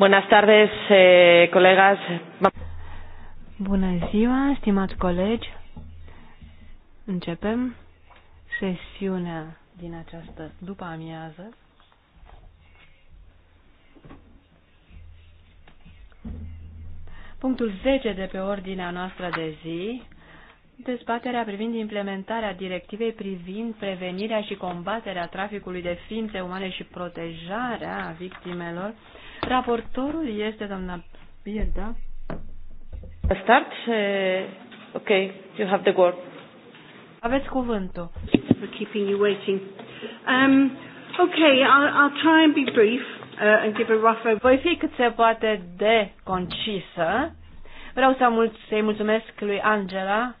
Buenas tardes, eh, colegas. Bună ziua, stimați colegi. Începem sesiunea din această după amiază. Punctul 10 de pe ordinea noastră de zi, dezbaterea privind implementarea directivei privind prevenirea și combaterea traficului de ființe umane și protejarea victimelor uh, Raportorul este doamna Birda. Start? Uh, ok, you have the word. Aveți cuvântul. For keeping you waiting. Um, ok, I'll, I'll try and be brief uh, and give a rough overview. Voi fi cât se poate de concisă. Vreau să mul- să-i mulțumesc lui Angela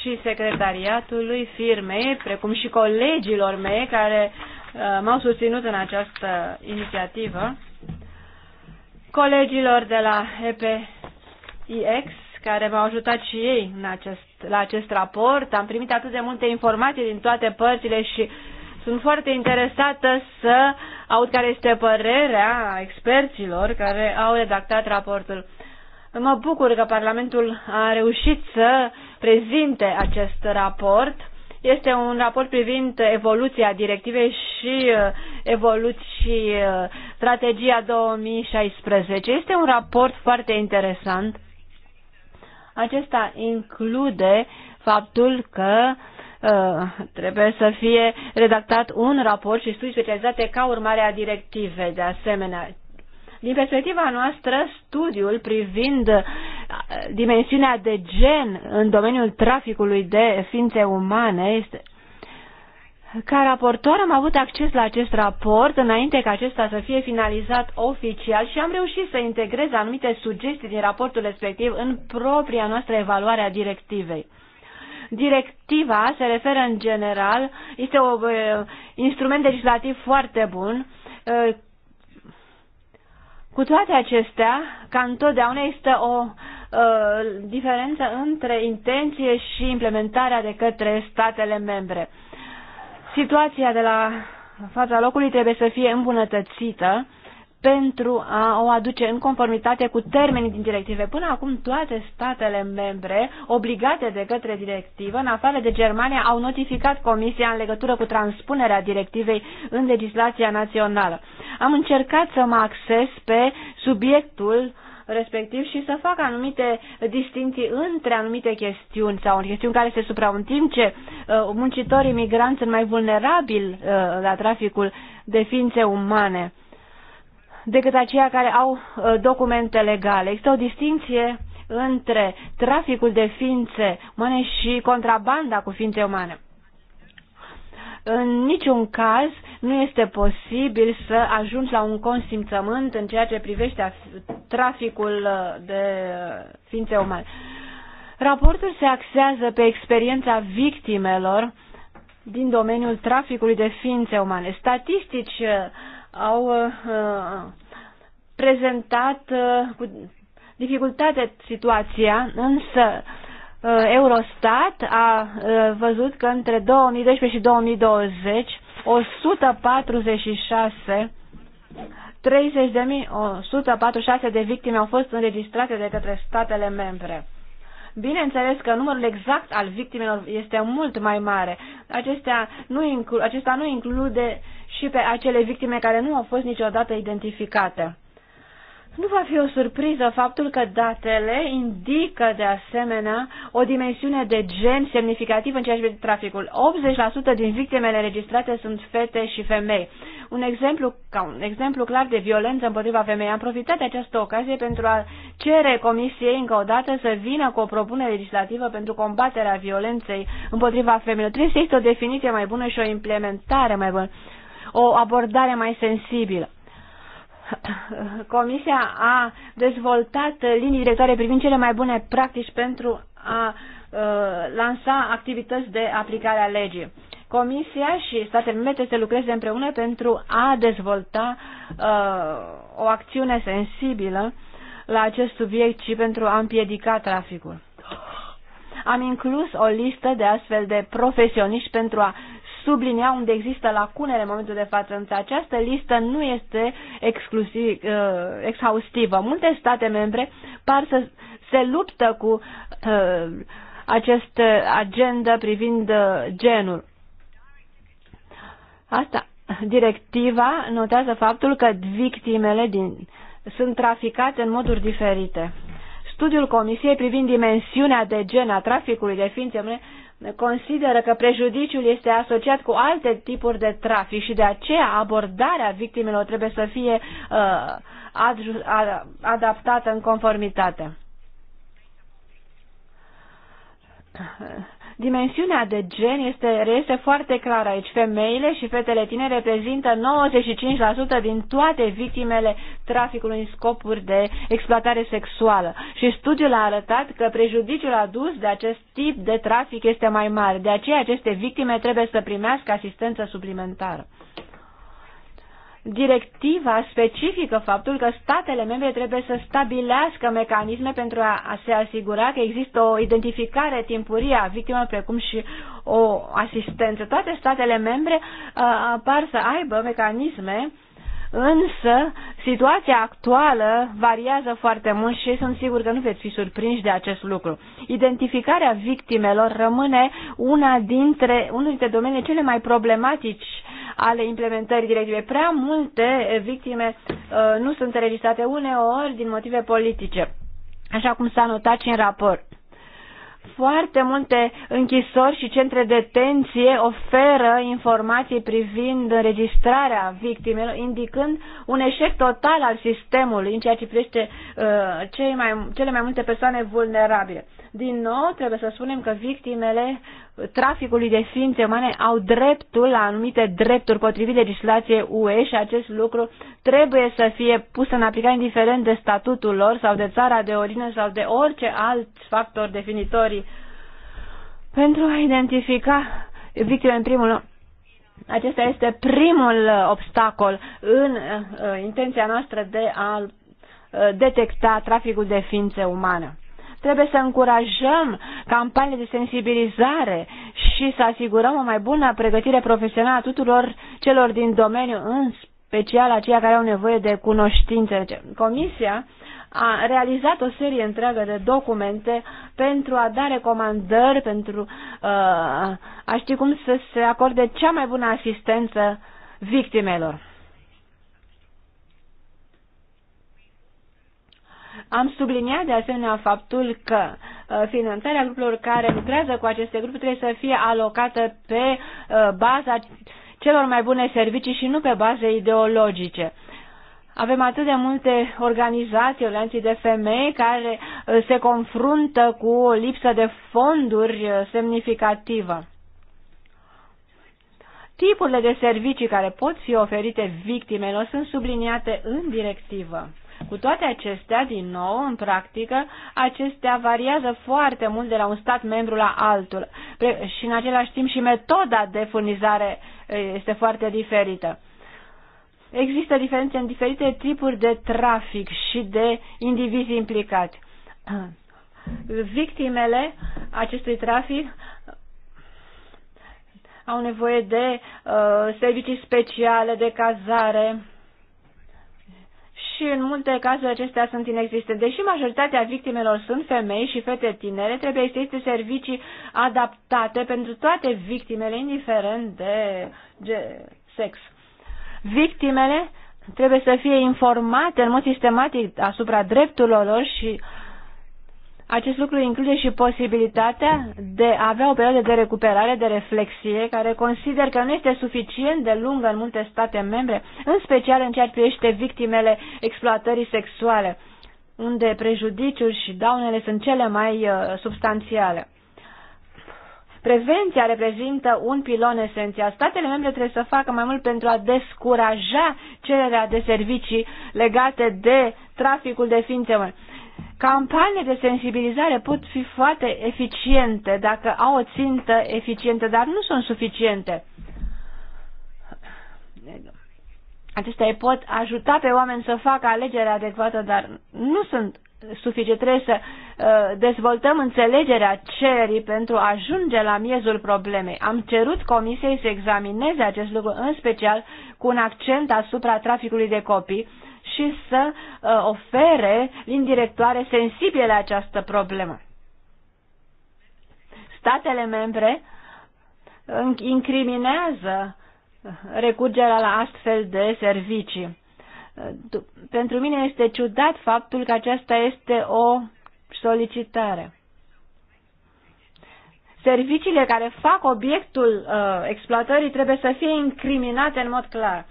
și secretariatului firmei, precum și colegilor mei care Uh, m-au susținut în această inițiativă, colegilor de la EPIX, care m-au ajutat și ei în acest, la acest raport. Am primit atât de multe informații din toate părțile și sunt foarte interesată să aud care este părerea experților care au redactat raportul. Mă bucur că Parlamentul a reușit să prezinte acest raport este un raport privind evoluția directivei și uh, evoluția uh, strategia 2016. Este un raport foarte interesant. Acesta include faptul că uh, trebuie să fie redactat un raport și studii specializate ca urmare a directivei. De asemenea, din perspectiva noastră, studiul privind dimensiunea de gen în domeniul traficului de ființe umane este ca raportor am avut acces la acest raport înainte ca acesta să fie finalizat oficial și am reușit să integrez anumite sugestii din raportul respectiv în propria noastră evaluare a directivei. Directiva se referă în general, este un uh, instrument legislativ foarte bun. Uh, cu toate acestea, ca întotdeauna există o Uh, diferență între intenție și implementarea de către statele membre. Situația de la fața locului trebuie să fie îmbunătățită pentru a o aduce în conformitate cu termenii din directive. Până acum toate statele membre obligate de către directivă, în afară de Germania, au notificat Comisia în legătură cu transpunerea directivei în legislația națională. Am încercat să mă acces pe subiectul uh, respectiv și să facă anumite distinții între anumite chestiuni sau în chestiuni care se suprau în timp ce uh, muncitorii migranți sunt mai vulnerabili uh, la traficul de ființe umane decât aceia care au uh, documente legale. Există o distinție între traficul de ființe umane și contrabanda cu ființe umane. În niciun caz nu este posibil să ajungi la un consimțământ în ceea ce privește traficul uh, de uh, ființe umane. Raportul se axează pe experiența victimelor din domeniul traficului de ființe umane. Statistici uh, au uh, prezentat uh, cu dificultate situația, însă Eurostat a văzut că între 2012 și 2020 146 30.146 de victime au fost înregistrate de către statele membre. Bineînțeles că numărul exact al victimelor este mult mai mare. Acestea nu inclu- acesta nu include și pe acele victime care nu au fost niciodată identificate. Nu va fi o surpriză faptul că datele indică de asemenea o dimensiune de gen semnificativ în ceea ce privește traficul. 80% din victimele registrate sunt fete și femei. Un exemplu, ca un exemplu clar de violență împotriva femei. Am profitat de această ocazie pentru a cere Comisiei încă o dată să vină cu o propunere legislativă pentru combaterea violenței împotriva femeilor. Trebuie să există o definiție mai bună și o implementare mai bună, o abordare mai sensibilă. Comisia a dezvoltat linii directoare privind cele mai bune practici pentru a uh, lansa activități de aplicare a legii. Comisia și statele membre să lucreze împreună pentru a dezvolta uh, o acțiune sensibilă la acest subiect și pentru a împiedica traficul. Am inclus o listă de astfel de profesioniști pentru a sublinia unde există lacunele în momentul de față, însă această listă nu este exclusiv, uh, exhaustivă. Multe state membre par să se luptă cu uh, această agenda privind uh, genul. Asta, directiva notează faptul că victimele din, sunt traficate în moduri diferite. Studiul Comisiei privind dimensiunea de gen a traficului de ființe umane consideră că prejudiciul este asociat cu alte tipuri de trafic și de aceea abordarea victimelor trebuie să fie uh, adaptată în conformitate. Dimensiunea de gen este, este foarte clară aici. Femeile și fetele tine reprezintă 95% din toate victimele traficului în scopuri de exploatare sexuală. Și studiul a arătat că prejudiciul adus de acest tip de trafic este mai mare. De aceea aceste victime trebuie să primească asistență suplimentară directiva specifică faptul că statele membre trebuie să stabilească mecanisme pentru a, se asigura că există o identificare timpurie a victimelor, precum și o asistență. Toate statele membre uh, apar să aibă mecanisme Însă, situația actuală variază foarte mult și sunt sigur că nu veți fi surprinși de acest lucru. Identificarea victimelor rămâne una dintre, unul dintre domeniile cele mai problematici ale implementării directivei. Prea multe eh, victime eh, nu sunt înregistrate uneori din motive politice, așa cum s-a notat și în raport foarte multe închisori și centre de detenție oferă informații privind înregistrarea victimelor, indicând un eșec total al sistemului în ceea ce privește uh, cei mai, cele mai multe persoane vulnerabile. Din nou, trebuie să spunem că victimele traficului de ființe umane au dreptul la anumite drepturi potrivit legislației UE și acest lucru trebuie să fie pus în aplicare indiferent de statutul lor sau de țara de origine sau de orice alt factor definitorii pentru a identifica victimele în primul loc. Acesta este primul obstacol în uh, intenția noastră de a uh, detecta traficul de ființe umane. Trebuie să încurajăm campanii de sensibilizare și să asigurăm o mai bună pregătire profesională a tuturor celor din domeniu, în special aceia care au nevoie de cunoștințe. Comisia a realizat o serie întreagă de documente pentru a da recomandări, pentru uh, a ști cum să se acorde cea mai bună asistență victimelor. Am subliniat de asemenea faptul că uh, finanțarea grupurilor care lucrează cu aceste grupuri trebuie să fie alocată pe uh, baza celor mai bune servicii și nu pe baze ideologice. Avem atât de multe organizații, organizații de femei, care uh, se confruntă cu o lipsă de fonduri semnificativă. Tipurile de servicii care pot fi oferite victimelor sunt subliniate în directivă. Cu toate acestea, din nou, în practică, acestea variază foarte mult de la un stat membru la altul și în același timp și metoda de furnizare este foarte diferită. Există diferențe în diferite tipuri de trafic și de indivizi implicați. Victimele acestui trafic au nevoie de uh, servicii speciale de cazare și în multe cazuri acestea sunt inexistente. Deși majoritatea victimelor sunt femei și fete tinere, trebuie să existe servicii adaptate pentru toate victimele, indiferent de sex. Victimele trebuie să fie informate în mod sistematic asupra drepturilor lor și uh, acest lucru include și posibilitatea de a avea o perioadă de recuperare, de reflexie, care consider că nu este suficient de lungă în multe state membre, în special în ceea ce privește victimele exploatării sexuale, unde prejudiciul și daunele sunt cele mai uh, substanțiale. Prevenția reprezintă un pilon esențial. Statele membre trebuie să facă mai mult pentru a descuraja cererea de servicii legate de traficul de ființe umane. Campanii de sensibilizare pot fi foarte eficiente dacă au o țintă eficientă, dar nu sunt suficiente. Acestea pot ajuta pe oameni să facă alegerea adecvată, dar nu sunt suficient. Trebuie să uh, dezvoltăm înțelegerea cerii pentru a ajunge la miezul problemei. Am cerut comisiei să examineze acest lucru, în special cu un accent asupra traficului de copii, și să uh, ofere linii directoare sensibile la această problemă. Statele membre incriminează uh, recurgerea la astfel de servicii. Uh, pentru mine este ciudat faptul că aceasta este o solicitare. Serviciile care fac obiectul uh, exploatării trebuie să fie incriminate în mod clar.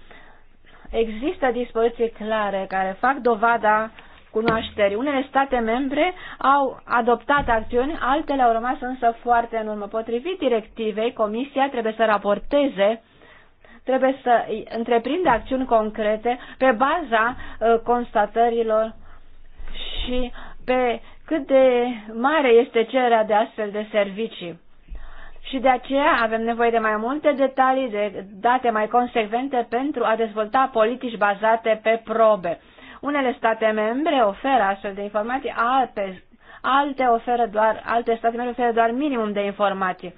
Există dispoziții clare care fac dovada cunoașterii. Unele state membre au adoptat acțiuni, altele au rămas însă foarte în urmă. Potrivit directivei, Comisia trebuie să raporteze trebuie să întreprinde acțiuni concrete pe baza ă, constatărilor și pe cât de mare este cererea de astfel de servicii și de aceea avem nevoie de mai multe detalii, de date mai consecvente pentru a dezvolta politici bazate pe probe. Unele state membre oferă astfel de informații, alte, alte, oferă doar, alte state membre oferă doar minimum de informații.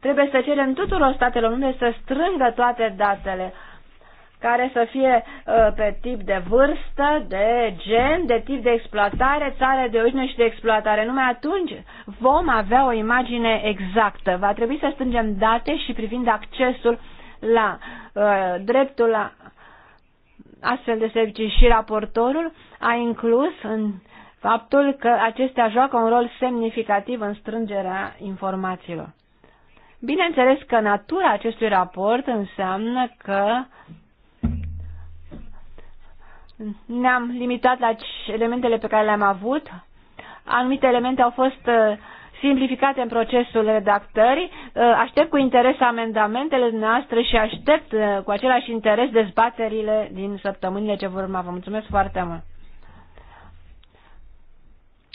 Trebuie să cerem tuturor statelor unde să strângă toate datele, care să fie uh, pe tip de vârstă, de gen, de tip de exploatare, țară de origine și de exploatare. Numai atunci vom avea o imagine exactă. Va trebui să strângem date și privind accesul la uh, dreptul la astfel de servicii și raportorul a inclus în faptul că acestea joacă un rol semnificativ în strângerea informațiilor. Bineînțeles că natura acestui raport înseamnă că ne-am limitat la elementele pe care le-am avut. Anumite elemente au fost uh, simplificate în procesul redactării. Uh, aștept cu interes amendamentele noastre și aștept uh, cu același interes dezbaterile din săptămânile ce vor urma. Vă mulțumesc foarte mult!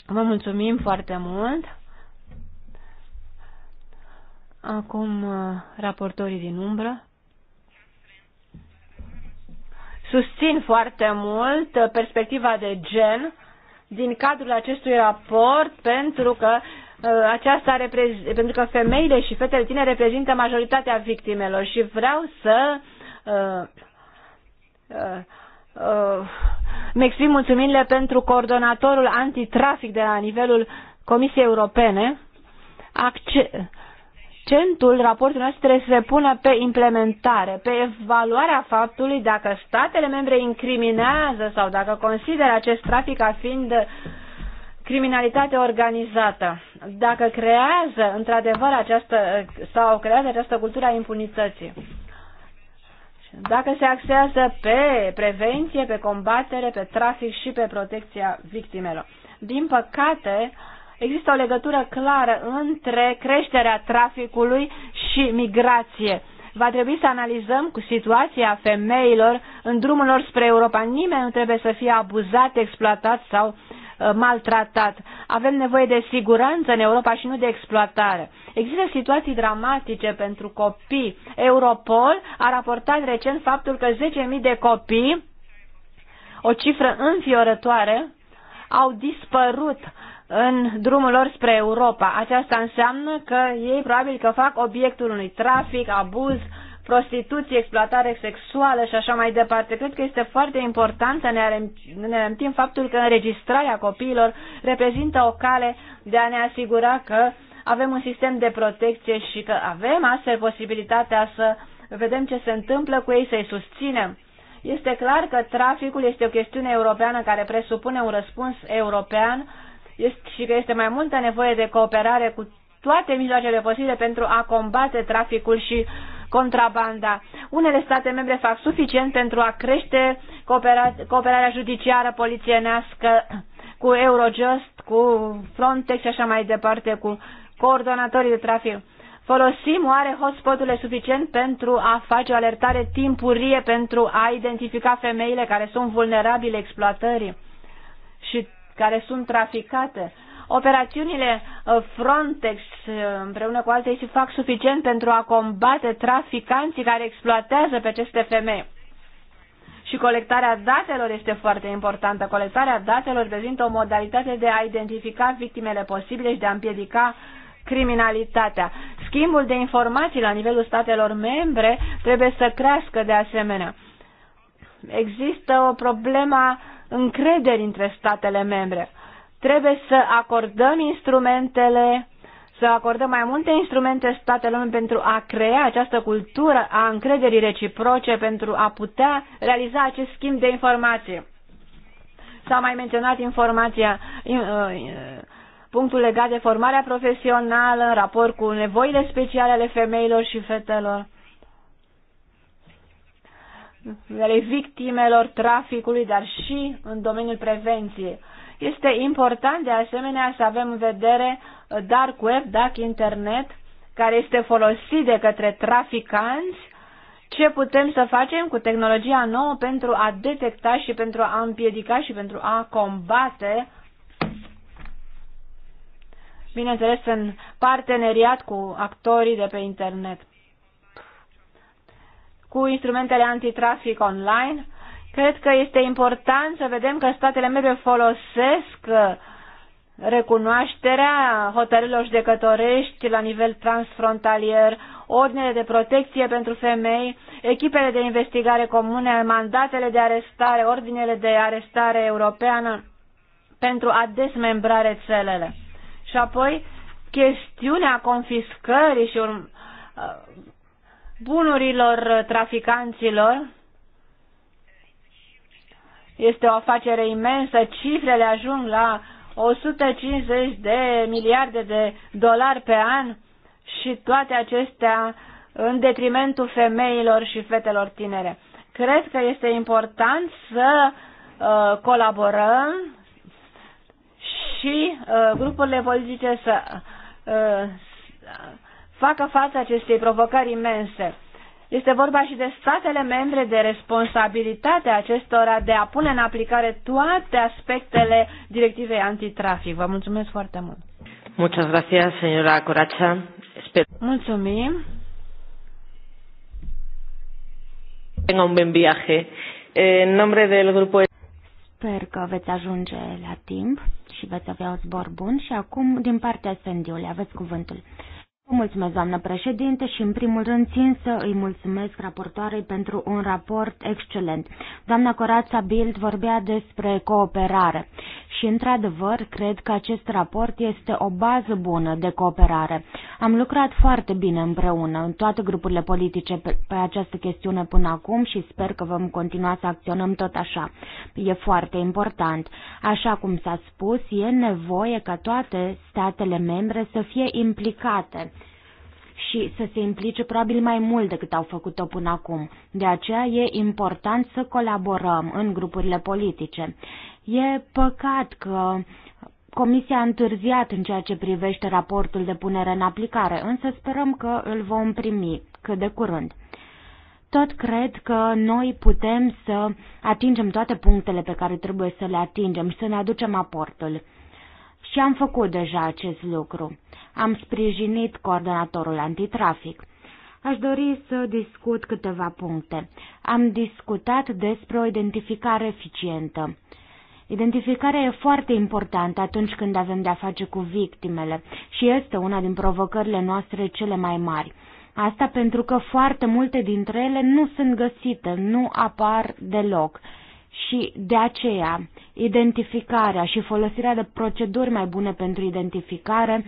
Vă mulțumim foarte mult! Acum raportorii din umbră susțin foarte mult uh, perspectiva de gen din cadrul acestui raport pentru că uh, aceasta pentru că femeile și fetele tine reprezintă majoritatea victimelor și vreau să uh, uh, uh, mi exprim mulțumirile pentru coordonatorul antitrafic de la nivelul Comisiei Europene acce- accentul raportului nostru trebuie să se pună pe implementare, pe evaluarea faptului dacă statele membre incriminează sau dacă consideră acest trafic ca fiind criminalitate organizată. Dacă creează într-adevăr această sau creează această cultură a impunității. Dacă se axează pe prevenție, pe combatere, pe trafic și pe protecția victimelor. Din păcate, uh, există o legătură clară între creșterea traficului și migrație. Va trebui să analizăm cu situația femeilor în drumul lor spre Europa. Nimeni nu trebuie să fie abuzat, exploatat sau uh, maltratat. Avem nevoie de siguranță în Europa și nu de exploatare. Există situații dramatice pentru copii. Europol a raportat recent faptul că 10.000 de copii, o cifră înfiorătoare, au dispărut în drumul lor spre Europa. Aceasta înseamnă că ei probabil că fac obiectul unui trafic, abuz, prostituție, exploatare sexuală și așa mai departe. Cred că este foarte important să ne amintim faptul că înregistrarea copiilor reprezintă o cale de a ne asigura că avem un sistem de protecție și că avem astfel posibilitatea să vedem ce se întâmplă cu ei, să-i susținem. Este clar că traficul este o chestiune europeană care presupune un răspuns european este și că este mai multă nevoie de cooperare cu toate mijloacele posibile pentru a combate traficul și contrabanda. Unele state membre fac suficient pentru a crește cooperarea, cooperarea judiciară, polițienească, cu Eurojust, cu Frontex și așa mai departe, cu coordonatorii de trafic. Folosim oare hotspoturile suficient pentru a face o alertare timpurie pentru a identifica femeile care sunt vulnerabile exploatării? Și care sunt traficate. Operațiunile uh, Frontex uh, împreună cu alte și fac suficient pentru a combate traficanții care exploatează pe aceste femei. Și colectarea datelor este foarte importantă. Colectarea datelor reprezintă o modalitate de a identifica victimele posibile și de a împiedica criminalitatea. Schimbul de informații la nivelul statelor membre trebuie să crească de asemenea. Există o problemă încrederi între statele membre. Trebuie să acordăm instrumentele, să acordăm mai multe instrumente statelor pentru a crea această cultură a încrederii reciproce, pentru a putea realiza acest schimb de informații. S-a mai menționat informația, uh, uh, punctul legat de formarea profesională în raport cu nevoile speciale ale femeilor și fetelor ale victimelor traficului, dar și în domeniul prevenției. Este important de asemenea să avem în vedere uh, dark web, dark internet, care este folosit de către traficanți, ce putem să facem cu tehnologia nouă pentru a detecta și pentru a împiedica și pentru a combate bineînțeles, în parteneriat cu actorii de pe internet cu instrumentele antitrafic online. Cred că este important să vedem că statele membre folosesc uh, recunoașterea hotărârilor judecătorești la nivel transfrontalier, ordinele de protecție pentru femei, echipele de investigare comune, mandatele de arestare, ordinele de arestare europeană pentru a dezmembra rețelele. Și apoi, chestiunea confiscării și uh, bunurilor traficanților. Este o afacere imensă, cifrele ajung la 150 de miliarde de dolari pe an și toate acestea în detrimentul femeilor și fetelor tinere. Cred că este important să uh, colaborăm și uh, grupurile politice să, uh, facă față acestei provocări imense. Este vorba și de statele membre, de responsabilitatea acestora de a pune în aplicare toate aspectele directivei antitrafic. Vă mulțumesc foarte mult. Muchas gracias, señora Coracha. Espero... Mulțumim. Tenga un buen viaje. En nombre del grupo... Sper că veți ajunge la timp și veți avea un zbor bun și acum din partea Sendiului aveți cuvântul. Mulțumesc, doamnă președinte, și în primul rând țin să îi mulțumesc raportoarei pentru un raport excelent. Doamna Corața Bild vorbea despre cooperare și, într-adevăr, cred că acest raport este o bază bună de cooperare. Am lucrat foarte bine împreună în toate grupurile politice pe, pe această chestiune până acum și sper că vom continua să acționăm tot așa. E foarte important. Așa cum s-a spus, e nevoie ca toate statele membre să fie implicate și să se implice probabil mai mult decât au făcut-o până acum. De aceea e important să colaborăm în grupurile politice. E păcat că Comisia a întârziat în ceea ce privește raportul de punere în aplicare, însă sperăm că îl vom primi cât de curând tot cred că noi putem să atingem toate punctele pe care trebuie să le atingem și să ne aducem aportul. Și am făcut deja acest lucru. Am sprijinit coordonatorul antitrafic. Aș dori să discut câteva puncte. Am discutat despre o identificare eficientă. Identificarea e foarte importantă atunci când avem de-a face cu victimele și este una din provocările noastre cele mai mari. Asta pentru că foarte multe dintre ele nu sunt găsite, nu apar deloc. Și de aceea, identificarea și folosirea de proceduri mai bune pentru identificare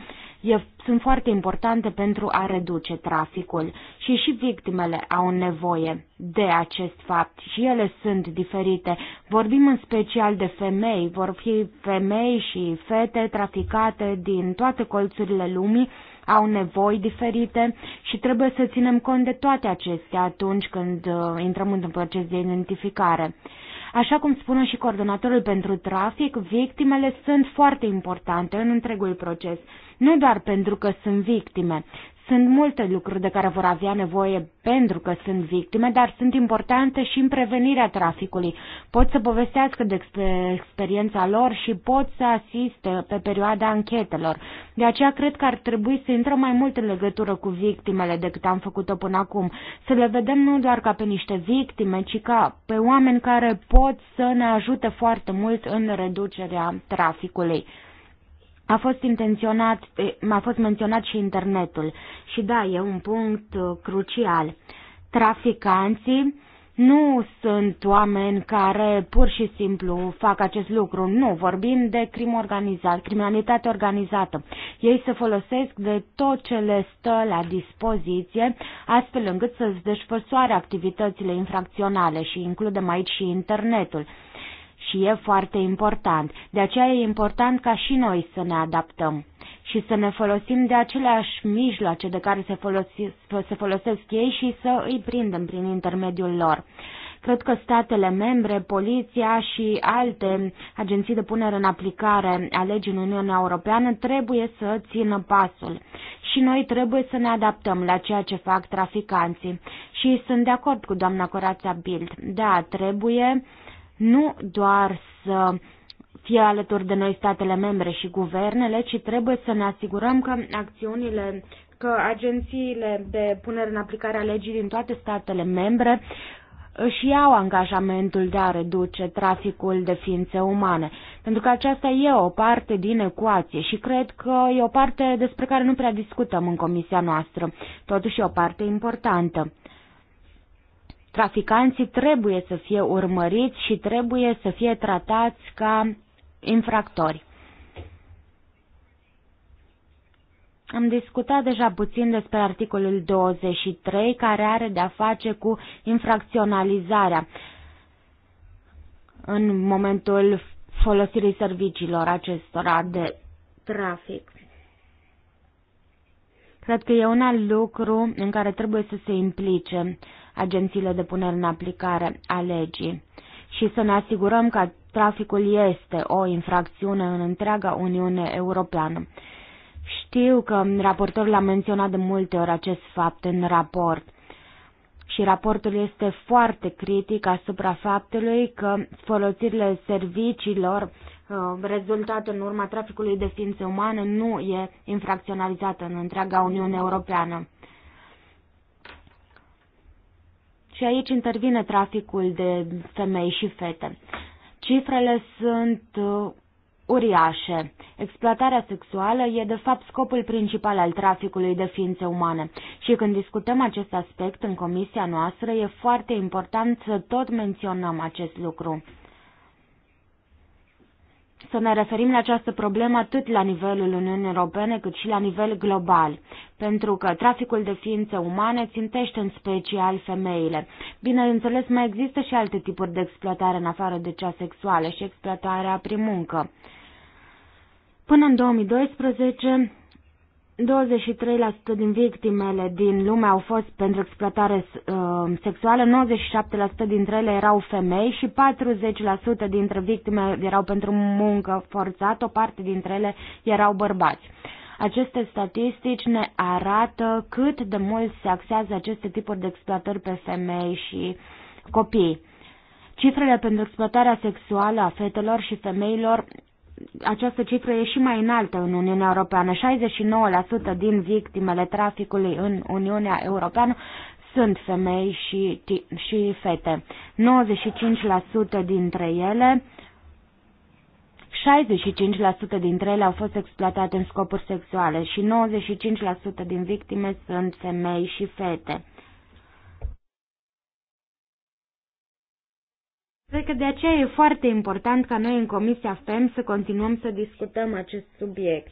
e, sunt foarte importante pentru a reduce traficul și și victimele au nevoie de acest fapt și ele sunt diferite. Vorbim în special de femei, vor fi femei și fete traficate din toate colțurile lumii, au nevoi diferite și trebuie să ținem cont de toate acestea atunci când uh, intrăm într-un proces de identificare. Așa cum spune și coordonatorul pentru trafic, victimele sunt foarte importante în întregul proces nu doar pentru că sunt victime. Sunt multe lucruri de care vor avea nevoie pentru că sunt victime, dar sunt importante și în prevenirea traficului. Pot să povestească de experiența lor și pot să asiste pe perioada anchetelor. De aceea cred că ar trebui să intrăm mai mult în legătură cu victimele decât am făcut-o până acum. Să le vedem nu doar ca pe niște victime, ci ca pe oameni care pot să ne ajute foarte mult în reducerea traficului. A fost intenționat, a fost menționat și internetul. Și da, e un punct uh, crucial. Traficanții nu sunt oameni care pur și simplu fac acest lucru. Nu, vorbim de crimă organizată, criminalitate organizată. Ei se folosesc de tot ce le stă la dispoziție, astfel încât să-ți desfășoare activitățile infracționale și includem aici și internetul și e foarte important. De aceea e important ca și noi să ne adaptăm și să ne folosim de aceleași mijloace de care se, folosi, se folosesc ei și să îi prindem prin intermediul lor. Cred că statele membre, poliția și alte agenții de punere în aplicare a legii în Uniunea Europeană trebuie să țină pasul și noi trebuie să ne adaptăm la ceea ce fac traficanții. Și sunt de acord cu doamna Corața Bild. Da, trebuie uh, nu doar să fie alături de noi statele membre și guvernele, ci trebuie să ne asigurăm că acțiunile, că agențiile de punere în aplicare a legii din toate statele membre își iau angajamentul de a reduce traficul de ființe umane, pentru că aceasta e o parte din ecuație și cred că e o parte despre care nu prea discutăm în comisia noastră, totuși e o parte importantă. Traficanții trebuie să fie urmăriți și trebuie să fie tratați ca infractori. Am discutat deja puțin despre articolul 23, care are de-a face cu infracționalizarea în momentul folosirii serviciilor acestora de trafic. Cred că e un alt lucru în care trebuie să se implice agențiile de punere în aplicare a legii și să ne asigurăm că traficul este o infracțiune în întreaga Uniune Europeană. Știu că raportorul a menționat de multe ori acest fapt în raport și raportul este foarte critic asupra faptului că folosirile serviciilor uh, rezultat în urma traficului de ființe umane nu e infracționalizată în întreaga Uniune Europeană. Și aici intervine traficul de femei și fete. Cifrele sunt uh, uriașe. Exploatarea sexuală e de fapt scopul principal al traficului de ființe umane și când discutăm acest aspect în comisia noastră e foarte important să tot menționăm acest lucru să ne referim la această problemă atât la nivelul Uniunii Europene cât și la nivel global, pentru că traficul de ființe umane țintește în special femeile. Bineînțeles, mai există și alte tipuri de exploatare în afară de cea sexuală și exploatarea prin muncă. Până în 2012, 23% din victimele din lume au fost pentru exploatare uh, sexuală, 97% dintre ele erau femei și 40% dintre victime erau pentru muncă forțată, o parte dintre ele erau bărbați. Aceste statistici ne arată cât de mult se axează aceste tipuri de exploatări pe femei și copii. Cifrele pentru exploatarea sexuală a fetelor și femeilor această cifră e și mai înaltă în Uniunea Europeană. 69% din victimele traficului în Uniunea Europeană sunt femei și, și fete. 95% dintre ele 65% dintre ele au fost exploatate în scopuri sexuale și 95% din victime sunt femei și fete. Cred că de aceea e foarte important ca noi în Comisia FEM să continuăm să discutăm acest subiect.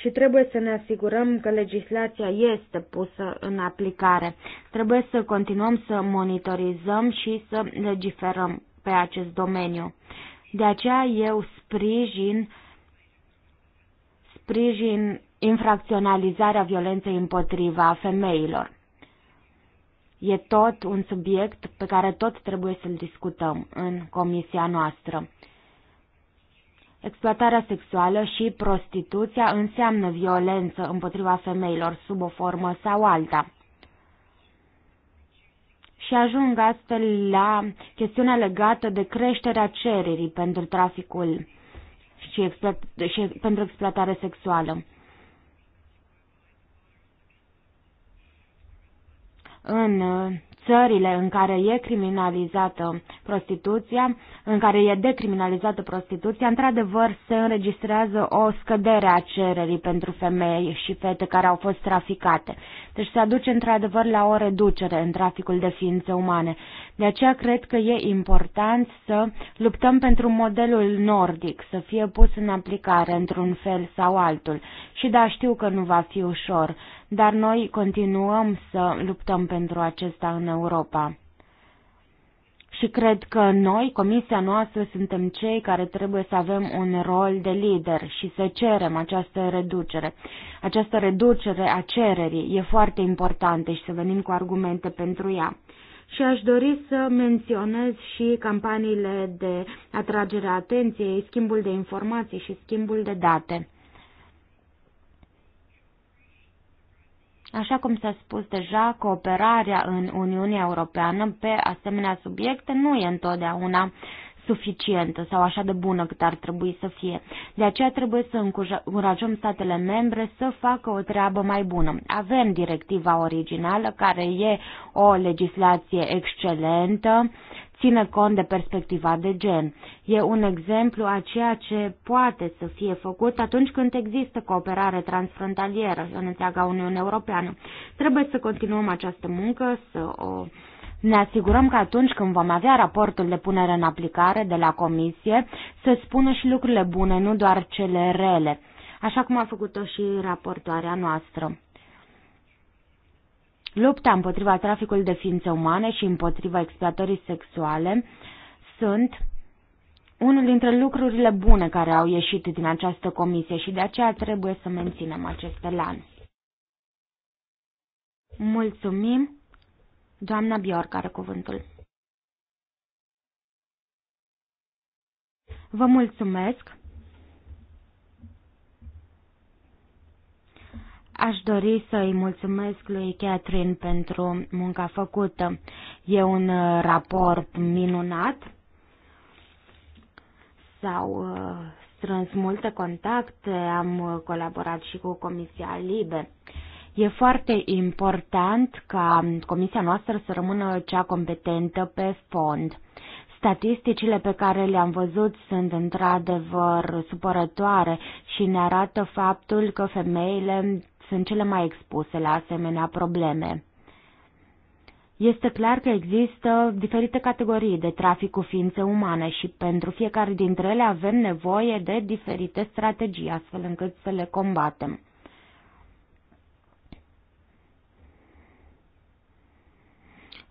Și trebuie să ne asigurăm că legislația este pusă în aplicare. Trebuie să continuăm să monitorizăm și să legiferăm pe acest domeniu. De aceea eu sprijin, sprijin infracționalizarea violenței împotriva femeilor. E tot un subiect pe care tot trebuie să-l discutăm în comisia noastră. Exploatarea sexuală și prostituția înseamnă violență împotriva femeilor sub o formă sau alta. Și ajung astfel la chestiunea legată de creșterea cererii pentru traficul și, explo- și pentru exploatare sexuală. în uh, țările în care e criminalizată prostituția, în care e decriminalizată prostituția, într-adevăr se înregistrează o scădere a cererii pentru femei și fete care au fost traficate. Deci se aduce într-adevăr la o reducere în traficul de ființe umane. De aceea cred că e important să luptăm pentru modelul nordic, să fie pus în aplicare într-un fel sau altul. Și da, știu că nu va fi ușor dar noi continuăm să luptăm pentru acesta în Europa. Și cred că noi, comisia noastră, suntem cei care trebuie să avem un rol de lider și să cerem această reducere. Această reducere a cererii e foarte importantă și să venim cu argumente pentru ea și aș dori să menționez și campaniile de atragere a atenției, schimbul de informații și schimbul de date. Așa cum s-a spus deja, cooperarea în Uniunea Europeană pe asemenea subiecte nu e întotdeauna suficientă sau așa de bună cât ar trebui să fie. De aceea trebuie să încurajăm statele membre să facă o treabă mai bună. Avem directiva originală care e o legislație excelentă ține cont de perspectiva de gen. E un exemplu a ceea ce poate să fie făcut atunci când există cooperare transfrontalieră în întreaga Uniune Europeană. Trebuie să continuăm această muncă, să o ne asigurăm că atunci când vom avea raportul de punere în aplicare de la Comisie, să spună și lucrurile bune, nu doar cele rele, așa cum a făcut-o și raportoarea noastră. Lupta împotriva traficului de ființe umane și împotriva exploatării sexuale sunt unul dintre lucrurile bune care au ieșit din această comisie și de aceea trebuie să menținem acest elan. Mulțumim. Doamna Bjork are cuvântul. Vă mulțumesc. Aș dori să îi mulțumesc lui Catherine pentru munca făcută. E un uh, raport minunat. S-au uh, strâns multe contacte, am uh, colaborat și cu Comisia Libe. E foarte important ca comisia noastră să rămână cea competentă pe fond. Statisticile pe care le-am văzut sunt într-adevăr supărătoare și ne arată faptul că femeile sunt cele mai expuse la asemenea probleme. Este clar că există diferite categorii de trafic cu ființe umane și pentru fiecare dintre ele avem nevoie de diferite strategii, astfel încât să le combatem.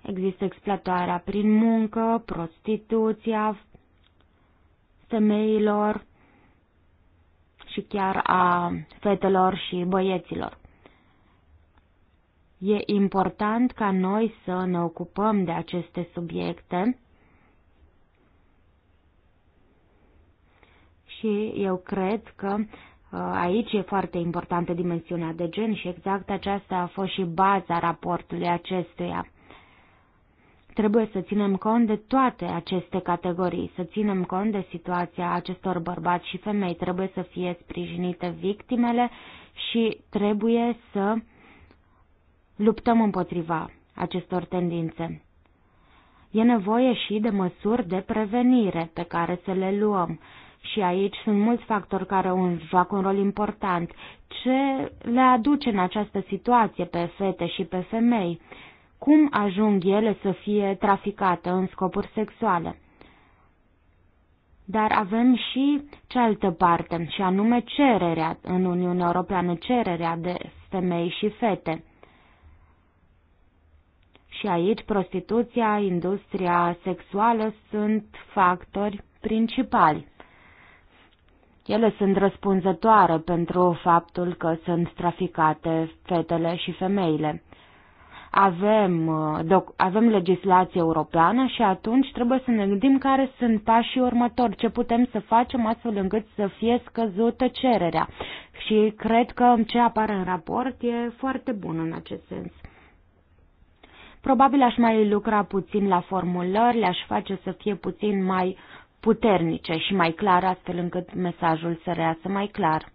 Există exploatarea prin muncă, prostituția femeilor, și chiar a fetelor și băieților. E important ca noi să ne ocupăm de aceste subiecte și eu cred că uh, aici e foarte importantă dimensiunea de gen și exact aceasta a fost și baza raportului acestuia. Trebuie să ținem cont de toate aceste categorii, să ținem cont de situația acestor bărbați și femei, trebuie să fie sprijinite victimele și trebuie să luptăm împotriva acestor tendințe. E nevoie și de măsuri de prevenire pe care să le luăm. Și aici sunt mulți factori care un, joacă un rol important. Ce le aduce în această situație pe fete și pe femei? cum ajung ele să fie traficate în scopuri sexuale. Dar avem și cealaltă parte, și anume cererea în Uniunea Europeană, cererea de femei și fete. Și aici prostituția, industria sexuală sunt factori principali. Ele sunt răspunzătoare pentru faptul că sunt traficate fetele și femeile avem, uh, doc, avem legislație europeană și atunci trebuie să ne gândim care sunt pașii următori, ce putem să facem astfel încât să fie scăzută cererea. Și cred că ce apare în raport e foarte bun în acest sens. Probabil aș mai lucra puțin la formulări, le-aș face să fie puțin mai puternice și mai clare, astfel încât mesajul să reasă mai clar.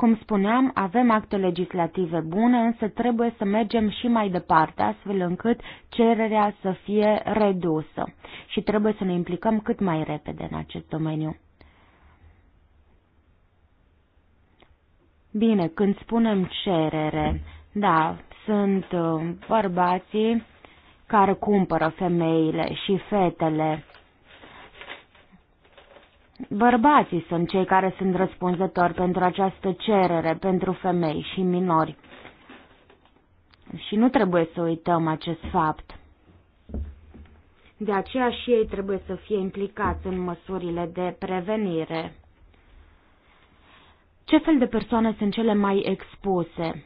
Cum spuneam, avem acte legislative bune, însă trebuie să mergem și mai departe, astfel încât cererea să fie redusă și trebuie să ne implicăm cât mai repede în acest domeniu. Bine, când spunem cerere, da, sunt uh, bărbații care cumpără femeile și fetele Bărbații sunt cei care sunt răspunzători pentru această cerere pentru femei și minori. Și nu trebuie să uităm acest fapt. De aceea și ei trebuie să fie implicați în măsurile de prevenire. Ce fel de persoane sunt cele mai expuse?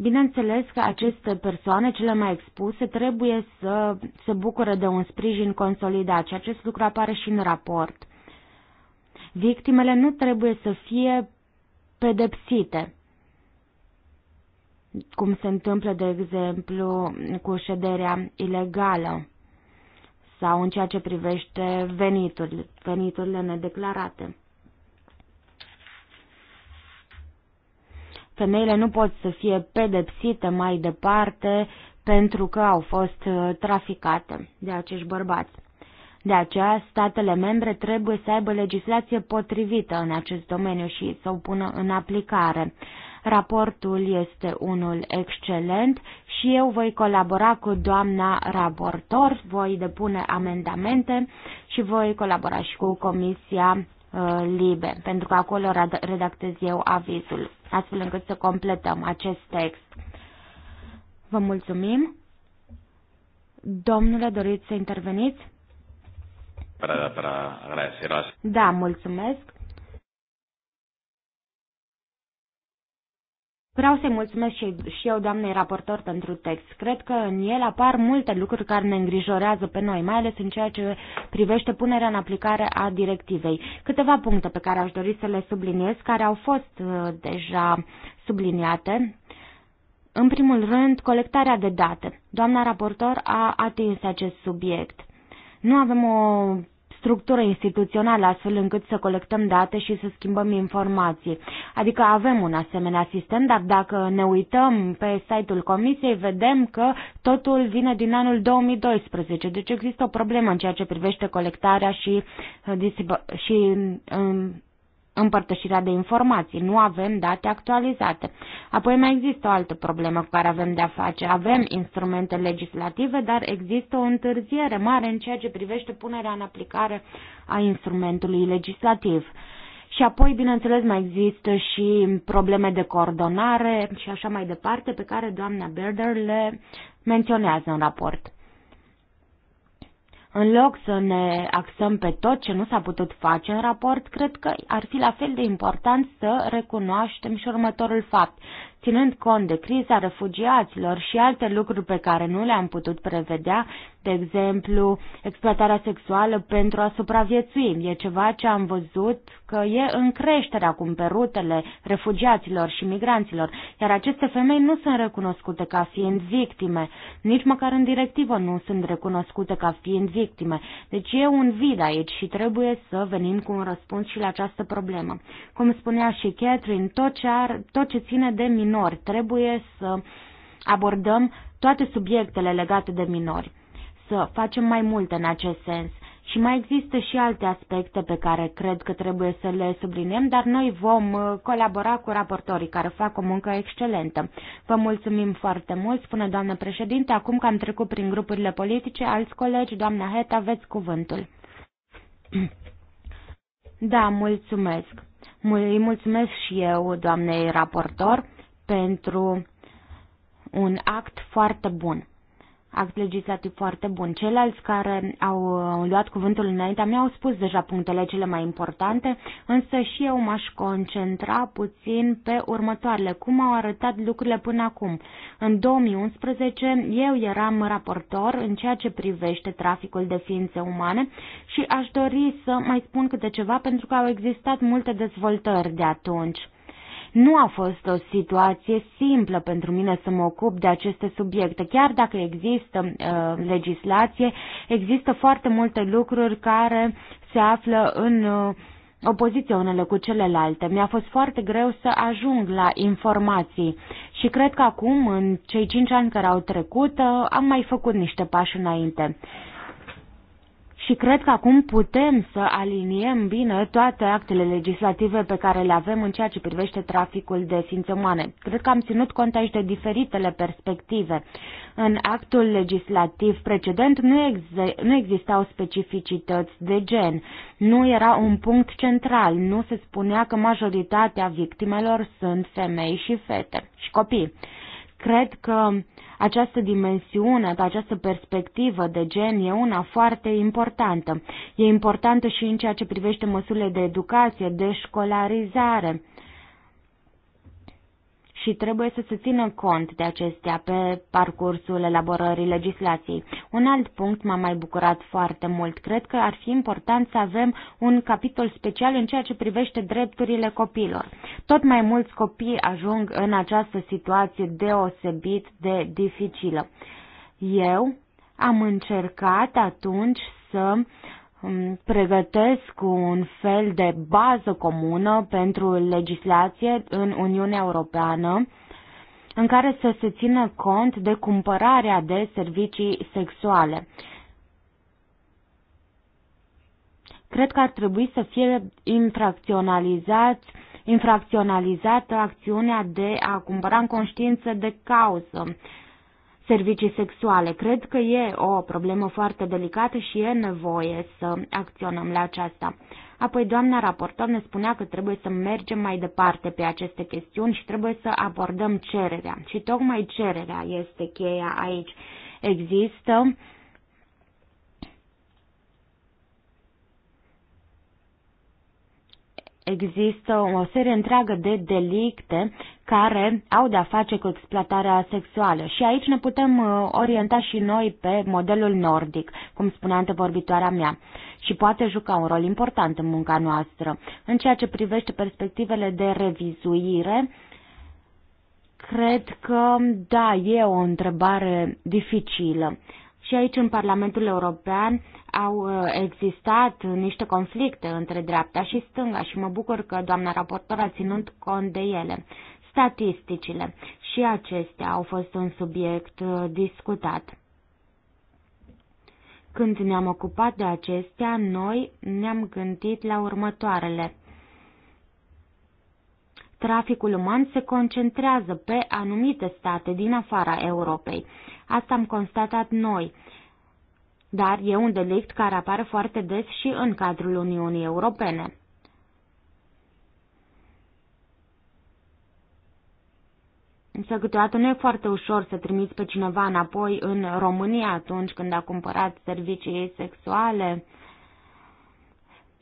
Bineînțeles că aceste persoane, cele mai expuse, trebuie să se bucure de un sprijin consolidat și acest lucru apare și în raport. Victimele nu trebuie să fie pedepsite, cum se întâmplă, de exemplu, cu șederea ilegală sau în ceea ce privește veniturile, veniturile nedeclarate. Femeile nu pot să fie pedepsite mai departe pentru că au fost uh, traficate de acești bărbați. De aceea, statele membre trebuie să aibă legislație potrivită în acest domeniu și să o pună în aplicare. Raportul este unul excelent și eu voi colabora cu doamna raportor, voi depune amendamente și voi colabora și cu Comisia uh, Libe, pentru că acolo redactez eu avizul astfel încât să completăm acest text. Vă mulțumim. Domnule, doriți să interveniți? Da, mulțumesc. Vreau să-i mulțumesc și, și eu, doamnei raportor, pentru text. Cred că în el apar multe lucruri care ne îngrijorează pe noi, mai ales în ceea ce privește punerea în aplicare a directivei. Câteva puncte pe care aș dori să le subliniez, care au fost uh, deja subliniate. În primul rând, colectarea de date. Doamna raportor a atins acest subiect. Nu avem o structură instituțională astfel încât să colectăm date și să schimbăm informații. Adică avem un asemenea sistem, dar dacă ne uităm pe site-ul Comisiei, vedem că totul vine din anul 2012. Deci există o problemă în ceea ce privește colectarea și, uh, și um, împărtășirea de informații. Nu avem date actualizate. Apoi mai există o altă problemă cu care avem de-a face. Avem instrumente legislative, dar există o întârziere mare în ceea ce privește punerea în aplicare a instrumentului legislativ. Și apoi, bineînțeles, mai există și probleme de coordonare și așa mai departe, pe care doamna Berder le menționează în raport. În loc să ne axăm pe tot ce nu s-a putut face în raport, cred că ar fi la fel de important să recunoaștem și următorul fapt ținând cont de criza refugiaților și alte lucruri pe care nu le-am putut prevedea, de exemplu, exploatarea sexuală pentru a supraviețui. E ceva ce am văzut că e în creștere acum pe rutele refugiaților și migranților, iar aceste femei nu sunt recunoscute ca fiind victime, nici măcar în directivă nu sunt recunoscute ca fiind victime. Deci e un vid aici și trebuie să venim cu un răspuns și la această problemă. Cum spunea și Catherine, tot ce, ar, tot ce ține de minunat minori. Trebuie să abordăm toate subiectele legate de minori, să facem mai multe în acest sens. Și mai există și alte aspecte pe care cred că trebuie să le subliniem, dar noi vom uh, colabora cu raportorii care fac o muncă excelentă. Vă mulțumim foarte mult, spune doamnă președinte, acum că am trecut prin grupurile politice, alți colegi, doamna Het, aveți cuvântul. Da, mulțumesc. Îi mulțumesc și eu, doamnei raportor pentru un act foarte bun, act legislativ foarte bun. Ceilalți care au luat cuvântul înaintea mea au spus deja punctele cele mai importante, însă și eu m-aș concentra puțin pe următoarele, cum au arătat lucrurile până acum. În 2011 eu eram raportor în ceea ce privește traficul de ființe umane și aș dori să mai spun câte ceva pentru că au existat multe dezvoltări de atunci. Nu a fost o situație simplă pentru mine să mă ocup de aceste subiecte. Chiar dacă există uh, legislație, există foarte multe lucruri care se află în uh, opoziție unele cu celelalte. Mi-a fost foarte greu să ajung la informații și cred că acum, în cei cinci ani care au trecut, uh, am mai făcut niște pași înainte și cred că acum putem să aliniem bine toate actele legislative pe care le avem în ceea ce privește traficul de ființe umane. Cred că am ținut cont aici de diferitele perspective. În actul legislativ precedent nu, ex- nu existau specificități de gen, nu era un punct central, nu se spunea că majoritatea victimelor sunt femei și fete și copii. Cred că această dimensiune, această perspectivă de gen e una foarte importantă. E importantă și în ceea ce privește măsurile de educație, de școlarizare și trebuie să se țină cont de acestea pe parcursul elaborării legislației. Un alt punct m-a mai bucurat foarte mult. Cred că ar fi important să avem un capitol special în ceea ce privește drepturile copilor. Tot mai mulți copii ajung în această situație deosebit de dificilă. Eu am încercat atunci să Um, pregătesc un fel de bază comună pentru legislație în Uniunea Europeană în care să se țină cont de cumpărarea de servicii sexuale. Cred că ar trebui să fie infracționalizată acțiunea de a cumpăra în conștiință de cauză servicii sexuale. Cred că e o problemă foarte delicată și e nevoie să acționăm la aceasta. Apoi doamna raportor ne spunea că trebuie să mergem mai departe pe aceste chestiuni și trebuie să abordăm cererea. Și tocmai cererea este cheia aici. Există există o serie întreagă de delicte care au de-a face cu exploatarea sexuală. Și aici ne putem uh, orienta și noi pe modelul nordic, cum spunea antevorbitoarea mea, și poate juca un rol important în munca noastră. În ceea ce privește perspectivele de revizuire, cred că, da, e o întrebare dificilă. Și aici, în Parlamentul European, au uh, existat niște conflicte între dreapta și stânga și mă bucur că doamna raportor a ținut cont de ele statisticile. Și acestea au fost un subiect uh, discutat. Când ne-am ocupat de acestea, noi ne-am gândit la următoarele. Traficul uman se concentrează pe anumite state din afara Europei. Asta am constatat noi dar e un delict care apare foarte des și în cadrul Uniunii Europene. Însă câteodată nu e foarte ușor să trimiți pe cineva înapoi în România atunci când a cumpărat servicii sexuale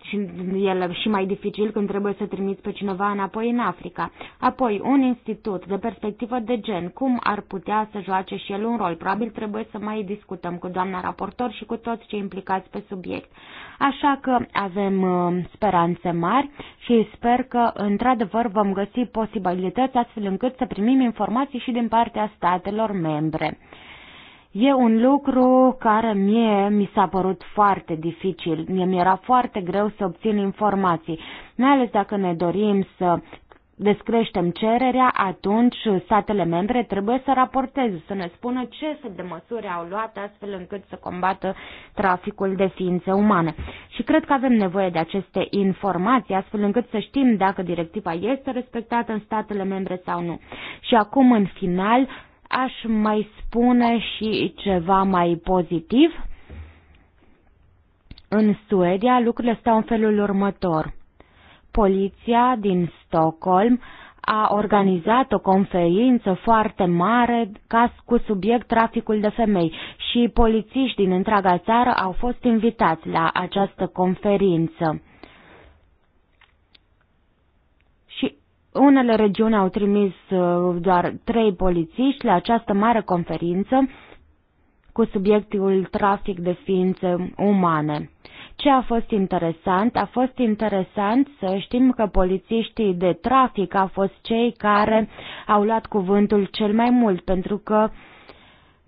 și e și mai dificil când trebuie să trimiți pe cineva înapoi în Africa. Apoi, un institut de perspectivă de gen, cum ar putea să joace și el un rol? Probabil trebuie să mai discutăm cu doamna raportor și cu toți cei implicați pe subiect. Așa că avem uh, speranțe mari și sper că, într-adevăr, vom găsi posibilități astfel încât să primim informații și din partea statelor membre. E un lucru care mie mi s-a părut foarte dificil, mie mi-era foarte greu să obțin informații, mai ales dacă ne dorim să descreștem cererea, atunci statele membre trebuie să raporteze, să ne spună ce fel de măsuri au luat astfel încât să combată traficul de ființe umane. Și cred că avem nevoie de aceste informații, astfel încât să știm dacă directiva este respectată în statele membre sau nu. Și acum, în final, Aș mai spune și ceva mai pozitiv. În Suedia lucrurile stau în felul următor. Poliția din Stockholm a organizat o conferință foarte mare ca cu subiect traficul de femei și polițiști din întreaga țară au fost invitați la această conferință. Unele regiuni au trimis uh, doar trei polițiști la această mare conferință cu subiectul trafic de ființe umane. Ce a fost interesant? A fost interesant să știm că polițiștii de trafic au fost cei care au luat cuvântul cel mai mult, pentru că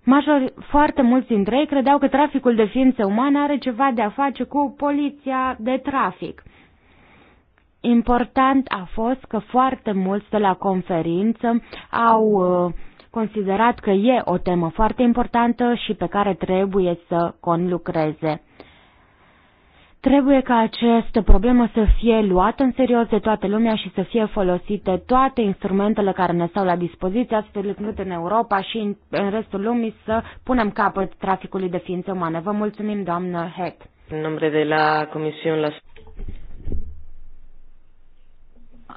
major, foarte mulți dintre ei credeau că traficul de ființe umane are ceva de a face cu poliția de trafic. Important a fost că foarte mulți de la conferință au uh, considerat că e o temă foarte importantă și pe care trebuie să conlucreze. Trebuie ca această problemă să fie luată în serios de toată lumea și să fie folosite toate instrumentele care ne stau la dispoziție, astfel încât în Europa și în, restul lumii să punem capăt traficului de ființe umane. Vă mulțumim, doamnă Het. În numele de la Comisiune la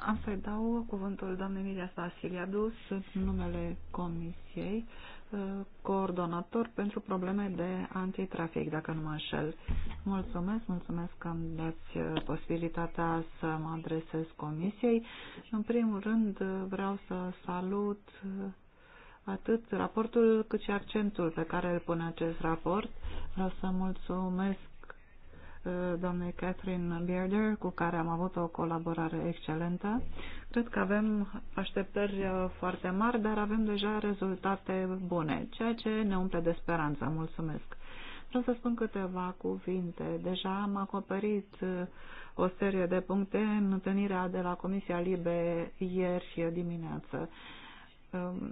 Am să-i dau cuvântul doamnei Miria Sasiliadu, sunt numele comisiei, uh, coordonator pentru probleme de antitrafic, dacă nu mă înșel. Mulțumesc, mulțumesc că îmi dați uh, posibilitatea să mă adresez comisiei. În primul rând uh, vreau să salut atât raportul cât și accentul pe care îl pune acest raport. Vreau să mulțumesc Uh, doamnei Catherine Bearder, cu care am avut o colaborare excelentă. Cred că avem așteptări uh, foarte mari, dar avem deja rezultate bune, ceea ce ne umple de speranță. Mulțumesc! Vreau să spun câteva cuvinte. Deja am acoperit uh, o serie de puncte în întâlnirea de la Comisia Libe ieri dimineață. Um,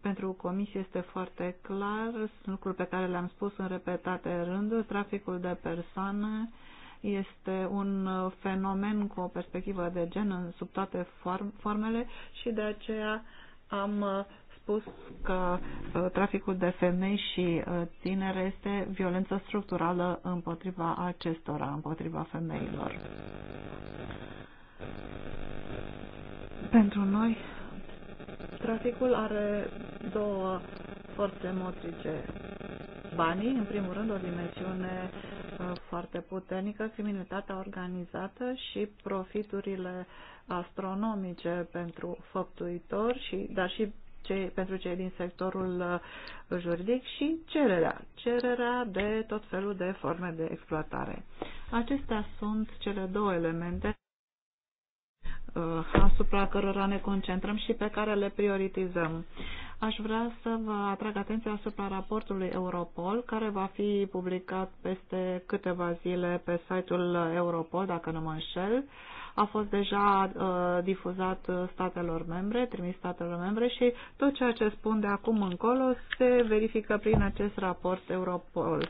pentru comisie este foarte clar, sunt lucruri pe care le-am spus în repetate rânduri, traficul de persoane este un uh, fenomen cu o perspectivă de gen sub toate formele și de aceea am uh, spus că uh, traficul de femei și tinere este violență structurală împotriva acestora, împotriva femeilor. Pentru noi, Traficul are două forțe motrice. Banii, în primul rând, o dimensiune uh, foarte puternică, criminalitatea organizată și profiturile astronomice pentru făptuitori, și, dar și cei, pentru cei din sectorul uh, juridic și cererea, cererea de tot felul de forme de exploatare. Acestea sunt cele două elemente Uh, asupra cărora ne concentrăm și pe care le prioritizăm. Aș vrea să vă atrag atenția asupra raportului Europol, care va fi publicat peste câteva zile pe site-ul Europol, dacă nu mă înșel. A fost deja uh, difuzat statelor membre, trimis statelor membre și tot ceea ce spun de acum încolo se verifică prin acest raport Europol.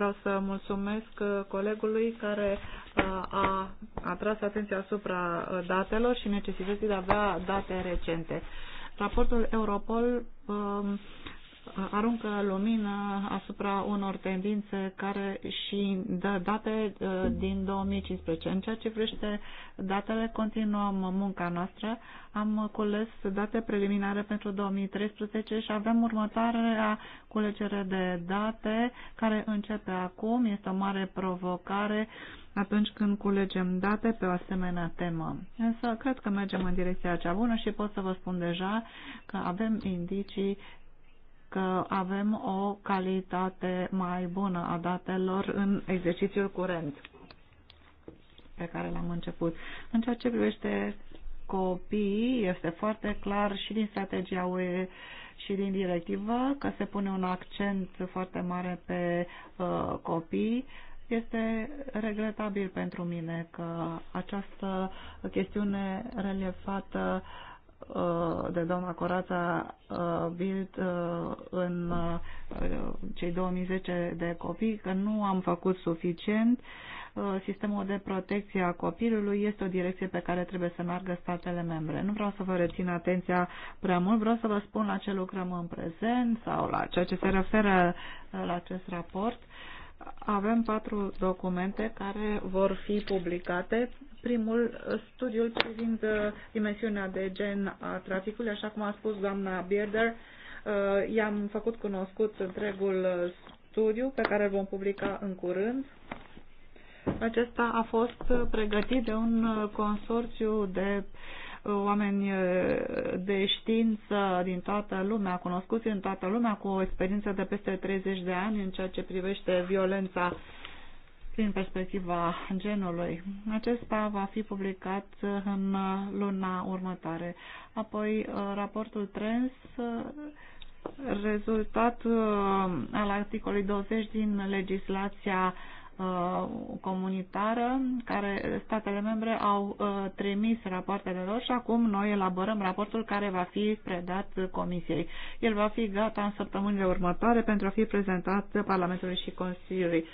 Vreau să mulțumesc uh, colegului care uh, a atras atenția asupra uh, datelor și necesității de a avea date recente. Raportul Europol um, aruncă lumină asupra unor tendințe care și dă date uh, din 2015. În ceea ce privește datele, continuăm munca noastră. Am cules date preliminare pentru 2013 și avem următoarea culegere de date care începe acum. Este o mare provocare atunci când culegem date pe o asemenea temă. Însă cred că mergem în direcția cea bună și pot să vă spun deja că avem indicii că avem o calitate mai bună a datelor în exercițiul curent pe care l-am început. În ceea ce privește copiii, este foarte clar și din strategia UE și din directivă că se pune un accent foarte mare pe uh, copii. Este regretabil pentru mine că această chestiune relevată uh, Uh, de doamna Corața uh, Bild uh, în cei 2010 de copii că nu am făcut suficient. Sistemul de protecție a copilului este o direcție pe care trebuie să meargă statele membre. Nu vreau să vă rețin atenția prea mult, vreau să vă spun la ce lucrăm în prezent sau la ceea ce se referă la acest raport avem patru documente care vor fi publicate. Primul, studiul privind uh, dimensiunea de gen a traficului, așa cum a spus doamna Bierder, uh, i-am făcut cunoscut întregul uh, studiu pe care îl vom publica în curând. Acesta a fost pregătit de un consorțiu de uh, oameni de știință din toată lumea, cunoscuți în toată lumea, cu o experiență de peste 30 de ani în ceea ce privește violența prin perspectiva genului. Acesta va fi publicat în luna următoare. Apoi, raportul trans rezultat al articolului 20 din legislația Uh, comunitară, care statele membre au uh, trimis rapoartele lor și acum noi elaborăm raportul care va fi predat Comisiei. El va fi gata în săptămânile următoare pentru a fi prezentat Parlamentului și Consiliului.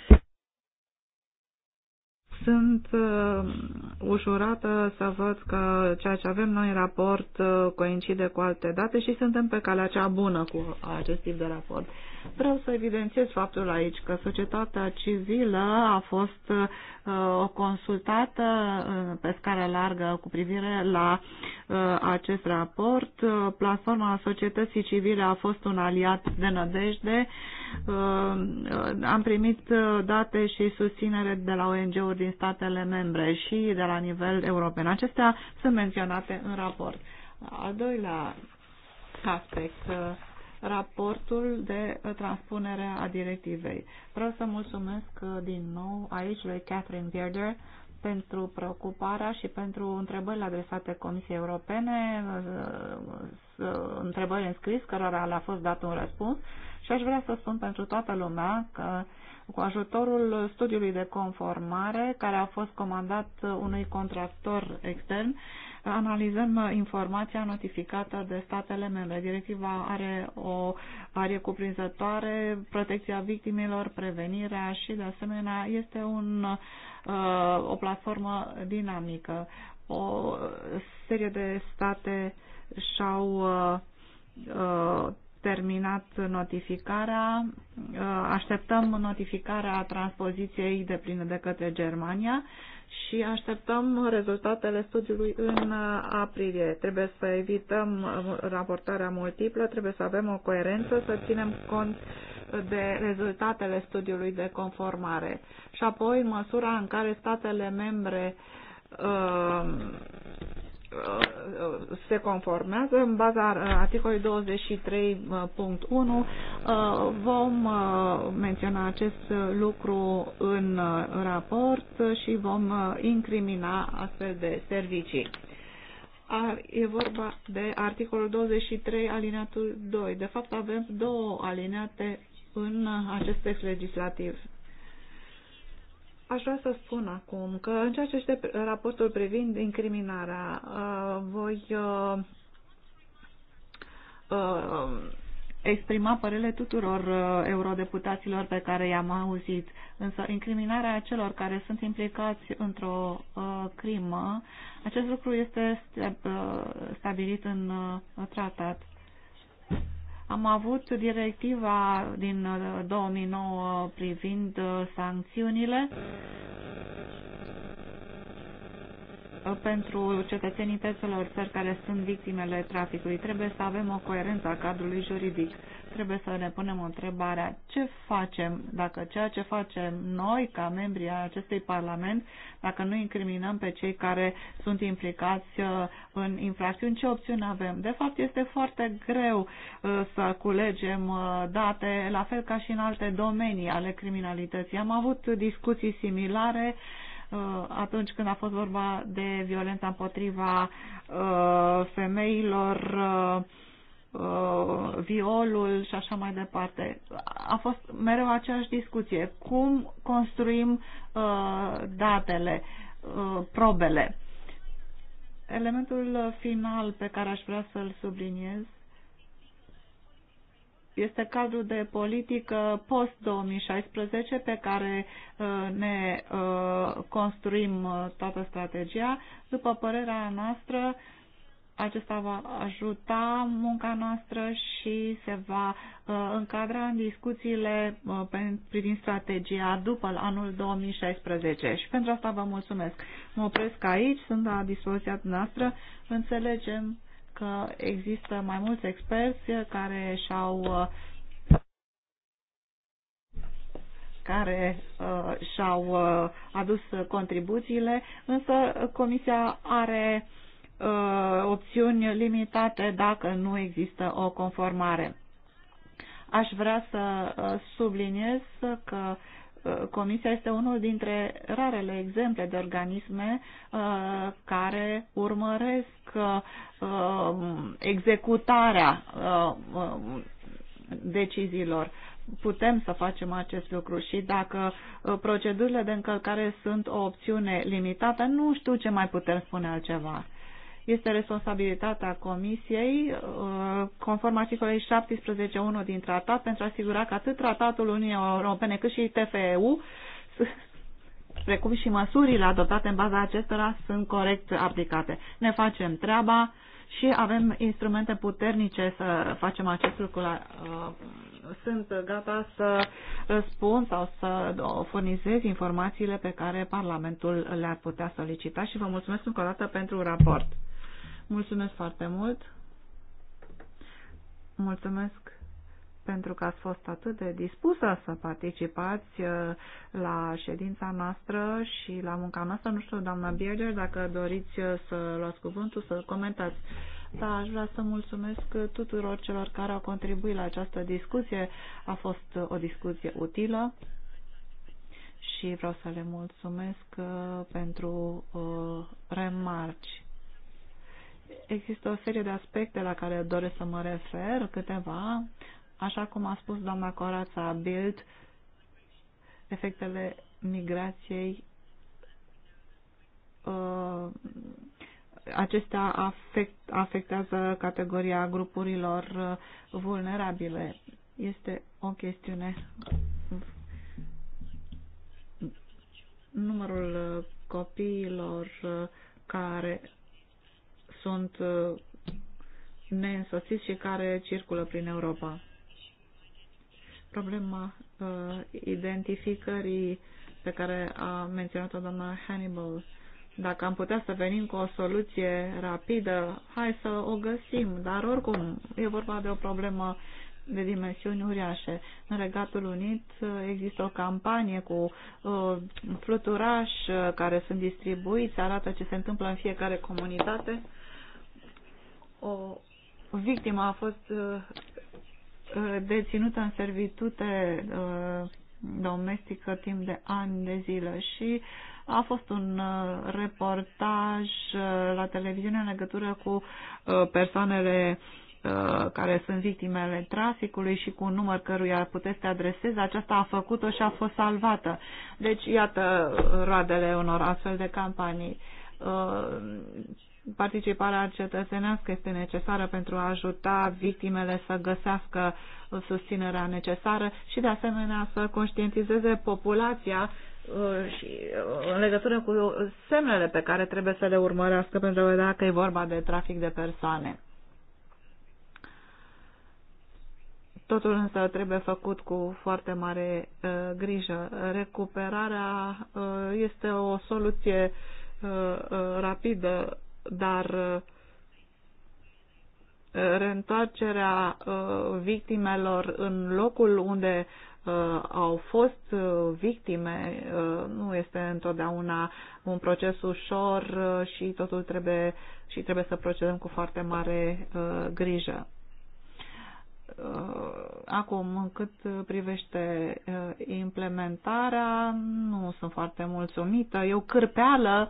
Sunt uh, ușurată să văd că ceea ce avem noi în raport uh, coincide cu alte date și suntem pe calea cea bună cu acest tip de raport. Uh, Vreau să evidențiez faptul aici că societatea civilă a fost uh, consultată uh, pe scară largă cu privire la uh, acest raport. Uh, platforma societății civile a fost un aliat de nădejde. Uh, am primit uh, date și susținere de la ONG-uri din statele membre și de la nivel european. Acestea sunt menționate în raport. Al doilea aspect uh, raportul de uh, transpunere a directivei. Vreau să mulțumesc uh, din nou aici lui Catherine Bearder pentru preocuparea și pentru întrebările adresate Comisiei Europene, uh, întrebări în scris cărora le-a fost dat un răspuns și aș vrea să spun pentru toată lumea că cu ajutorul studiului de conformare care a fost comandat unui contractor extern, analizăm informația notificată de statele membre. Directiva are o arie cuprinzătoare, protecția victimilor, prevenirea și, de asemenea, este un, uh, o platformă dinamică. O serie de state și-au uh, uh, terminat notificarea, așteptăm notificarea transpoziției de plină de către Germania și așteptăm rezultatele studiului în uh, aprilie. Trebuie să evităm uh, raportarea multiplă, trebuie să avem o coerență, să ținem cont de rezultatele studiului de conformare. Și apoi, măsura în care statele membre uh, Uh, se conformează în baza uh, articolului 23.1 uh, vom menționa acest lucru în raport și vom incrimina astfel de servicii. E vorba de articolul 23 alineatul 2. De fapt avem două alineate în acest text legislativ. Aș vrea să spun acum că în ceea ce este raportul privind incriminarea, uh, voi uh, uh, exprima părele tuturor eurodeputaților pe care i-am auzit, însă incriminarea celor care sunt implicați într-o crimă, acest lucru este stabilit în tratat. Am avut directiva din 2009 uh, privind uh, sancțiunile uh, pentru cetățenii terțelor țări care sunt victimele traficului. Trebuie să avem o coerență a cadrului juridic trebuie să ne punem întrebarea ce facem dacă ceea ce facem noi ca membri ai acestui Parlament, dacă nu incriminăm pe cei care sunt implicați uh, în infracțiuni, ce opțiune avem? De fapt, este foarte greu uh, să culegem uh, date, la fel ca și în alte domenii ale criminalității. Am avut discuții similare atunci când a fost vorba de violența împotriva femeilor Uh, violul și așa mai departe. A fost mereu aceeași discuție. Cum construim uh, datele, uh, probele? Elementul final pe care aș vrea să-l subliniez este cadrul de politică post-2016 pe care ne construim toată strategia. După părerea noastră, acesta va ajuta munca noastră și se va uh, încadra în discuțiile uh, privind strategia după anul 2016. Și pentru asta vă mulțumesc. Mă opresc aici, sunt la dispoziția noastră. Înțelegem că există mai mulți experți care și-au uh, care uh, și-au uh, adus contribuțiile, însă Comisia are Uh, opțiuni limitate dacă nu există o conformare. Aș vrea să uh, subliniez că uh, Comisia este unul dintre rarele exemple de organisme care urmăresc executarea deciziilor. Putem să facem acest lucru și dacă procedurile de încălcare sunt o opțiune limitată, nu știu ce mai putem spune altceva. Este responsabilitatea Comisiei, uh, conform articolului 17.1 din tratat, pentru a asigura că atât tratatul Uniunii Europene cât și TFEU, precum și măsurile adoptate în baza acestora, sunt corect aplicate. Ne facem treaba și avem instrumente puternice să facem acest lucru. Uh, sunt gata să răspund sau să furnizez informațiile pe care Parlamentul le-ar putea solicita și vă mulțumesc încă o dată pentru raport. Mulțumesc foarte mult! Mulțumesc pentru că ați fost atât de dispusă să participați uh, la ședința noastră și la munca noastră. Nu știu, doamna Bierger, dacă doriți uh, să luați cuvântul, să comentați. Da, aș vrea să mulțumesc tuturor celor care au contribuit la această discuție. A fost uh, o discuție utilă și vreau să le mulțumesc pentru remarci. Există o serie de aspecte la care doresc să mă refer, câteva, așa cum a spus doamna Corața Bild, efectele migrației uh, acestea afect, afectează categoria grupurilor uh, vulnerabile. Este o chestiune. Uh, numărul copiilor care sunt uh, neînsoțiți și care circulă prin Europa. Problema uh, identificării pe care a menționat-o doamna Hannibal. Dacă am putea să venim cu o soluție rapidă, hai să o găsim, dar oricum e vorba de o problemă de dimensiuni uriașe. În Regatul Unit uh, există o campanie cu uh, fluturași uh, care sunt distribuiți, arată ce se întâmplă în fiecare comunitate o victimă a fost uh, uh, deținută în servitute uh, domestică timp de ani de zile și a fost un reportaj la televiziune în legătură cu persoanele care sunt victimele traficului și cu un număr căruia puteți să te adresezi. Aceasta a făcut-o și a fost salvată. Deci, iată roadele unor astfel de campanii Participarea cetățenească este necesară pentru a ajuta victimele să găsească susținerea necesară și, de asemenea, să conștientizeze populația uh, și uh, în legătură cu semnele pe care trebuie să le urmărească pentru a vedea că e vorba de trafic de persoane. Totul însă trebuie făcut cu foarte mare uh, grijă. Recuperarea uh, este o soluție uh, uh, rapidă dar uh, reîntoarcerea uh, victimelor în locul unde uh, au fost victime nu este întotdeauna un proces ușor și totul trebuie și trebuie să procedăm cu foarte mare grijă. Acum, în cât privește implementarea, nu sunt foarte mulțumită. Eu cârpeală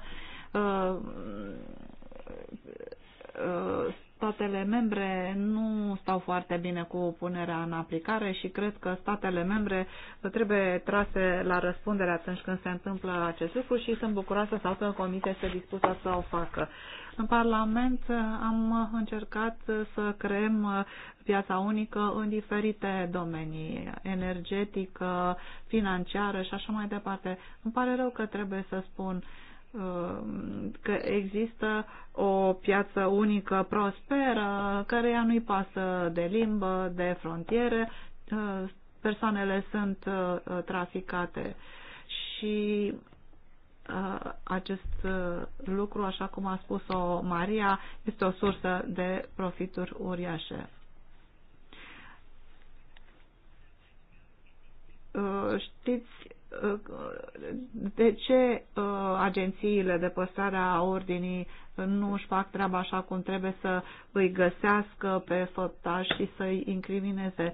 Uh, statele membre nu stau foarte bine cu punerea în aplicare și cred că statele membre trebuie trase la răspundere atunci când se întâmplă acest lucru și sunt bucuroasă aflu că comisia să dispusă să o facă. În Parlament am încercat să creăm piața unică în diferite domenii, energetică, financiară și așa mai departe. Îmi pare rău că trebuie să spun Um, că există o piață unică prosperă, care ea nu-i pasă de limbă, de frontiere, uh, persoanele sunt uh, traficate și uh, acest lucru, așa cum a spus-o Maria, este o sursă de profituri uriașe. Știți de ce uh, agențiile de păstrare a ordinii nu își fac treaba așa cum trebuie să îi găsească pe făptași și să-i incrimineze.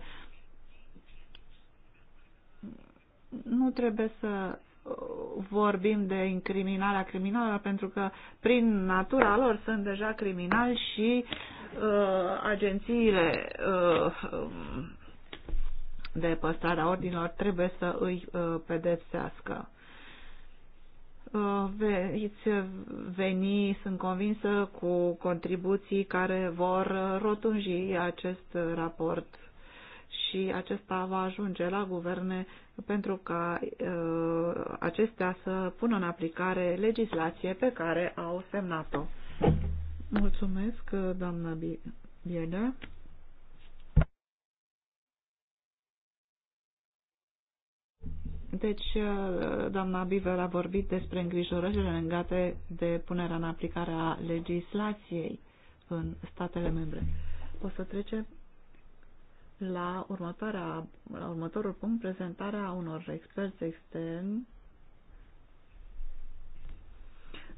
Nu trebuie să uh, vorbim de incriminarea criminală pentru că prin natura lor sunt deja criminali și uh, agențiile uh, de păstrare a ordinilor trebuie să îi uh, pedepsească. Uh, veți veni, sunt convinsă, cu contribuții care vor rotunji acest raport și acesta va ajunge la guverne pentru ca uh, acestea să pună în aplicare legislație pe care au semnat-o. Mulțumesc, doamnă Bielea. Deci, uh, doamna Biver a vorbit despre îngrijorările legate de punerea în aplicare a legislației în statele membre. O să trecem la, următoarea, la următorul punct, prezentarea unor experți externi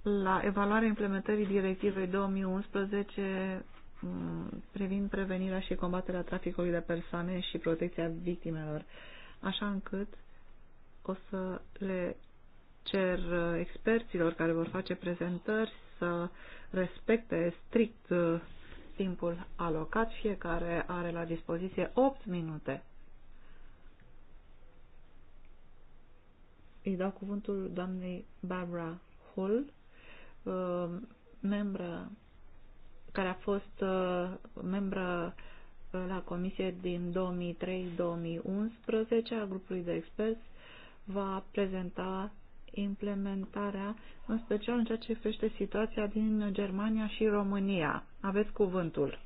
la evaluarea implementării directivei 2011 mm, privind prevenirea și combaterea traficului de persoane și protecția victimelor, așa încât o să le cer uh, experților care vor face prezentări să respecte strict uh, timpul alocat. Fiecare are la dispoziție 8 minute. Îi dau cuvântul doamnei Barbara Hull, uh, membră care a fost membră la comisie din 2003-2011 a grupului de experți va prezenta implementarea, în special în ceea ce privește situația din Germania și România. Aveți cuvântul.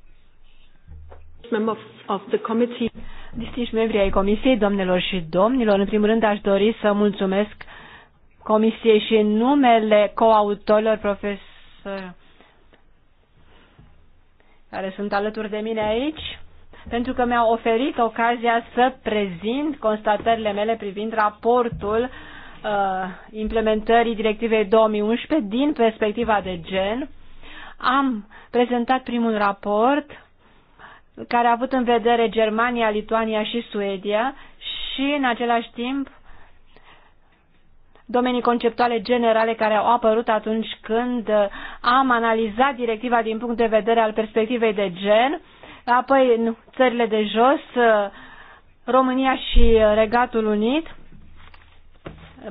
Distinși membri ai Comisiei, domnilor și domnilor, în primul rând aș dori să mulțumesc Comisiei și în numele coautorilor profesor care sunt alături de mine aici pentru că mi-au oferit ocazia să prezint constatările mele privind raportul uh, implementării directivei 2011 din perspectiva de gen. Am prezentat primul raport care a avut în vedere Germania, Lituania și Suedia și în același timp domenii conceptuale generale care au apărut atunci când am analizat directiva din punct de vedere al perspectivei de gen apoi în țările de jos, uh, România și Regatul Unit,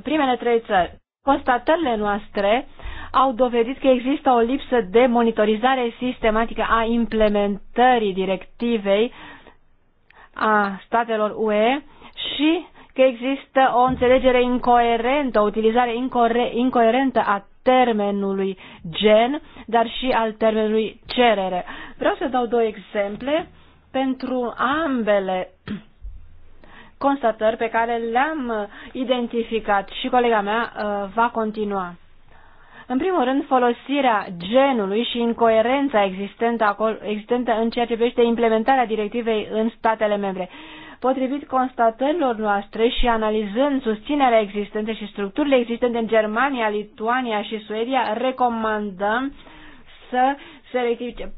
primele trei țări. Constatările noastre au dovedit că există o lipsă de monitorizare sistematică a implementării directivei a statelor UE și că există o înțelegere incoerentă, o utilizare incoerentă a termenului gen, dar și al termenului cerere. Vreau să dau două exemple pentru ambele constatări pe care le-am identificat și colega mea uh, va continua. În primul rând, folosirea genului și incoerența existentă, acolo, existentă în ceea ce privește implementarea directivei în statele membre. Potrivit constatărilor noastre și analizând susținerea existentă și structurile existente în Germania, Lituania și Suedia, recomandăm să se rectifice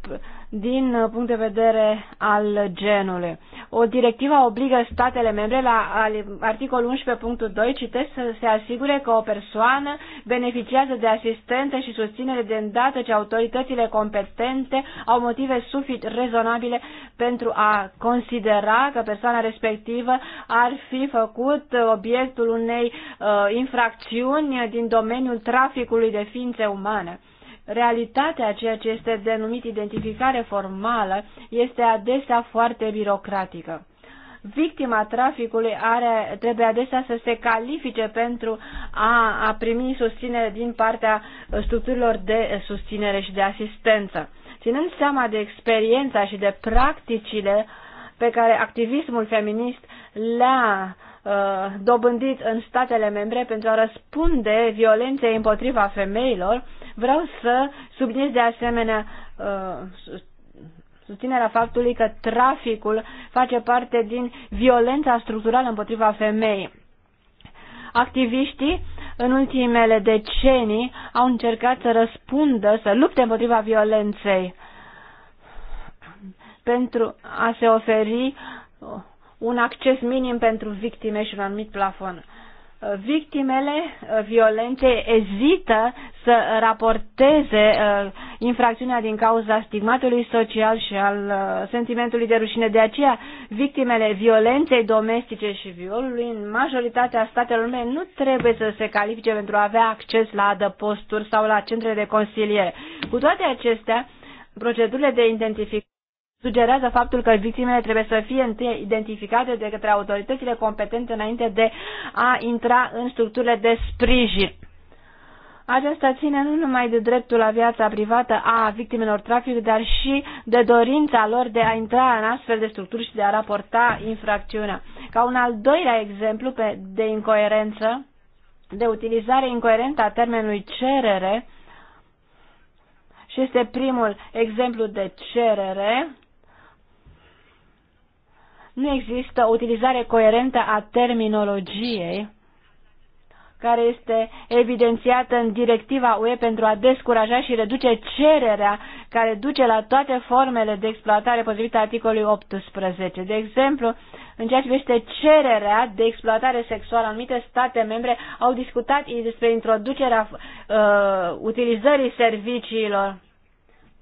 din uh, punct de vedere al genului. O directivă obligă statele membre la articolul 11.2, citesc, să se asigure că o persoană beneficiază de asistență și susținere de îndată ce autoritățile competente au motive suficient rezonabile pentru a considera că persoana respectivă ar fi făcut uh, obiectul unei uh, infracțiuni din domeniul traficului de ființe umane realitatea a ceea ce este denumit identificare formală este adesea foarte birocratică. Victima traficului are, trebuie adesea să se califice pentru a, a primi susținere din partea structurilor de susținere și de asistență. Ținând seama de experiența și de practicile pe care activismul feminist le-a uh, dobândit în statele membre pentru a răspunde violenței împotriva femeilor, Vreau să subliniez de asemenea uh, susținerea faptului că traficul face parte din violența structurală împotriva femeii. Activiștii în ultimele decenii au încercat să răspundă, să lupte împotriva violenței pentru a se oferi un acces minim pentru victime și un anumit plafon victimele uh, violente ezită să raporteze uh, infracțiunea din cauza stigmatului social și al uh, sentimentului de rușine. De aceea, victimele violenței domestice și violului în majoritatea statelor lumei nu trebuie să se califice pentru a avea acces la adăposturi sau la centre de consiliere. Cu toate acestea, procedurile de identificare sugerează faptul că victimele trebuie să fie întâi identificate de către autoritățile competente înainte de a intra în structurile de sprijin. Aceasta ține nu numai de dreptul la viața privată a victimelor trafic, dar și de dorința lor de a intra în astfel de structuri și de a raporta infracțiunea. Ca un al doilea exemplu de incoerență, de utilizare incoerentă a termenului cerere, și este primul exemplu de cerere, nu există o utilizare coerentă a terminologiei care este evidențiată în directiva UE pentru a descuraja și reduce cererea care duce la toate formele de exploatare potrivit articolului 18. De exemplu, în ceea ce privește cererea de exploatare sexuală, anumite state membre au discutat despre introducerea uh, utilizării serviciilor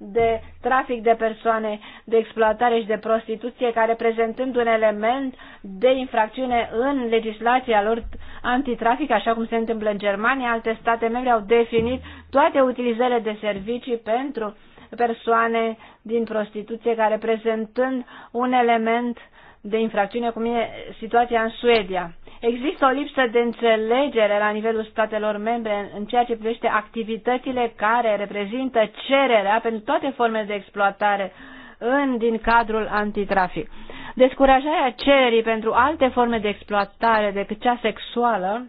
de trafic de persoane, de exploatare și de prostituție, care prezentând un element de infracțiune în legislația lor antitrafic, așa cum se întâmplă în Germania, alte state membre au definit toate utilizările de servicii pentru persoane din prostituție, care prezentând un element de infracțiune, cum e situația în Suedia. Există o lipsă de înțelegere la nivelul statelor membre în ceea ce privește activitățile care reprezintă cererea pentru toate formele de exploatare în din cadrul antitrafic. Descurajarea cererii pentru alte forme de exploatare decât cea sexuală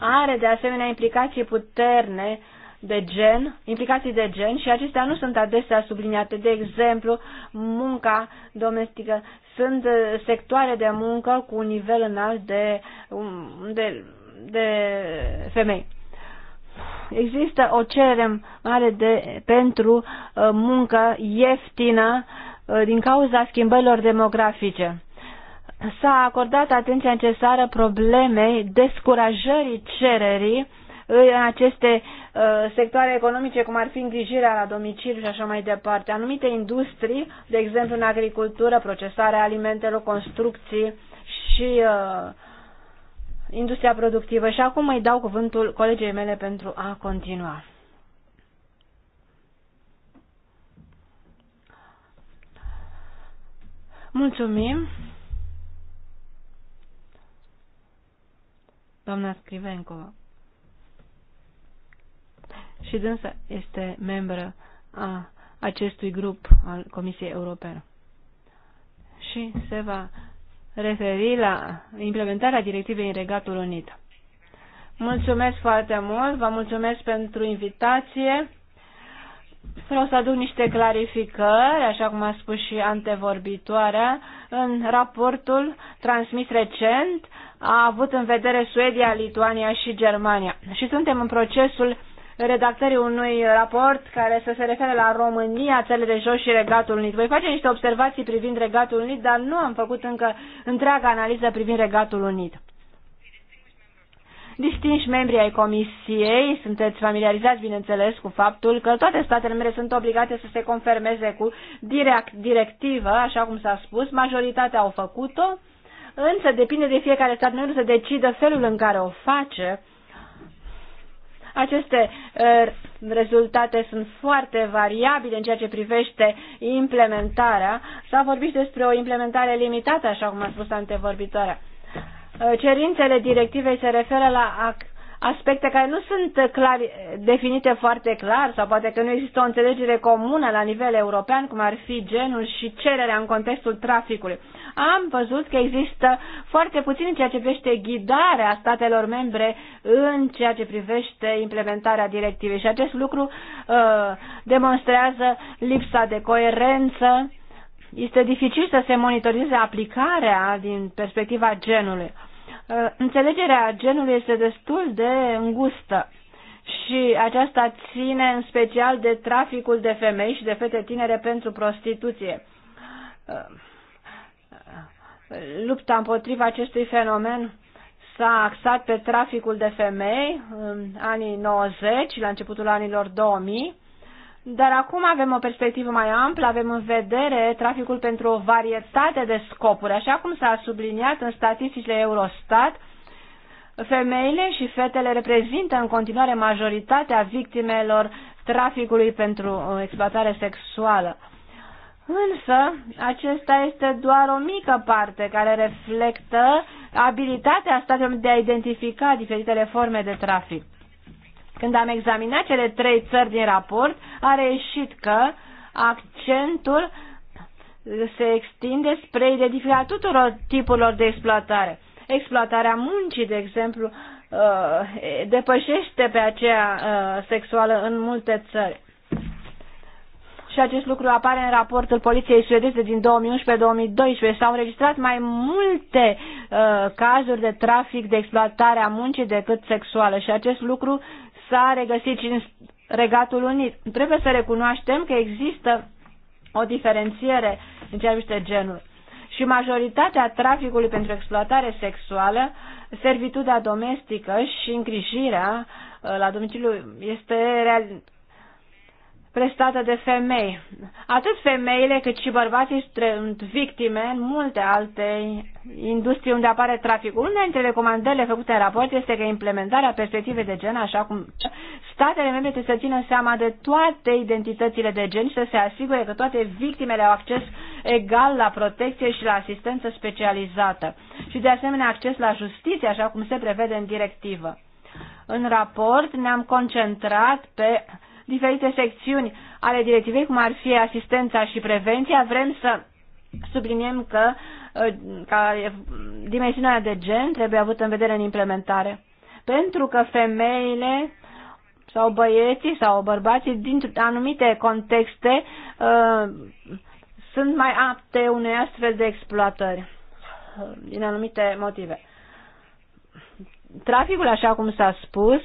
are de asemenea implicații puterne de gen, implicații de gen și acestea nu sunt adesea subliniate, de exemplu, munca domestică sunt uh, sectoare de muncă cu un nivel înalt de, um, de, de femei. Există o cerere mare de, pentru uh, muncă ieftină uh, din cauza schimbărilor demografice. S-a acordat atenția necesară problemei descurajării cererii în aceste uh, sectoare economice, cum ar fi îngrijirea la domiciliu și așa mai departe. Anumite industrii, de exemplu în agricultură, procesarea alimentelor, construcții și uh, industria productivă. Și acum îi dau cuvântul colegei mele pentru a continua. Mulțumim. Doamna Scrivencova și dânsa este membră a acestui grup al Comisiei Europene. Și se va referi la implementarea directivei în Regatul Unit. Mulțumesc foarte mult, vă mulțumesc pentru invitație. Vreau să aduc niște clarificări, așa cum a spus și antevorbitoarea, în raportul transmis recent a avut în vedere Suedia, Lituania și Germania. Și suntem în procesul redactării unui raport care să se refere la România, țările de jos și Regatul Unit. Voi face niște observații privind Regatul Unit, dar nu am făcut încă întreaga analiză privind Regatul Unit. Distinși membri ai Comisiei, sunteți familiarizați, bineînțeles, cu faptul că toate statele membre sunt obligate să se confermeze cu direct, directivă, așa cum s-a spus, majoritatea au făcut-o, însă depinde de fiecare stat membru să decidă felul în care o face, aceste uh, rezultate sunt foarte variabile în ceea ce privește implementarea. S-a vorbit despre o implementare limitată, așa cum a spus antevorbitoarea. Uh, cerințele directivei se referă la aspecte care nu sunt clar, definite foarte clar sau poate că nu există o înțelegere comună la nivel european, cum ar fi genul și cererea în contextul traficului. Am văzut că există foarte puțin în ceea ce privește ghidarea statelor membre în ceea ce privește implementarea directivei și acest lucru uh, demonstrează lipsa de coerență. Este dificil să se monitorizeze aplicarea din perspectiva genului. Uh, înțelegerea genului este destul de îngustă și aceasta ține în special de traficul de femei și de fete tinere pentru prostituție. Uh, lupta împotriva acestui fenomen s-a axat pe traficul de femei în anii 90 și la începutul anilor 2000 dar acum avem o perspectivă mai amplă, avem în vedere traficul pentru o varietate de scopuri. Așa cum s-a subliniat în statisticile Eurostat, femeile și fetele reprezintă în continuare majoritatea victimelor traficului pentru uh, exploatare sexuală. Însă, acesta este doar o mică parte care reflectă abilitatea statului de a identifica diferitele forme de trafic. Când am examinat cele trei țări din raport, a reieșit că accentul se extinde spre identificarea tuturor tipurilor de exploatare. Exploatarea muncii, de exemplu, uh, depășește pe aceea uh, sexuală în multe țări. Și acest lucru apare în raportul Poliției Suedeze din 2011-2012. S-au înregistrat mai multe uh, cazuri de trafic, de exploatare a muncii decât sexuală și acest lucru s-a regăsit și în Regatul Unit. Trebuie să recunoaștem că există o diferențiere în ceea ce genul. Și majoritatea traficului pentru exploatare sexuală, servitudea domestică și îngrijirea uh, la domiciliu este real, prestată de femei. Atât femeile cât și bărbații sunt victime în multe alte industrii unde apare traficul. Una dintre recomandările făcute în raport este că implementarea perspectivei de gen, așa cum statele membre trebuie să țină seama de toate identitățile de gen și să se asigure că toate victimele au acces egal la protecție și la asistență specializată și de asemenea acces la justiție, așa cum se prevede în directivă. În raport ne-am concentrat pe diferite secțiuni ale directivei, cum ar fi asistența și prevenția, vrem să subliniem că ă, ca dimensiunea de gen trebuie avută în vedere în implementare. Pentru că femeile sau băieții sau bărbații din anumite contexte ă, sunt mai apte unei astfel de exploatări ă, din anumite motive. Traficul, așa cum s-a spus,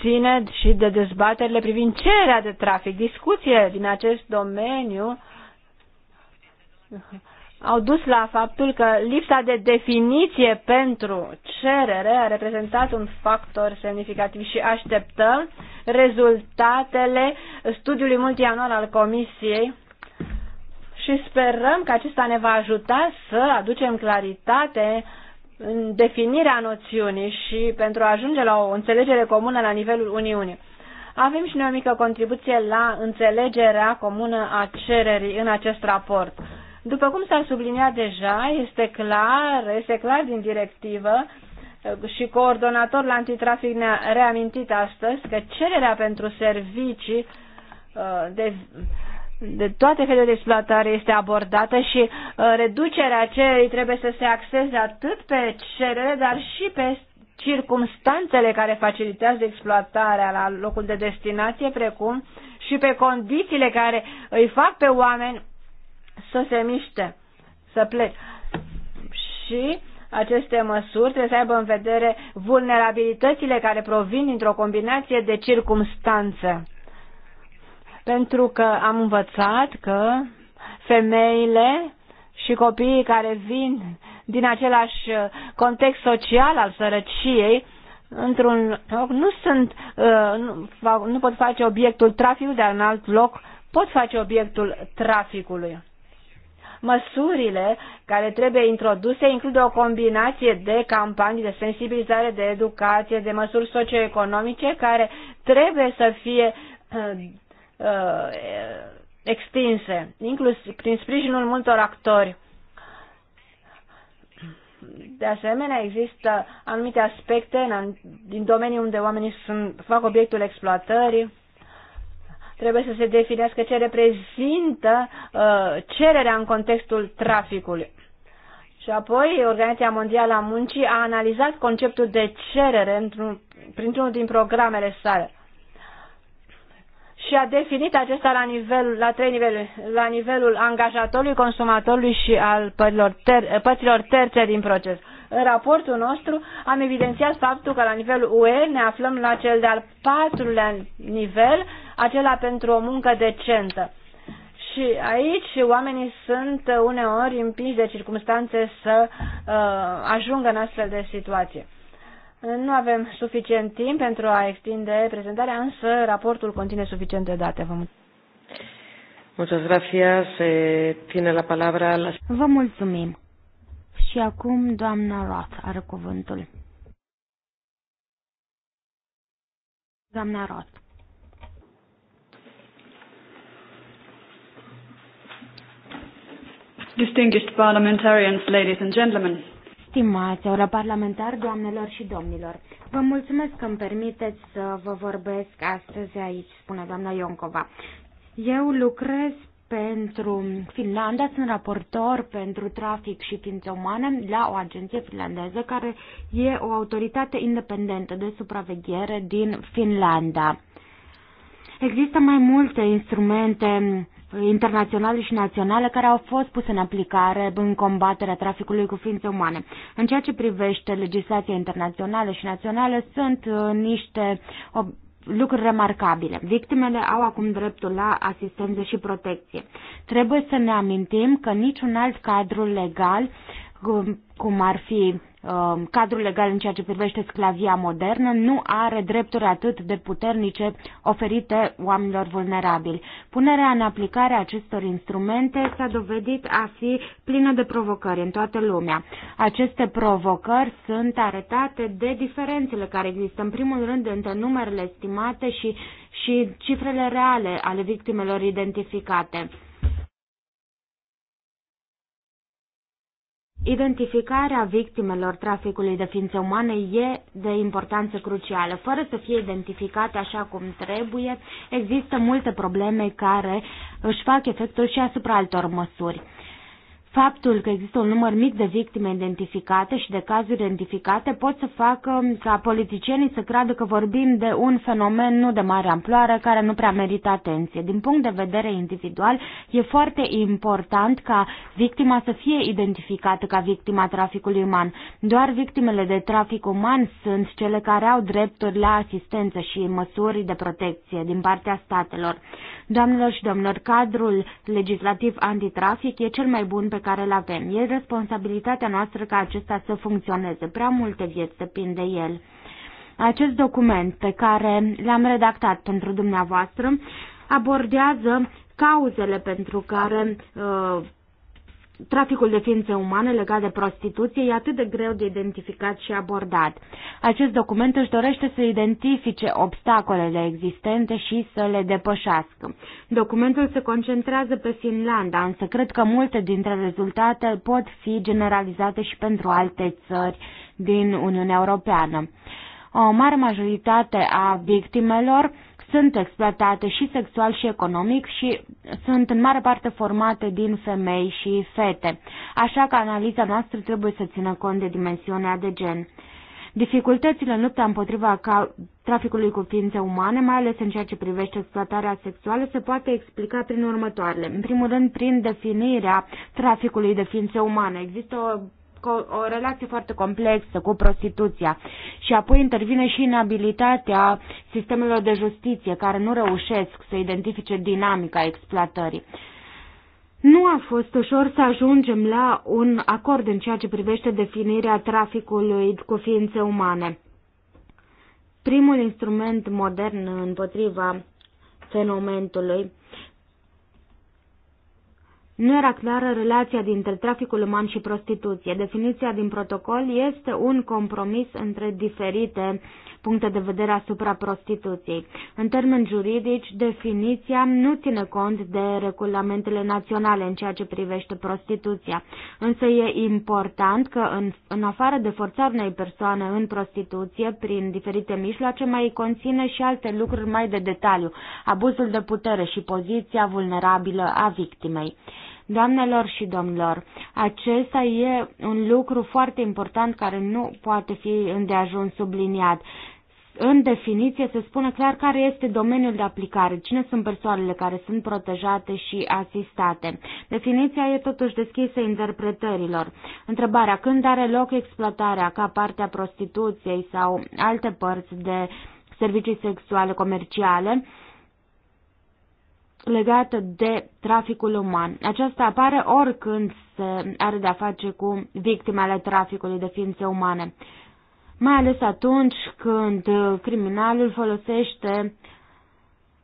ține și de dezbaterile privind cererea de trafic. Discuțiile din acest domeniu au dus la faptul că lipsa de definiție pentru cerere a reprezentat un factor semnificativ și așteptăm rezultatele studiului multianual al Comisiei și sperăm că acesta ne va ajuta să aducem claritate în definirea noțiunii și pentru a ajunge la o înțelegere comună la nivelul Uniunii. Avem și noi o mică contribuție la înțelegerea comună a cererii în acest raport. După cum s-a subliniat deja, este clar, este clar din directivă uh, și coordonator la antitrafic ne-a reamintit astăzi că cererea pentru servicii uh, de de toate felurile de exploatare este abordată și uh, reducerea cererii trebuie să se axeze atât pe cerere, dar și pe circumstanțele care facilitează exploatarea la locul de destinație, precum și pe condițiile care îi fac pe oameni să se miște, să plece. Și aceste măsuri trebuie să aibă în vedere vulnerabilitățile care provin dintr-o combinație de circumstanțe pentru că am învățat că femeile și copiii care vin din același context social al sărăciei într-un loc nu sunt uh, nu, pot face obiectul traficului, dar în alt loc pot face obiectul traficului. Măsurile care trebuie introduse includ o combinație de campanii de sensibilizare, de educație, de măsuri socioeconomice care trebuie să fie uh, Uh, extinse, inclusiv prin sprijinul multor actori. De asemenea, există anumite aspecte în, din domeniul unde oamenii sunt, fac obiectul exploatării. Trebuie să se definească ce reprezintă uh, cererea în contextul traficului. Și apoi, Organizația Mondială a Muncii a analizat conceptul de cerere printr-unul din programele sale și a definit acesta la, nivel, la trei niveluri, la nivelul angajatorului, consumatorului și al părților, ter, părților terțe din proces. În raportul nostru am evidențiat faptul că la nivelul UE ne aflăm la cel de-al patrulea nivel, acela pentru o muncă decentă. Și aici oamenii sunt uneori împinși de circunstanțe să uh, ajungă în astfel de situație. Nu avem suficient timp pentru a extinde prezentarea, însă raportul conține suficiente date. Vă mulțumesc. Muchas gracias. Eh, tiene la palabra la... Vă mulțumim. Și acum doamna Roth are cuvântul. Doamna Roth. Distinguished parliamentarians, ladies and gentlemen. Stimați europarlamentari, doamnelor și domnilor, vă mulțumesc că îmi permiteți să vă vorbesc astăzi aici, spune doamna Ioncova. Eu lucrez pentru Finlanda, sunt raportor pentru trafic și ființe umane la o agenție finlandeză care e o autoritate independentă de supraveghere din Finlanda. Există mai multe instrumente internaționale și naționale care au fost puse în aplicare în combaterea traficului cu ființe umane. În ceea ce privește legislația internațională și națională, sunt uh, niște lucruri remarcabile. Victimele au acum dreptul la asistență și protecție. Trebuie să ne amintim că niciun alt cadru legal, cum ar fi Um, cadrul legal în ceea ce privește sclavia modernă nu are drepturi atât de puternice oferite oamenilor vulnerabili. Punerea în aplicare a acestor instrumente s-a dovedit a fi plină de provocări în toată lumea. Aceste provocări sunt arătate de diferențele care există, în primul rând, între numerele estimate și, și cifrele reale ale victimelor identificate. Identificarea victimelor traficului de ființe umane e de importanță crucială. Fără să fie identificate așa cum trebuie, există multe probleme care își fac efectul și asupra altor măsuri. Faptul că există un număr mic de victime identificate și de cazuri identificate pot să facă ca politicienii să creadă că vorbim de un fenomen nu de mare amploare care nu prea merită atenție. Din punct de vedere individual, e foarte important ca victima să fie identificată ca victima traficului uman. Doar victimele de trafic uman sunt cele care au drepturi la asistență și măsuri de protecție din partea statelor. Doamnelor și domnilor, cadrul legislativ antitrafic e cel mai bun pe care îl avem. E responsabilitatea noastră ca acesta să funcționeze. Prea multe vieți depind de el. Acest document pe care l-am redactat pentru dumneavoastră abordează cauzele pentru care uh, traficul de ființe umane legat de prostituție e atât de greu de identificat și abordat. Acest document își dorește să identifice obstacolele existente și să le depășească. Documentul se concentrează pe Finlanda, însă cred că multe dintre rezultate pot fi generalizate și pentru alte țări din Uniunea Europeană. O mare majoritate a victimelor sunt exploatate și sexual și economic și sunt în mare parte formate din femei și fete. Așa că analiza noastră trebuie să țină cont de dimensiunea de gen. Dificultățile în lupta împotriva ca traficului cu ființe umane, mai ales în ceea ce privește exploatarea sexuală, se poate explica prin următoarele. În primul rând, prin definirea traficului de ființe umane. Există o o relație foarte complexă cu prostituția și apoi intervine și inabilitatea sistemelor de justiție care nu reușesc să identifice dinamica exploatării. Nu a fost ușor să ajungem la un acord în ceea ce privește definirea traficului cu ființe umane. Primul instrument modern împotriva fenomenului nu era clară relația dintre traficul uman și prostituție. Definiția din protocol este un compromis între diferite puncte de vedere asupra prostituției. În termeni juridici, definiția nu ține cont de regulamentele naționale în ceea ce privește prostituția, însă e important că în, în afară de forțarea unei persoane în prostituție prin diferite mijloace mai conține și alte lucruri mai de detaliu, abuzul de putere și poziția vulnerabilă a victimei. Doamnelor și domnilor, acesta e un lucru foarte important care nu poate fi îndeajuns subliniat în definiție se spune clar care este domeniul de aplicare, cine sunt persoanele care sunt protejate și asistate. Definiția e totuși deschisă interpretărilor. Întrebarea când are loc exploatarea ca parte a prostituției sau alte părți de servicii sexuale comerciale, legată de traficul uman. Aceasta apare oricând se are de-a face cu victimele traficului de ființe umane, mai ales atunci când criminalul folosește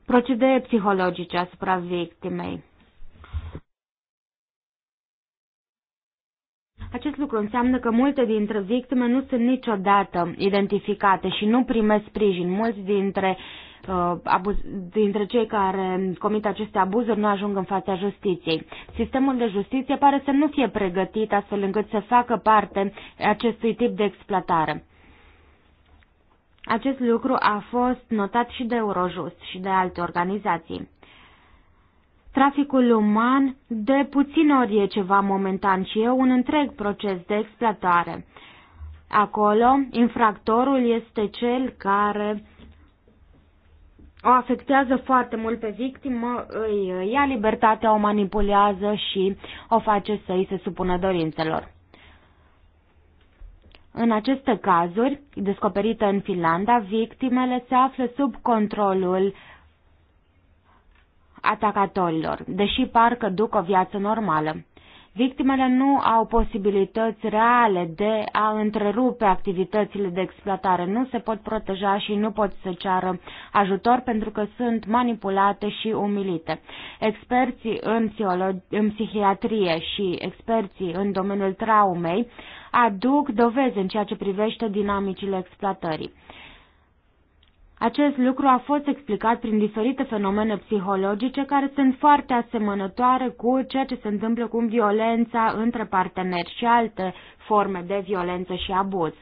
procedee psihologice asupra victimei. Acest lucru înseamnă că multe dintre victime nu sunt niciodată identificate și nu primesc sprijin. Mulți dintre uh, Uh, abuz, dintre cei care comit aceste abuzuri nu ajung în fața justiției. Sistemul de justiție pare să nu fie pregătit astfel încât să facă parte acestui tip de exploatare. Acest lucru a fost notat și de Eurojust și de alte organizații. Traficul uman de puțin ori e ceva momentan și e un întreg proces de exploatare. Acolo, infractorul este cel care o afectează foarte mult pe victimă, îi ia libertatea, o manipulează și o face să îi se supună dorințelor. În aceste cazuri, descoperită în Finlanda, victimele se află sub controlul atacatorilor, deși parcă duc o viață normală. Victimele nu au posibilități reale de a întrerupe activitățile de exploatare, nu se pot proteja și nu pot să ceară ajutor pentru că sunt manipulate și umilite. Experții în, în psihiatrie și experții în domeniul traumei aduc dovezi în ceea ce privește dinamicile exploatării. Acest lucru a fost explicat prin diferite fenomene psihologice care sunt foarte asemănătoare cu ceea ce se întâmplă cu violența între parteneri și alte forme de violență și abuz.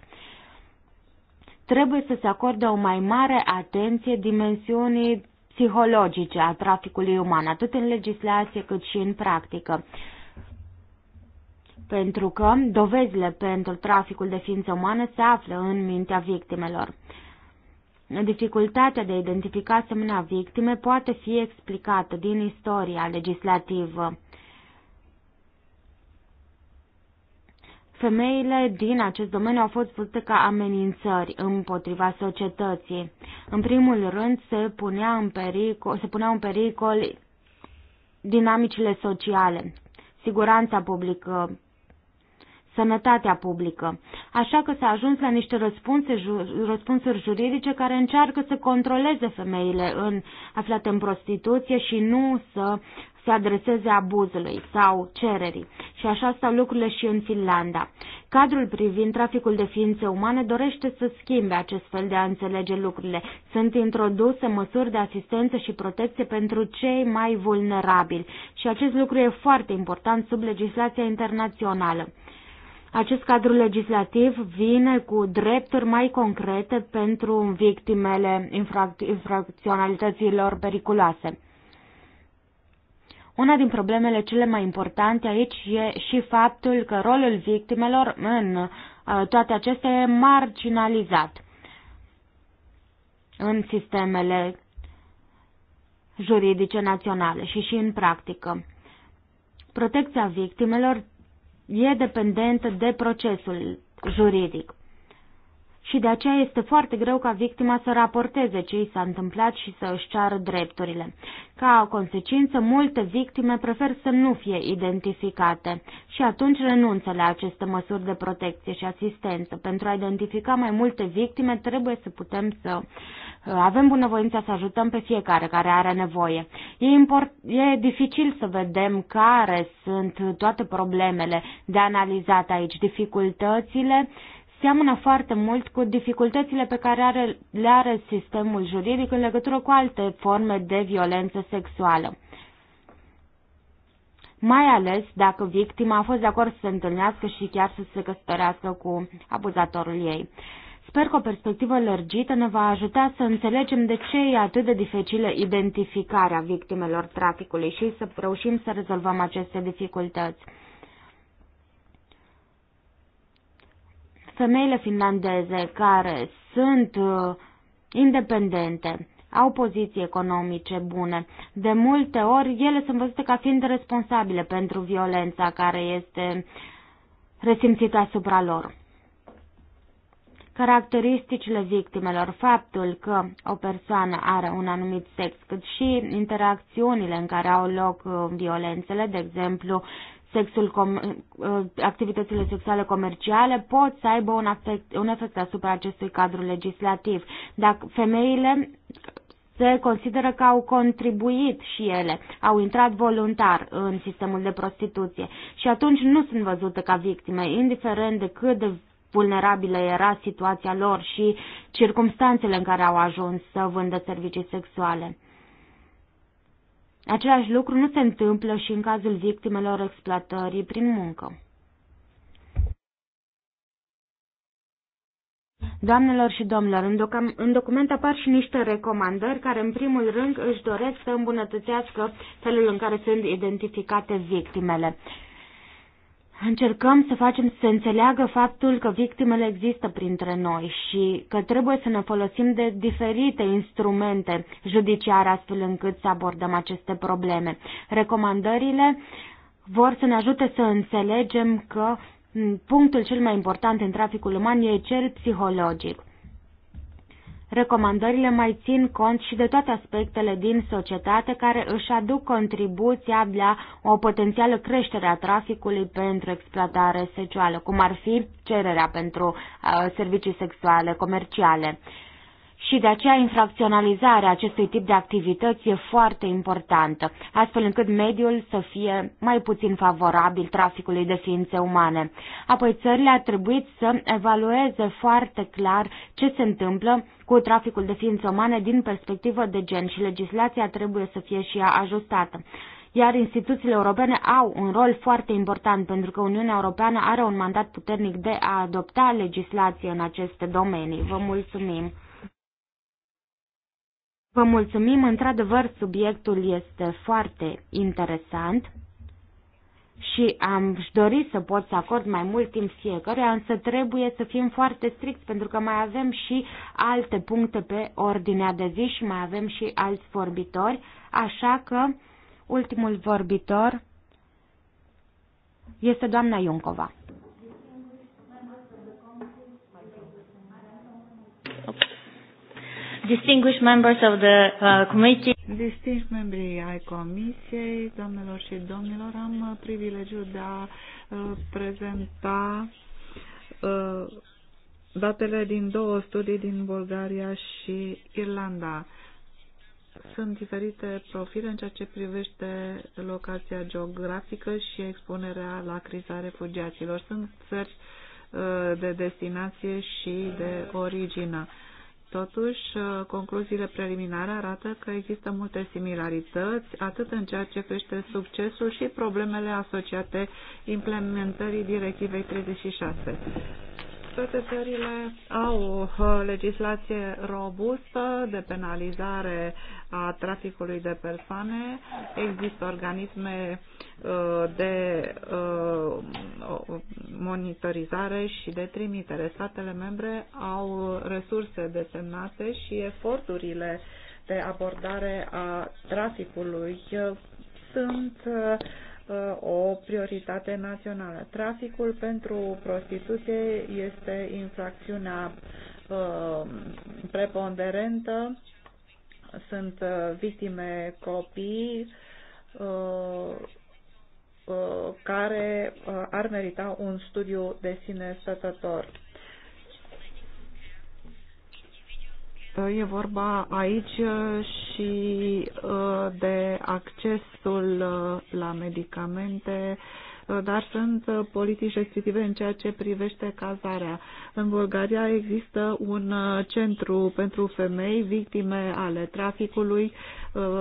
Trebuie să se acorde o mai mare atenție dimensiunii psihologice a traficului uman, atât în legislație cât și în practică pentru că dovezile pentru traficul de ființe umane se află în mintea victimelor. Dificultatea de a identifica asemenea victime poate fi explicată din istoria legislativă. Femeile din acest domeniu au fost văzute ca amenințări împotriva societății. În primul rând, se, punea în pericol, se puneau în pericol dinamicile sociale, siguranța publică, sănătatea publică. Așa că s-a ajuns la niște răspunsuri juridice care încearcă să controleze femeile în, aflate în prostituție și nu să se adreseze abuzului sau cererii. Și așa stau lucrurile și în Finlanda. Cadrul privind traficul de ființe umane dorește să schimbe acest fel de a înțelege lucrurile. Sunt introduse măsuri de asistență și protecție pentru cei mai vulnerabili și acest lucru e foarte important sub legislația internațională. Acest cadru legislativ vine cu drepturi mai concrete pentru victimele infracționalităților periculoase. Una din problemele cele mai importante aici e și faptul că rolul victimelor în uh, toate acestea e marginalizat în sistemele juridice naționale și și în practică. Protecția victimelor e dependentă de procesul juridic și de aceea este foarte greu ca victima să raporteze ce i s-a întâmplat și să își ceară drepturile. Ca consecință, multe victime prefer să nu fie identificate și atunci renunță la aceste măsuri de protecție și asistență. Pentru a identifica mai multe victime, trebuie să putem să uh, avem bunăvoința să ajutăm pe fiecare care are nevoie. E, import, e dificil să vedem care sunt toate problemele de analizat aici, dificultățile, uh, seamănă foarte mult cu dificultățile pe care are, le are sistemul juridic în legătură cu alte forme de violență sexuală. Mai ales dacă victima a fost de acord să se întâlnească și chiar să se căsătorească cu abuzatorul ei. Sper că o perspectivă lărgită ne va ajuta să înțelegem de ce e atât de dificilă identificarea victimelor traficului și să reușim să rezolvăm aceste dificultăți. femeile finlandeze care sunt uh, independente, au poziții economice bune. De multe ori, ele sunt văzute ca fiind responsabile pentru violența care este resimțită asupra lor. Caracteristicile victimelor, faptul că o persoană are un anumit sex, cât și interacțiunile în care au loc uh, violențele, de exemplu, sexul com- uh, activitățile sexuale comerciale pot să aibă un, afect, un efect asupra acestui cadru legislativ. Dacă femeile se consideră că au contribuit și ele, au intrat voluntar în sistemul de prostituție și atunci nu sunt văzute ca victime, indiferent de cât de vulnerabilă era situația lor și circumstanțele în care au ajuns să vândă servicii sexuale. Același lucru nu se întâmplă și în cazul victimelor exploatării prin muncă. Doamnelor și domnilor, în, doc- în document apar și niște recomandări care, în primul rând, își doresc să îmbunătățească felul în care sunt identificate victimele. Încercăm să facem să înțeleagă faptul că victimele există printre noi și că trebuie să ne folosim de diferite instrumente judiciare astfel încât să abordăm aceste probleme. Recomandările vor să ne ajute să înțelegem că mm, punctul cel mai important în traficul uman e cel psihologic. Recomandările mai țin cont și de toate aspectele din societate care își aduc contribuția la o potențială creștere a traficului pentru exploatare sexuală, cum ar fi cererea pentru uh, servicii sexuale comerciale și de aceea infracționalizarea acestui tip de activități e foarte importantă, astfel încât mediul să fie mai puțin favorabil traficului de ființe umane. Apoi țările ar trebui să evalueze foarte clar ce se întâmplă cu traficul de ființe umane din perspectivă de gen și legislația trebuie să fie și ea ajustată iar instituțiile europene au un rol foarte important pentru că Uniunea Europeană are un mandat puternic de a adopta legislație în aceste domenii. Vă mulțumim! Vă mulțumim, într-adevăr, subiectul este foarte interesant și am dori să pot să acord mai mult timp fiecare, însă trebuie să fim foarte stricți pentru că mai avem și alte puncte pe ordinea de zi și mai avem și alți vorbitori, așa că ultimul vorbitor este doamna Iuncova. distinguished members of the uh, committee. Distinși membrii ai comisiei, doamnelor și domnilor, am uh, privilegiul de a uh, prezenta uh, datele din două studii din Bulgaria și Irlanda. Sunt diferite profile în ceea ce privește locația geografică și expunerea la criza refugiaților. Sunt țări uh, de destinație și de origine Totuși, uh, concluziile preliminare arată că există multe similarități, atât în ceea ce privește succesul și problemele asociate implementării Directivei 36 toate țările au uh, legislație robustă de penalizare a traficului de persoane. Există organisme uh, de uh, monitorizare și de trimitere. Statele membre au resurse desemnate și eforturile de abordare a traficului sunt uh, Uh, o prioritate națională. Traficul pentru prostituție este infracțiunea uh, preponderentă, sunt uh, victime copii care ar merita un studiu de sine stătător. E vorba aici uh, și uh, de accesul uh, la medicamente, dar sunt politici restrictive în ceea ce privește cazarea. În Bulgaria există un centru pentru femei victime ale traficului,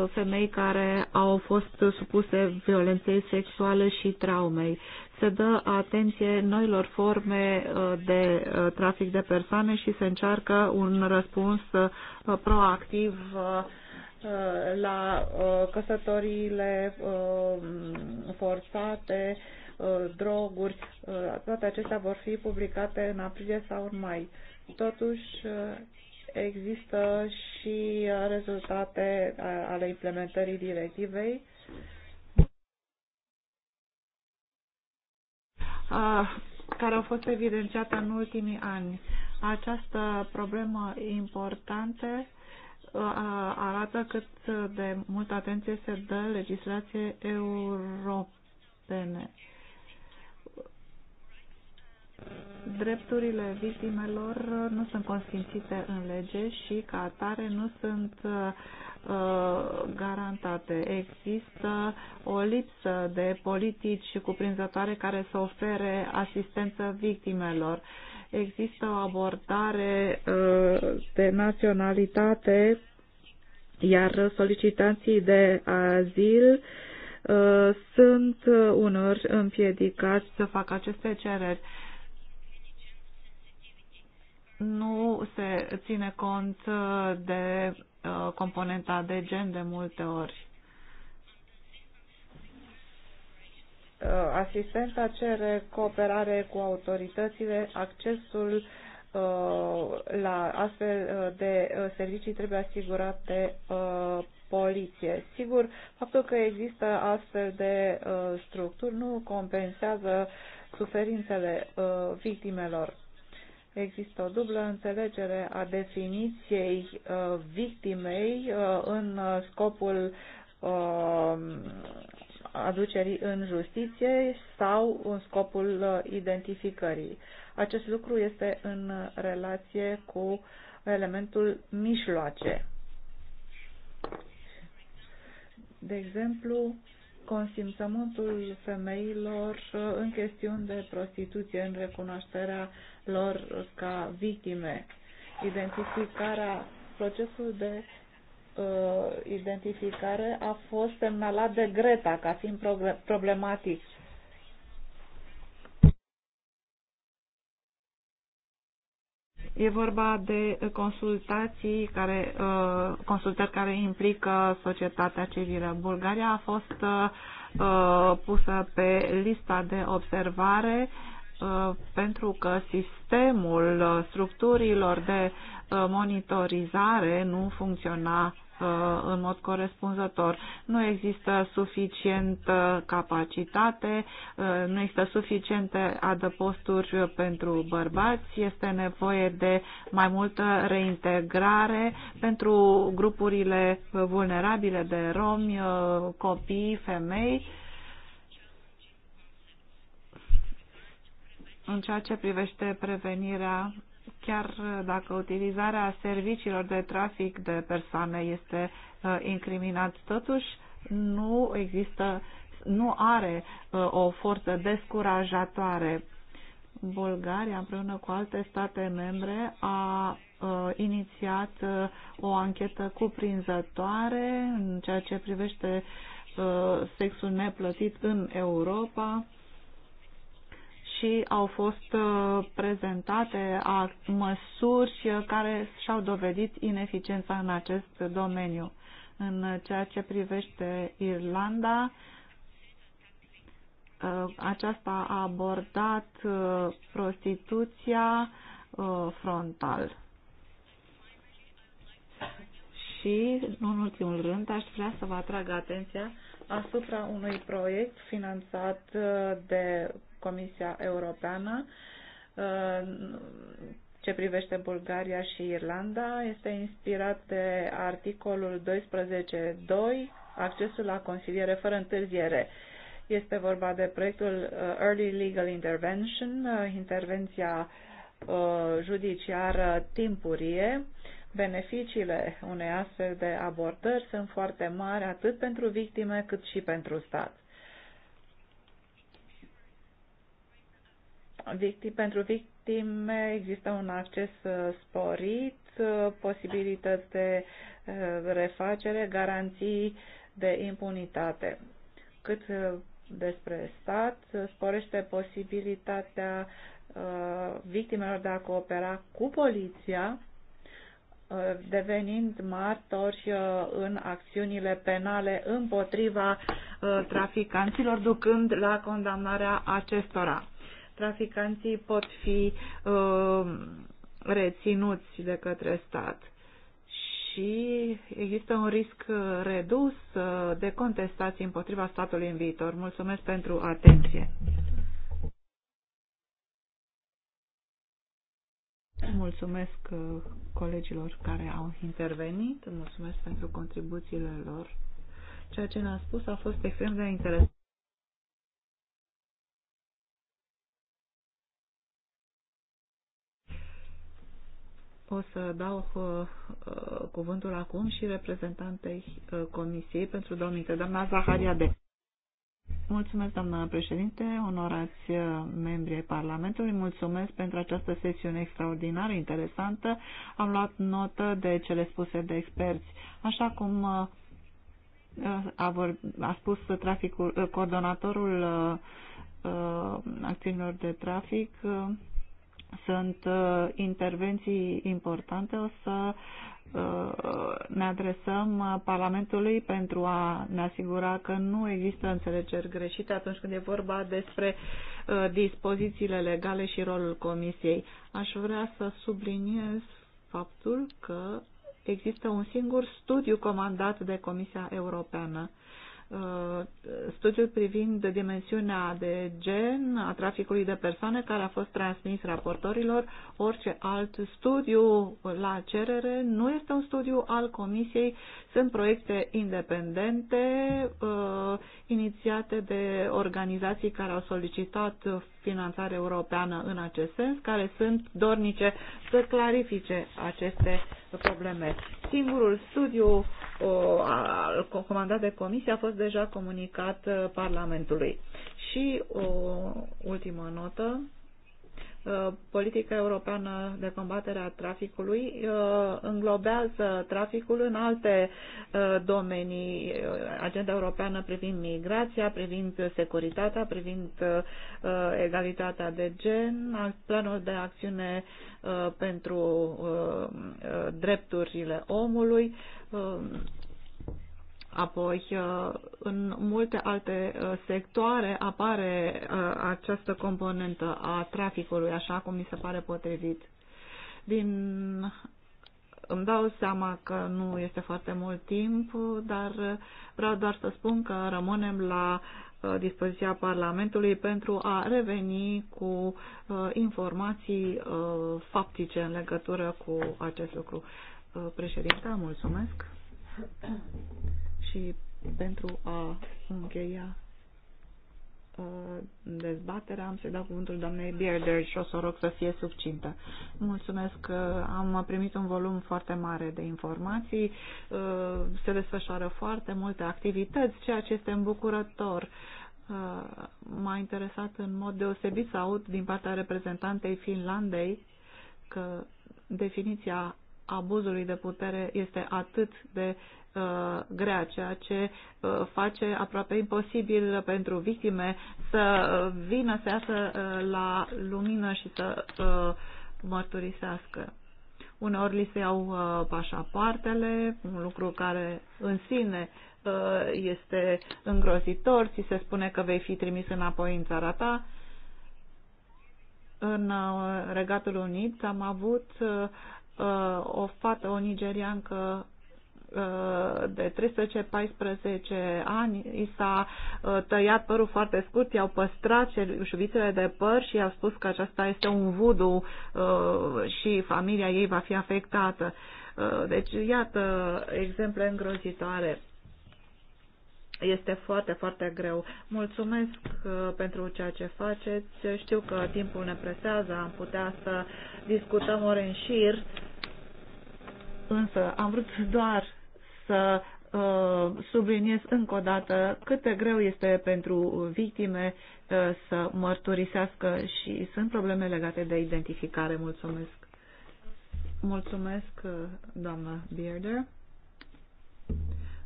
femei care au fost supuse violenței sexuale și traumei se dă atenție noilor forme uh, de uh, trafic de persoane și se încearcă un răspuns uh, proactiv la căsătoriile forțate, droguri, toate acestea vor fi publicate în aprilie sau în mai. Totuși, există și rezultate ale implementării directivei care au fost evidențiate în ultimii ani. Această problemă importantă arată cât de multă atenție se dă legislației europene. Drepturile victimelor nu sunt consfințite în lege și, ca atare, nu sunt Uh, garantate. Există o lipsă de politici cuprinzătoare care să ofere asistență victimelor. Există o abordare uh, de naționalitate, iar solicitanții de azil uh, sunt unor împiedicați să facă aceste cereri nu se ține cont de Uh, componenta de gen de multe ori. Uh, asistența cere cooperare cu autoritățile, accesul uh, la astfel de servicii trebuie asigurat de poliție. Sigur, faptul că există astfel de structuri nu compensează suferințele victimelor Există o dublă înțelegere a definiției uh, victimei uh, în uh, scopul aducerii în justiție sau în scopul identificării. Acest lucru este în relație cu elementul mișloace. De exemplu, consimțământul femeilor uh, în chestiuni de prostituție, în recunoașterea lor ca victime, identificarea, procesul de uh, identificare a fost semnalat de Greta ca fiind problematic. E vorba de consultații care, uh, consultări care implică societatea civilă. Bulgaria a fost uh, uh, pusă pe lista de observare pentru că sistemul structurilor de monitorizare nu funcționa Uh, în mod corespunzător. Nu există suficientă capacitate, uh, nu există suficiente adăposturi pentru bărbați, este nevoie de mai multă reintegrare pentru grupurile vulnerabile de romi, uh, copii, femei. În ceea ce privește prevenirea chiar dacă utilizarea serviciilor de trafic de persoane este uh, incriminat, totuși nu există, nu are uh, o forță descurajatoare. Bulgaria, împreună cu alte state membre, a uh, inițiat o anchetă cuprinzătoare în ceea ce privește sexul neplătit în Europa și au fost uh, prezentate a măsuri care și-au dovedit ineficiența în acest domeniu. În ceea ce privește Irlanda, uh, aceasta a abordat uh, prostituția frontal. Și, în ultimul rând, aș vrea să vă atrag atenția asupra unui proiect finanțat de Comisia Europeană ce privește Bulgaria și Irlanda este inspirat de articolul 12.2, accesul la consiliere fără întârziere. Este vorba de proiectul uh, Early Legal Intervention, uh, intervenția uh, judiciară timpurie. Beneficiile unei astfel de abordări sunt foarte mari atât pentru victime cât și pentru stat. victim, pentru victime există un acces uh, sporit, uh, posibilități de uh, refacere, garanții de impunitate. Cât despre stat, sporește posibilitatea victimelor de a coopera cu poliția, devenind martori în acțiunile penale împotriva traficanților, ducând la condamnarea acestora traficanții pot fi uh, reținuți de către stat și există un risc redus uh, de contestații împotriva statului în viitor. Mulțumesc pentru atenție. Mulțumesc uh, colegilor care au intervenit, mulțumesc pentru contribuțiile lor. Ceea ce ne-a spus a fost extrem de interesant. o să dau uh, uh, cuvântul acum și reprezentantei uh, Comisiei pentru Domnite, doamna Zaharia de. Mulțumesc, doamna președinte, onorați uh, membrii Parlamentului, mulțumesc pentru această sesiune extraordinară, interesantă. Am luat notă de cele spuse de experți. Așa cum uh, uh a, vor, a spus traficul, coordonatorul acțiunilor de trafic, sunt uh, intervenții importante. O să uh, ne adresăm uh, Parlamentului pentru a ne asigura că nu există înțelegeri greșite atunci când e vorba despre dispozițiile legale și rolul Comisiei. Aș vrea să subliniez faptul că există un singur studiu comandat de Comisia Europeană Uh, studiul privind dimensiunea de gen a traficului de persoane care a fost transmis raportorilor, orice alt studiu la cerere nu este un studiu al Comisiei, sunt proiecte independente uh, inițiate de organizații care au solicitat finanțare europeană în acest sens, care sunt dornice să clarifice aceste probleme. Singurul studiu al comandat de comisie a fost deja comunicat uh, Parlamentului. Și o ultimă notă Uh, politică europeană de combatere a traficului uh, înglobează traficul în alte uh, domenii, agenda europeană privind migrația, privind securitatea, privind egalitatea de gen, planul de acțiune pentru drepturile omului, Apoi, uh, în multe alte uh, sectoare apare uh, această componentă a traficului, așa cum mi se pare potrivit. Din îmi dau seama că nu este foarte mult timp, dar vreau doar să spun că rămânem la dispoziția Parlamentului pentru a reveni cu informații faptice în legătură cu acest lucru. Președinte, mulțumesc și pentru a încheia uh, dezbaterea, am să dau cuvântul doamnei Bierder și o să o rog să fie subcintă. Mulțumesc că uh, am primit un volum foarte mare de informații, uh, se desfășoară foarte multe activități, ceea ce este îmbucurător. M-a interesat în mod deosebit să aud din partea reprezentantei Finlandei că definiția abuzului de putere este atât de uh, grea, ceea ce uh, face aproape imposibil pentru victime să uh, vină, să iasă uh, la lumină și să uh, mărturisească. Uneori li se iau uh, pașapartele, un lucru care în sine uh, este îngrozitor, ți se spune că vei fi trimis înapoi în țara ta. În uh, Regatul Unit am avut uh, Uh, o fată, o nigeriancă uh, de 13-14 ani, i s-a uh, tăiat părul foarte scurt, i-au păstrat șuvițele de păr și i-au spus că aceasta este un vudu și familia ei va fi afectată. Deci, iată exemple îngrozitoare. Este foarte, foarte greu. Mulțumesc pentru ceea ce faceți. Știu că timpul ne presează, am putea să discutăm ore în șir Însă am vrut doar să uh, subliniez încă o dată cât de greu este pentru victime uh, să mărturisească și sunt probleme legate de identificare. Mulțumesc. Mulțumesc, uh, doamnă Bierder!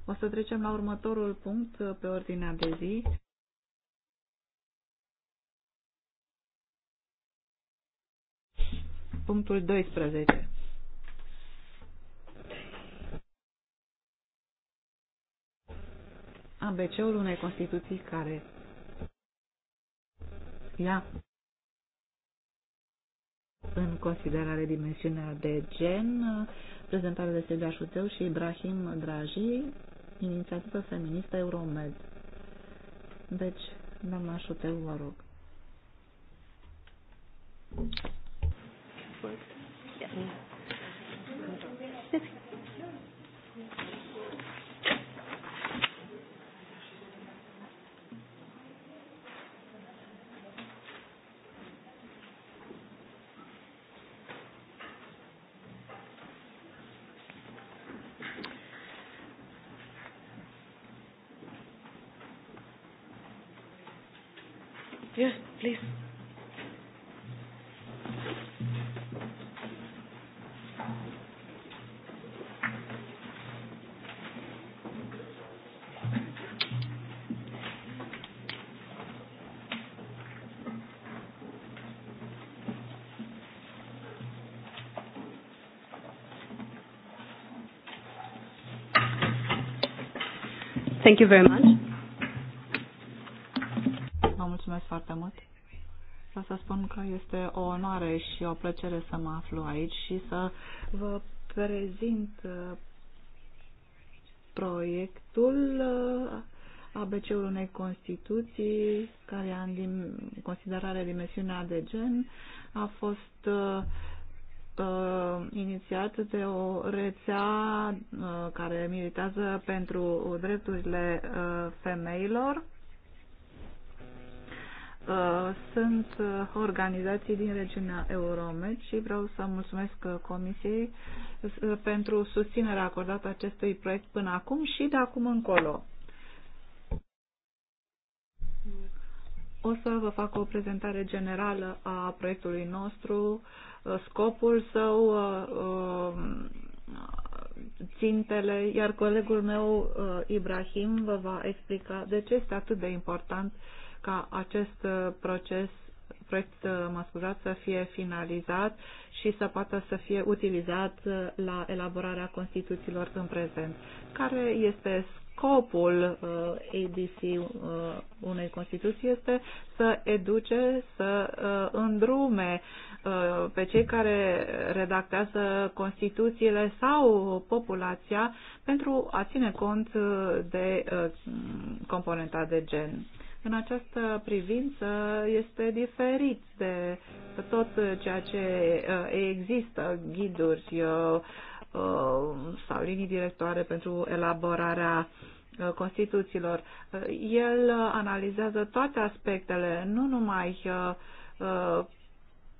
O să trecem la următorul punct pe ordinea de zi. Punctul 12. ABC-ul unei Constituții care ia în considerare dimensiunea de gen prezentarea de Silvia Șuteu și Ibrahim Draji, inițiativă feministă Euromed. Deci, doamna Șuteu, vă rog. you. Thank you very much. Vă mulțumesc foarte mult. Vreau să spun că este o onoare și o plăcere să mă aflu aici și să vă prezint uh, proiectul uh, ABC-ul unei Constituții care, în considerare dimensiunea de gen, a fost uh, uh, inițiat de o rețea uh, care militează pentru drepturile uh, femeilor. Uh, sunt uh, organizații din regiunea Euromed și vreau să mulțumesc uh, Comisiei uh, pentru susținerea acordată acestui proiect până acum și de acum încolo. O să vă fac o prezentare generală a proiectului nostru, uh, scopul său, uh, uh, țintele, iar colegul meu, Ibrahim, vă va explica de ce este atât de important ca acest proces, proiect, mă scuzați, să fie finalizat și să poată să fie utilizat la elaborarea Constituțiilor în prezent. Care este scopul uh, ADC uh, unei Constituții este să educe, să uh, îndrume pe cei care redactează Constituțiile sau populația pentru a ține cont de componenta de gen. În această privință este diferit de tot ceea ce există, ghiduri, Uh, sau linii directoare pentru elaborarea uh, Constituțiilor. Uh, el analizează toate aspectele, nu numai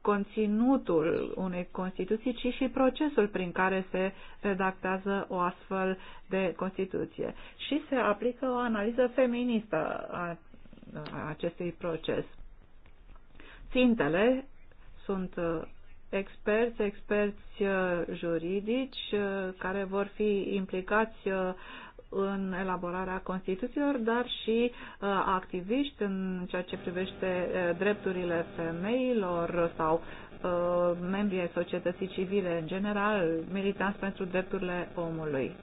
conținutul unei Constituții, ci și procesul prin care se redactează o astfel de Constituție. Și se aplică o analiză feministă a acestui proces. Țintele sunt experți, experți uh, juridici uh, care vor fi implicați uh, în elaborarea Constituțiilor, dar și activiști în ceea ce privește drepturile femeilor sau membrii ai societății civile în general, militanți pentru drepturile omului.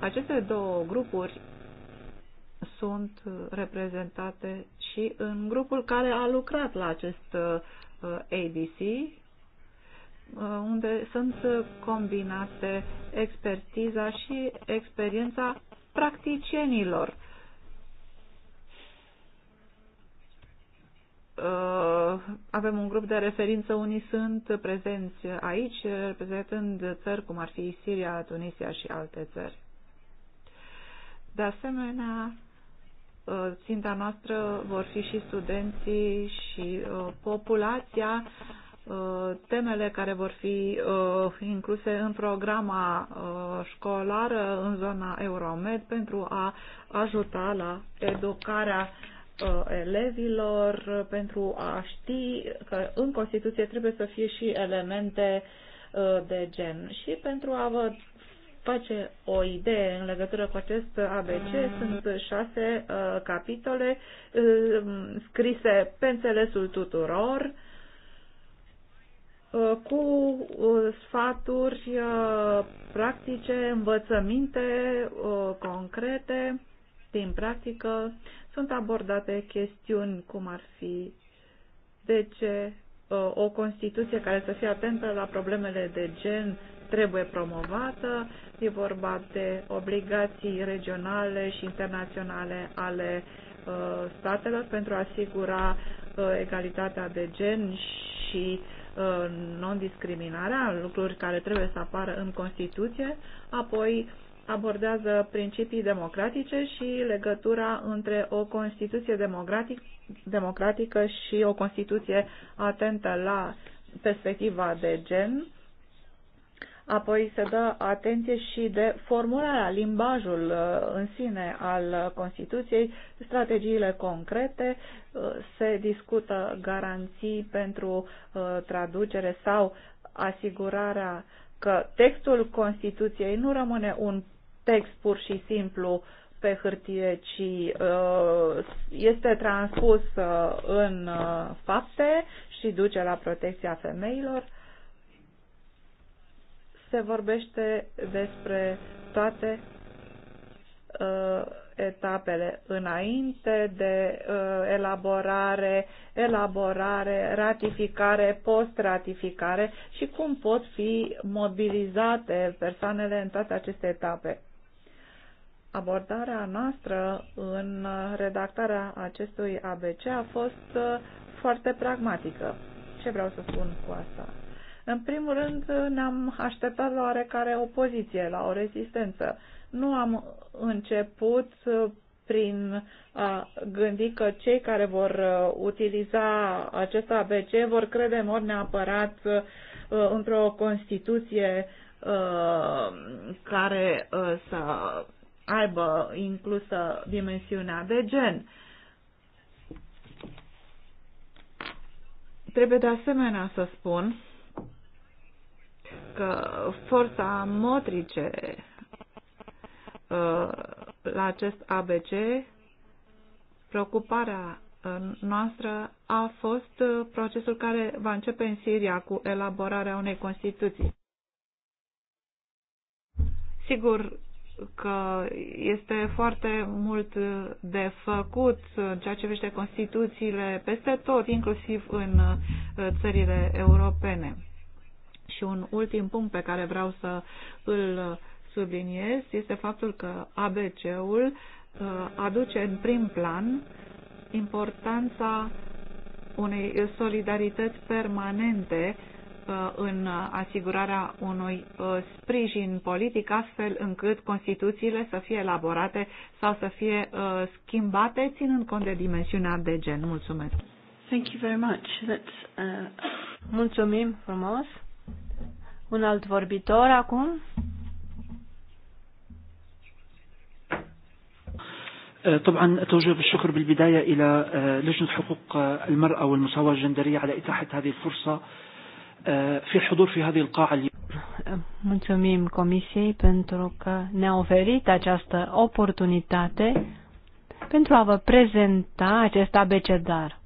Aceste două grupuri sunt reprezentate și în grupul care a lucrat la acest ABC, Uh, unde sunt combinate expertiza și experiența practicienilor. Uh, avem un grup de referință, unii sunt prezenți aici, reprezentând țări cum ar fi Siria, Tunisia și alte țări. De asemenea, uh, ținta noastră vor fi și studenții și populația Uh, temele care vor fi uh, incluse în programa uh, școlară în zona Euromed pentru a ajuta la educarea elevilor pentru a ști că în Constituție trebuie să fie și elemente de gen. Și pentru a vă face o idee în legătură cu acest ABC, mm. sunt șase capitole scrise pe înțelesul tuturor, Uh, cu uh, sfaturi uh, practice, învățăminte concrete din practică. Sunt abordate chestiuni cum ar fi de ce o Constituție care să fie atentă la problemele de gen trebuie promovată. E vorba de obligații regionale și internaționale ale statelor pentru a asigura egalitatea de gen și uh, Uh, non-discriminarea, lucruri care trebuie să apară în Constituție, apoi abordează principii democratice și legătura între o Constituție democratic, democratică și o Constituție atentă la perspectiva de gen Apoi se dă atenție și de formularea, limbajul uh, în sine al Constituției, strategiile concrete, uh, se discută garanții pentru uh, traducere sau asigurarea că textul Constituției nu rămâne un text pur și simplu pe hârtie, ci este transpus în fapte și duce la protecția femeilor se vorbește despre toate uh, etapele înainte de uh, elaborare, elaborare, ratificare, post-ratificare și cum pot fi mobilizate persoanele în toate aceste etape. Abordarea noastră în redactarea acestui ABC a fost uh, foarte pragmatică. Ce vreau să spun cu asta? În primul rând, ne-am așteptat la oarecare opoziție, la o rezistență. Nu am început uh, prin a gândi că cei care vor uh, utiliza acest ABC vor crede în ori neapărat uh, într-o Constituție care să aibă inclusă dimensiunea de gen. Trebuie de asemenea să spun că forța motrice uh, la acest ABC, preocuparea uh, noastră a fost uh, procesul care va începe în Siria cu elaborarea unei Constituții. Sigur că este foarte mult de făcut în ceea ce privește Constituțiile peste tot, inclusiv în țările europene. Și un ultim punct pe care vreau să îl subliniez este faptul că ABC-ul uh, aduce în prim plan importanța unei solidarități permanente uh, în asigurarea unui uh, sprijin politic, astfel încât Constituțiile să fie elaborate sau să fie schimbate, ținând cont de dimensiunea de gen. Mulțumesc! Thank you very much. That's, uh... Mulțumim frumos! Un alt vorbitor acum? Uh, طبعا توجه بالشكر بالبداية إلى uh, لجنة حقوق uh, المرأة والمساواة الجندرية على إتاحة هذه الفرصة في الحضور في هذه القاعة Mulțumim Comisiei pentru că ne-a oferit această oportunitate pentru a vă prezenta acest abecedar.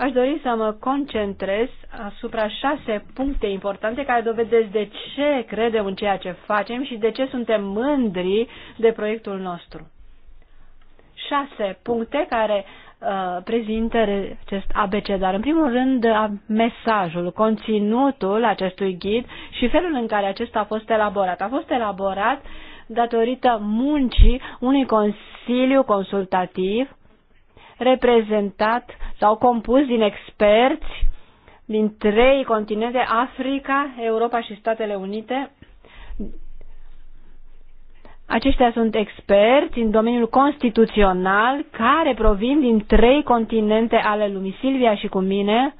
Aș dori să mă concentrez asupra șase puncte importante care dovedesc de ce credem în ceea ce facem și de ce suntem mândri de proiectul nostru. Șase puncte care uh, prezintă acest abecedar. În primul rând, uh, mesajul, conținutul acestui ghid și felul în care acesta a fost elaborat. A fost elaborat datorită muncii unui consiliu consultativ reprezentat sau compus din experți din trei continente, Africa, Europa și Statele Unite. Aceștia sunt experți în domeniul constituțional care provin din trei continente ale lumii. Silvia și cu mine.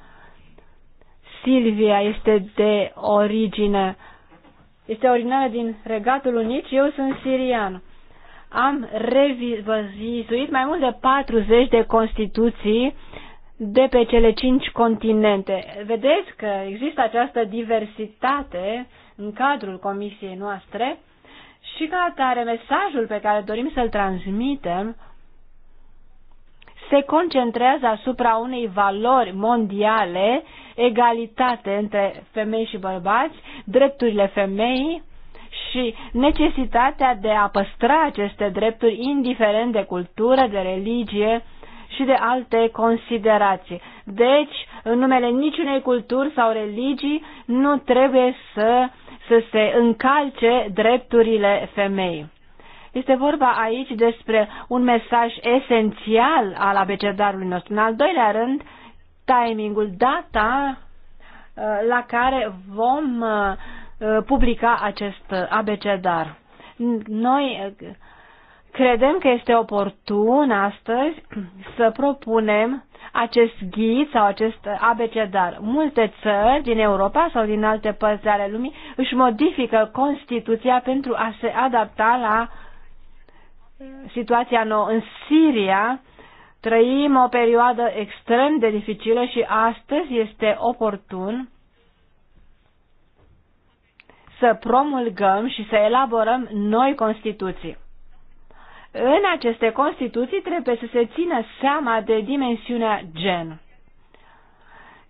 Silvia este de origine, este originară din Regatul Unit și eu sunt sirian am revizuit mai mult de 40 de constituții de pe cele cinci continente. Vedeți că există această diversitate în cadrul comisiei noastre și ca atare mesajul pe care dorim să-l transmitem se concentrează asupra unei valori mondiale, egalitate între femei și bărbați, drepturile femeii, și necesitatea de a păstra aceste drepturi, indiferent de cultură, de religie și de alte considerații. Deci, în numele niciunei culturi sau religii, nu trebuie să, să se încalce drepturile femei. Este vorba aici despre un mesaj esențial al abecedarului nostru. În al doilea rând, timingul, data uh, la care vom uh, Uh, publica acest uh, abecedar. Noi uh, credem că este oportun astăzi să propunem acest ghid sau acest abecedar. Multe țări din Europa sau din alte părți ale lumii își modifică Constituția pentru a se adapta la situația nouă. În Siria trăim o perioadă extrem de dificilă și astăzi este oportun să promulgăm și să elaborăm noi Constituții. În aceste Constituții trebuie să se țină seama de dimensiunea gen.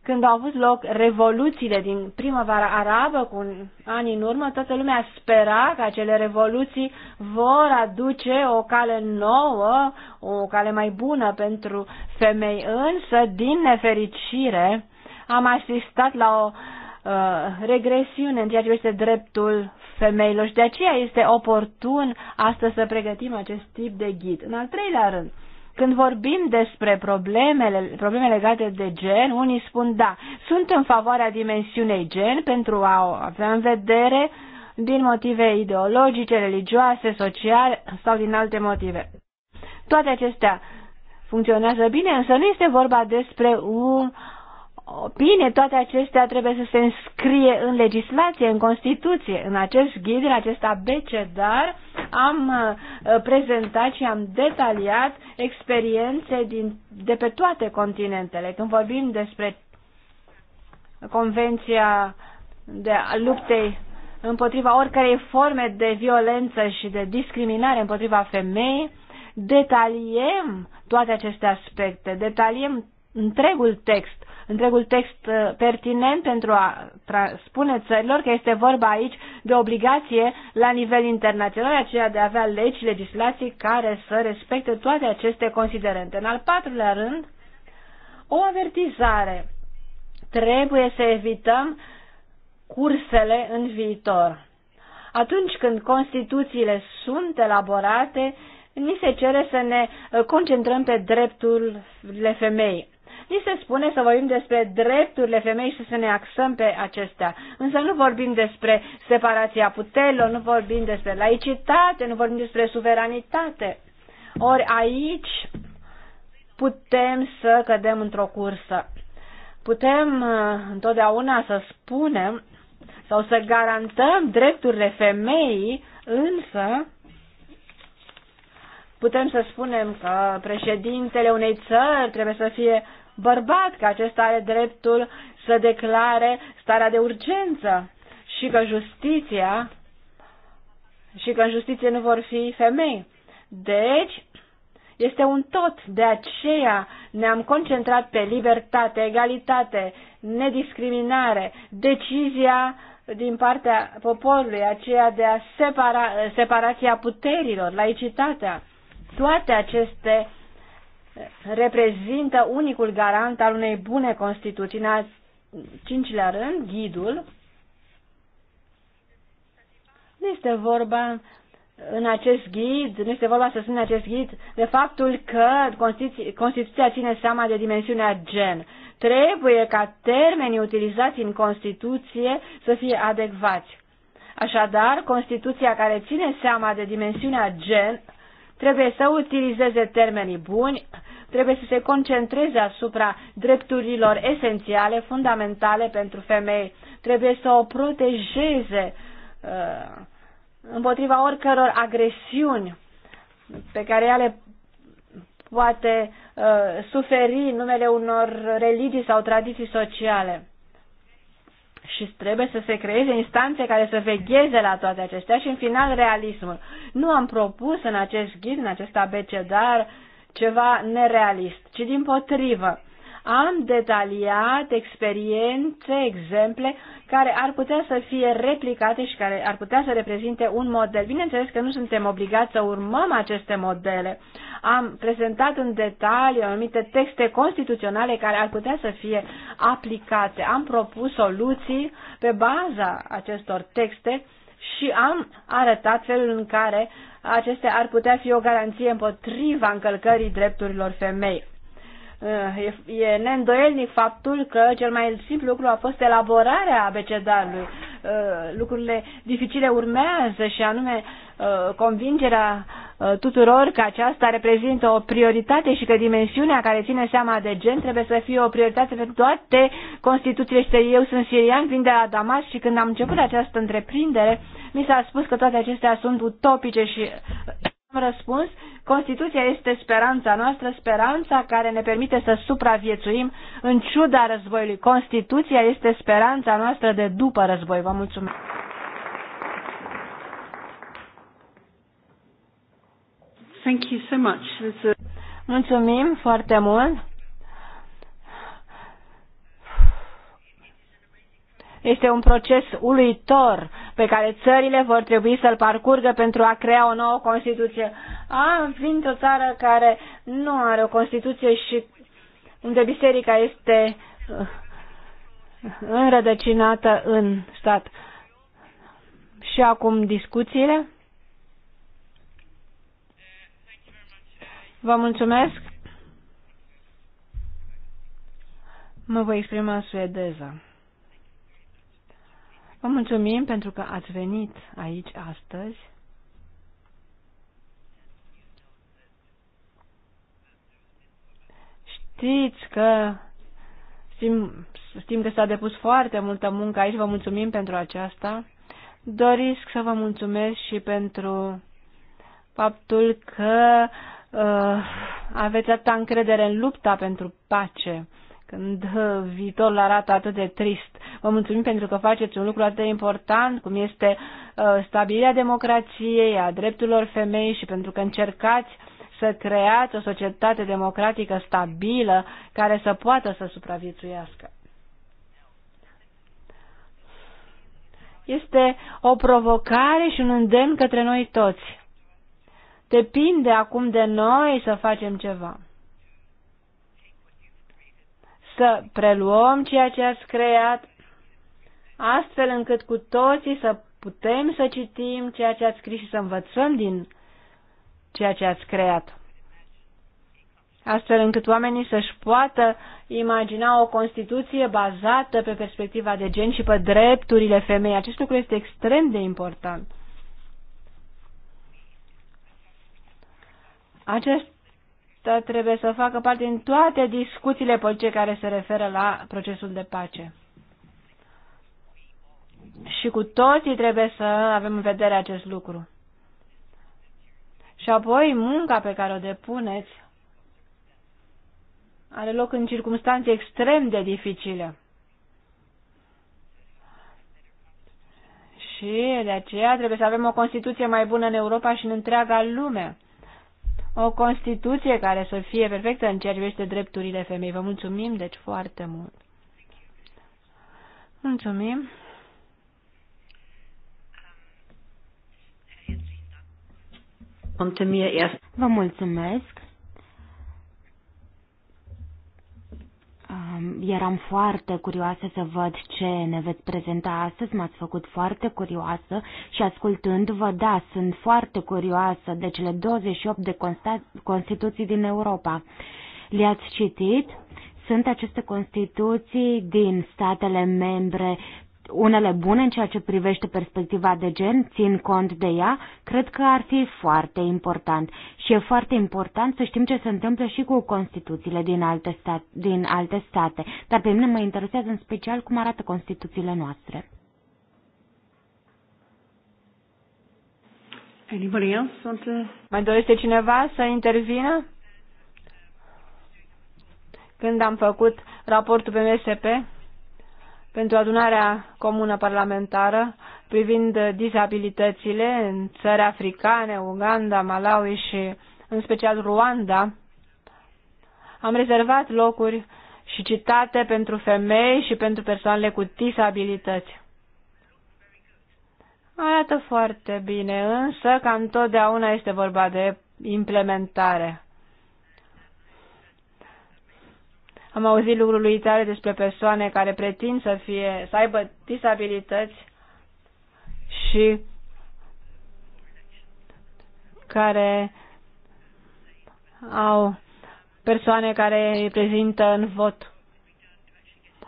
Când au avut loc revoluțiile din primăvara arabă, cu ani în urmă, toată lumea spera că acele revoluții vor aduce o cale nouă, o cale mai bună pentru femei, însă, din nefericire, am asistat la o uh, Uh, regresiune în ceea ce este dreptul femeilor și de aceea este oportun astăzi să pregătim acest tip de ghid. În al treilea rând, când vorbim despre problemele, probleme legate de gen, unii spun da, sunt în favoarea dimensiunei gen pentru a avea în vedere din motive ideologice, religioase, sociale sau din alte motive. Toate acestea funcționează bine, însă nu este vorba despre un Bine, toate acestea trebuie să se înscrie în legislație, în Constituție. În acest ghid, în acest abecedar, am uh, prezentat și am detaliat experiențe din, de pe toate continentele. Când vorbim despre Convenția de luptei împotriva oricărei forme de violență și de discriminare împotriva femei, detaliem toate aceste aspecte, detaliem întregul text întregul text uh, pertinent pentru a spune țărilor că este vorba aici de obligație la nivel internațional, aceea de a avea legi și legislații care să respecte toate aceste considerente. În al patrulea rând, o avertizare. Trebuie să evităm cursele în viitor. Atunci când Constituțiile sunt elaborate, ni se cere să ne concentrăm pe drepturile femei. Ni se spune să vorbim despre drepturile femei și să ne axăm pe acestea. Însă nu vorbim despre separația puterilor, nu vorbim despre laicitate, nu vorbim despre suveranitate. Ori aici putem să cădem într-o cursă. Putem uh, întotdeauna să spunem sau să garantăm drepturile femeii, însă putem să spunem că președintele unei țări trebuie să fie bărbat, că acesta are dreptul să declare starea de urgență și că justiția și că în justiție nu vor fi femei. Deci, este un tot. De aceea ne-am concentrat pe libertate, egalitate, nediscriminare, decizia din partea poporului, aceea de a separa, separația puterilor, laicitatea. Toate aceste reprezintă unicul garant al unei bune Constituții. În al cincilea rând, ghidul, nu este vorba în acest ghid, nu este vorba să spun în acest ghid, de faptul că Constituția, Constituția ține seama de dimensiunea gen. Trebuie ca termenii utilizați în Constituție să fie adecvați. Așadar, Constituția care ține seama de dimensiunea gen Trebuie să utilizeze termenii buni, trebuie să se concentreze asupra drepturilor esențiale, fundamentale pentru femei. Trebuie să o protejeze uh, împotriva oricăror agresiuni pe care ea le poate uh, suferi în numele unor religii sau tradiții sociale și trebuie să se creeze instanțe care să vegheze la toate acestea și în final realismul. Nu am propus în acest ghid, în acest abecedar, ceva nerealist, ci din potrivă am detaliat experiențe, exemple care ar putea să fie replicate și care ar putea să reprezinte un model. Bineînțeles că nu suntem obligați să urmăm aceste modele. Am prezentat în detaliu anumite texte constituționale care ar putea să fie aplicate. Am propus soluții pe baza acestor texte și am arătat felul în care acestea ar putea fi o garanție împotriva încălcării drepturilor femei. Eh, e, neîndoielnic faptul că cel mai simplu lucru a fost elaborarea abecedarului. Eh, lucrurile dificile urmează și anume eh, convingerea tuturor că aceasta reprezintă o prioritate și că dimensiunea care ține seama de gen trebuie să fie o prioritate pentru toate Constituțiile. Și eu sunt sirian, vin de la Damas și când am început această întreprindere, mi s-a spus că toate acestea sunt utopice și am răspuns, Constituția este speranța noastră, speranța care ne permite să supraviețuim în ciuda războiului. Constituția este speranța noastră de după război. Vă mulțumesc! Thank you so much. A... Mulțumim foarte mult! Este un proces uluitor pe care țările vor trebui să-l parcurgă pentru a crea o nouă Constituție. Am fiind o țară care nu are o Constituție și unde biserica este uh, înrădăcinată în stat. Și acum discuțiile. Vă mulțumesc. Mă voi exprima suedeză. Vă mulțumim pentru că ați venit aici astăzi. Știți că știm, știm că s-a depus foarte multă muncă aici, vă mulțumim pentru aceasta. Doresc să vă mulțumesc și pentru faptul că uh, aveți atâta încredere în lupta pentru pace când viitorul arată atât de trist. Vă mulțumim pentru că faceți un lucru atât de important, cum este uh, stabilirea democrației, a drepturilor femei și pentru că încercați să creați o societate democratică stabilă care să poată să supraviețuiască. Este o provocare și un îndemn către noi toți. Depinde acum de noi să facem ceva să preluăm ceea ce ați creat, astfel încât cu toții să putem să citim ceea ce ați scris și să învățăm din ceea ce ați creat. Astfel încât oamenii să-și poată imagina o Constituție bazată pe perspectiva de gen și pe drepturile femei. Acest lucru este extrem de important. Acest trebuie să facă parte din toate discuțiile politice care se referă la procesul de pace. Și cu toții trebuie să avem în vedere acest lucru. Și apoi munca pe care o depuneți are loc în circunstanțe extrem de dificile. Și de aceea trebuie să avem o Constituție mai bună în Europa și în întreaga lume o Constituție care să fie perfectă în ceea ce privește drepturile femei. Vă mulțumim, deci, foarte mult. Mulțumim. Vă mulțumesc. Eram foarte curioasă să văd ce ne veți prezenta astăzi, m-ați făcut foarte curioasă și ascultându-vă, da, sunt foarte curioasă de cele 28 de Constituții din Europa. Le-ați citit? Sunt aceste Constituții din statele membre unele bune în ceea ce privește perspectiva de gen, țin cont de ea, cred că ar fi foarte important. Și e foarte important să știm ce se întâmplă și cu Constituțiile din alte, stat, din alte state. Dar pe mine mă interesează în special cum arată Constituțiile noastre. Anybody else want to... Mai dorește cineva să intervină? Când am făcut raportul pe MSP? pentru adunarea comună parlamentară privind dizabilitățile în țări africane, Uganda, Malawi și în special Ruanda. Am rezervat locuri și citate pentru femei și pentru persoanele cu disabilități. Arată foarte bine, însă cam totdeauna este vorba de implementare. Am auzit lucruri lui despre persoane care pretind să, fie, să aibă disabilități și care au persoane care îi prezintă în vot.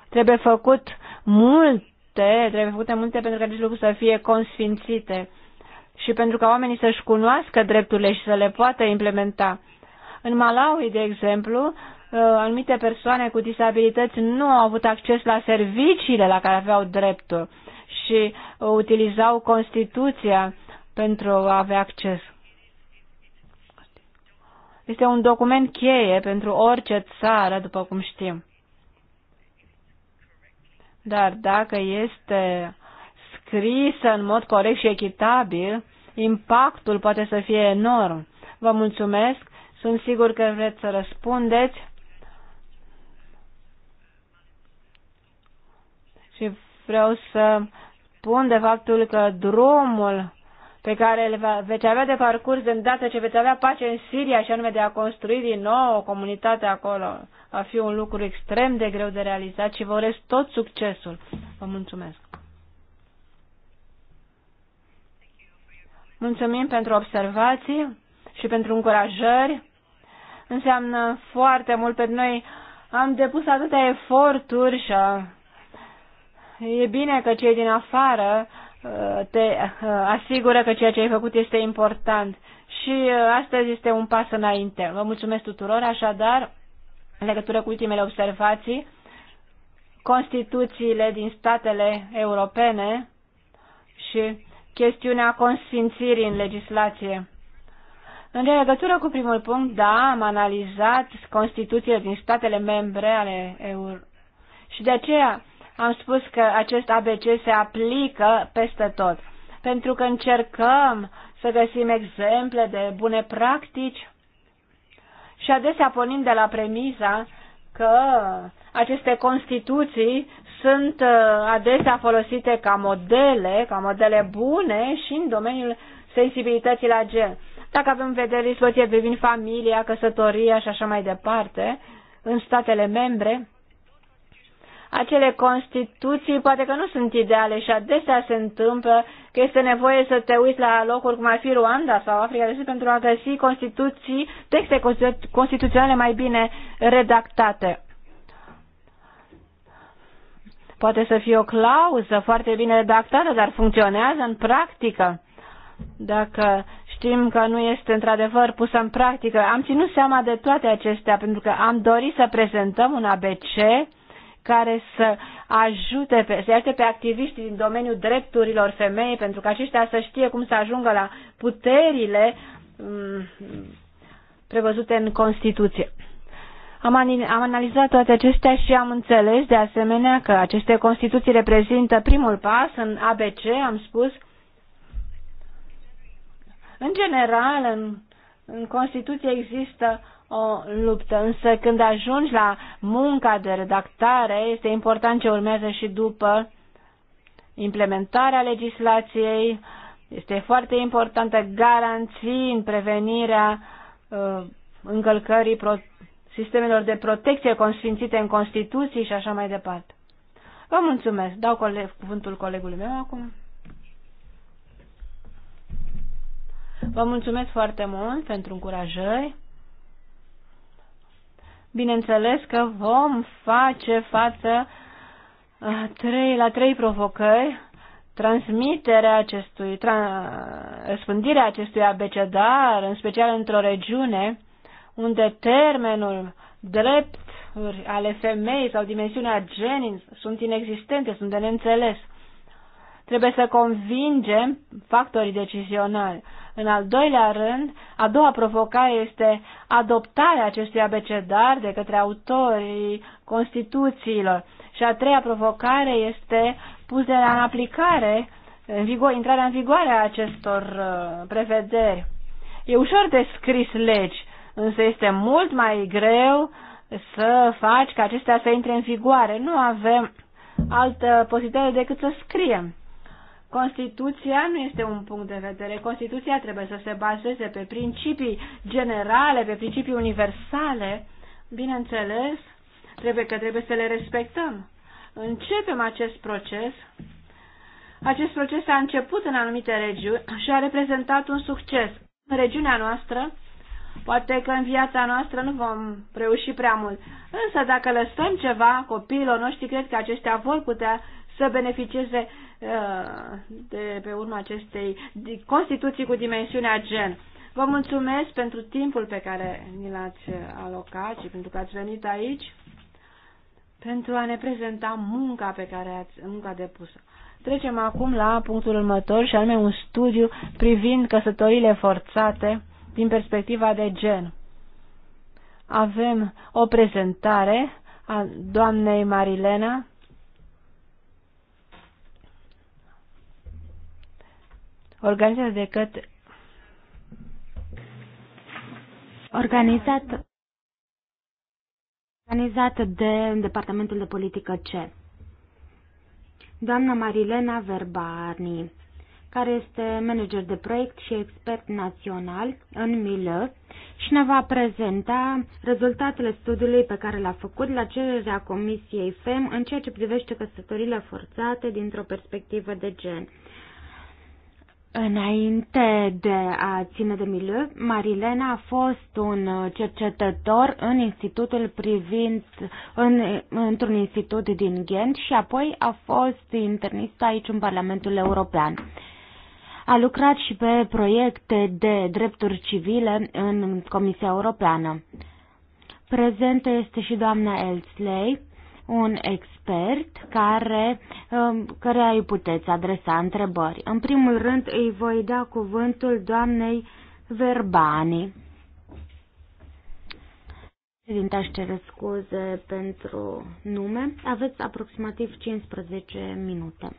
Trebuie făcut multe, trebuie făcute multe pentru că acest lucru să fie consfințite și pentru ca oamenii să-și cunoască drepturile și să le poată implementa. În Malawi, de exemplu, Uh, anumite persoane cu disabilități nu au avut acces la serviciile la care aveau dreptul și utilizau Constituția pentru a avea acces. Este un document cheie pentru orice țară, după cum știm. Dar dacă este scrisă în mod corect și echitabil, impactul poate să fie enorm. Vă mulțumesc, sunt sigur că vreți să răspundeți. și vreau să spun de faptul că drumul pe care îl veți avea de parcurs de îndată ce veți avea pace în Siria și anume de a construi din nou o comunitate acolo, va fi un lucru extrem de greu de realizat și vă urez tot succesul. Vă mulțumesc! Mulțumim pentru observații și pentru încurajări. Înseamnă foarte mult pentru noi. Am depus atâtea eforturi și e bine că cei din afară uh, te uh, asigură că ceea ce ai făcut este important și uh, astăzi este un pas înainte. Vă mulțumesc tuturor, așadar, în legătură cu ultimele observații, Constituțiile din statele europene și chestiunea consfințirii în legislație. În legătură cu primul punct, da, am analizat Constituțiile din statele membre ale euro. Și de aceea am spus că acest ABC se aplică peste tot, pentru că încercăm să găsim exemple de bune practici și adesea pornim de la premiza că aceste constituții sunt uh, adesea folosite ca modele, ca modele bune și în domeniul sensibilității la gen. Dacă avem în vedere dispoziție privind familia, căsătoria și așa mai departe, în statele membre, acele constituții poate că nu sunt ideale și adesea se întâmplă că este nevoie să te uiți la locuri cum ar fi Rwanda sau Africa de Sud pentru a găsi constituții, texte constituționale mai bine redactate. Poate să fie o clauză foarte bine redactată, dar funcționează în practică. Dacă știm că nu este într-adevăr pusă în practică. Am ținut seama de toate acestea pentru că am dorit să prezentăm un ABC care să ajute pe, să ajute pe activiști din domeniul drepturilor femei, pentru că aceștia să știe cum să ajungă la puterile mm, prevăzute în Constituție. Am, am analizat toate acestea și am înțeles de asemenea că aceste Constituții reprezintă primul pas în ABC, am spus. În general, în, în Constituție există o luptă, însă când ajungi la munca de redactare, este important ce urmează și după implementarea legislației, este foarte importantă garanții în prevenirea uh, încălcării pro- sistemelor de protecție consfințite în Constituții și așa mai departe. Vă mulțumesc. Dau coleg, cuvântul colegului meu acum. Vă mulțumesc foarte mult pentru încurajări. Bineînțeles că vom face față uh, trei, la trei provocări, transmiterea acestui, tra, răspândirea acestui abecedar, în special într-o regiune unde termenul drept ale femei sau dimensiunea genin sunt inexistente, sunt de neînțeles. Trebuie să convingem factorii decizionali. În al doilea rând, a doua provocare este adoptarea acestui abecedar de către autorii Constituțiilor. Și a treia provocare este punerea în aplicare, în vigo- intrarea în vigoare a acestor uh, prevederi. E ușor de scris legi, însă este mult mai greu să faci ca acestea să intre în vigoare. Nu avem altă posibilitate decât să scriem. Constituția nu este un punct de vedere. Constituția trebuie să se bazeze pe principii generale, pe principii universale. Bineînțeles, trebuie că trebuie să le respectăm. Începem acest proces. Acest proces a început în anumite regiuni și a reprezentat un succes. În regiunea noastră, poate că în viața noastră nu vom reuși prea mult, însă dacă lăsăm ceva copiilor noștri, cred că aceștia vor putea să beneficieze de pe urma acestei Constituții cu dimensiunea gen. Vă mulțumesc pentru timpul pe care ni l-ați alocat și pentru că ați venit aici pentru a ne prezenta munca pe care ați munca depusă. Trecem acum la punctul următor și anume un studiu privind căsătorile forțate din perspectiva de gen. Avem o prezentare a doamnei Marilena organizat de către organizat organizat de Departamentul de Politică C. Doamna Marilena Verbarni, care este manager de proiect și expert național în Milă și ne va prezenta rezultatele studiului pe care l-a făcut la cererea Comisiei FEM în ceea ce privește căsătorile forțate dintr-o perspectivă de gen. Înainte de a ține de milieu, Marilena a fost un cercetător în institutul privind, în, într-un institut din Ghent și apoi a fost internist aici în Parlamentul European. A lucrat și pe proiecte de drepturi civile în Comisia Europeană. Prezentă este și doamna Elsley un expert care, um, care îi puteți adresa întrebări. În primul rând îi voi da cuvântul doamnei Verbani. Președinte, aș cere scuze pentru nume. Aveți aproximativ 15 minute.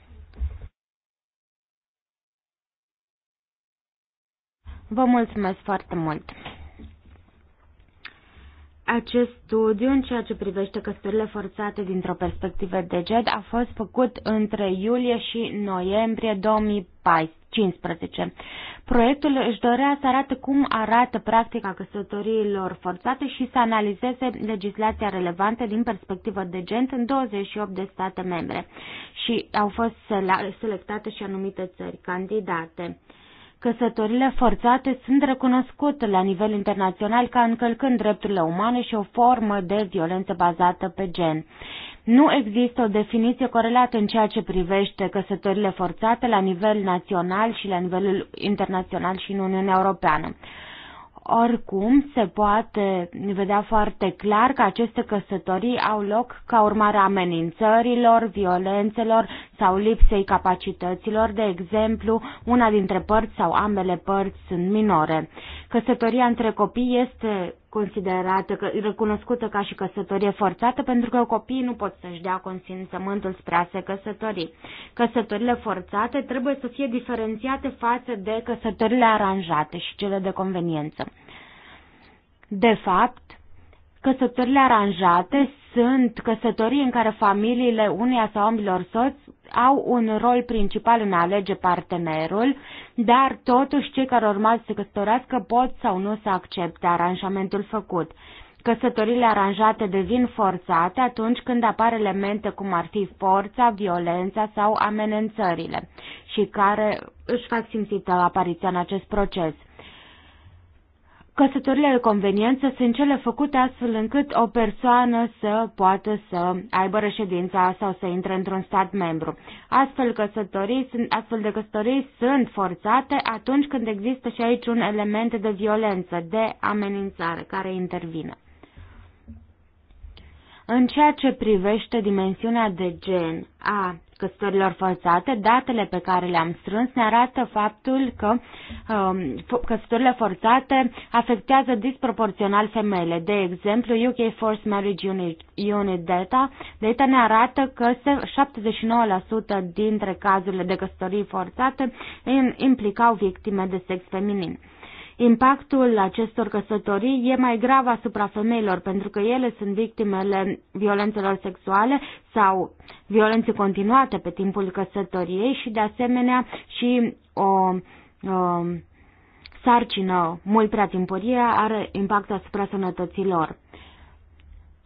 Vă mulțumesc foarte mult! Acest studiu, în ceea ce privește căsătorile forțate dintr-o perspectivă de gen, a fost făcut între iulie și noiembrie 2015. Proiectul își dorea să arate cum arată practica căsătoriilor forțate și să analizeze legislația relevantă din perspectivă de gen în 28 de state membre și au fost selectate și anumite țări candidate. Căsătorile forțate sunt recunoscute la nivel internațional ca încălcând drepturile umane și o formă de violență bazată pe gen. Nu există o definiție corelată în ceea ce privește căsătorile forțate la nivel național și la nivelul internațional și în Uniunea Europeană. Oricum, se poate vedea foarte clar că aceste căsătorii au loc ca urmare a amenințărilor, violențelor sau lipsei capacităților, de exemplu, una dintre părți sau ambele părți sunt minore. Căsătoria între copii este considerată, că, recunoscută ca și căsătorie forțată, pentru că copiii nu pot să-și dea consimțământul spre a se căsători. Căsătorile forțate trebuie să fie diferențiate față de căsătorile aranjate și cele de conveniență. De fapt, Căsătorile aranjate sunt căsătorii în care familiile uneia sau ambilor soți au un rol principal în a alege partenerul, dar totuși cei care urmează să căsătorească pot sau nu să accepte aranjamentul făcut. Căsătorile aranjate devin forțate atunci când apar elemente cum ar fi forța, violența sau amenințările și care își fac simțită apariția în acest proces. Căsătorile de conveniență sunt cele făcute astfel încât o persoană să poată să aibă reședința sau să intre într-un stat membru. Astfel, căsătorii sunt, astfel de căsătorii sunt forțate atunci când există și aici un element de violență, de amenințare care intervine. În ceea ce privește dimensiunea de gen a căsătorilor forțate, datele pe care le-am strâns ne arată faptul că um, căsătorile forțate afectează disproporțional femeile. De exemplu, UK Force Marriage Unit, Unit Data, data ne arată că 79% dintre cazurile de căsătorii forțate implicau victime de sex feminin. Impactul acestor căsătorii e mai grav asupra femeilor pentru că ele sunt victimele violențelor sexuale sau violențe continuate pe timpul căsătoriei și de asemenea și o, o sarcină mult prea timpurie are impact asupra sănătății lor.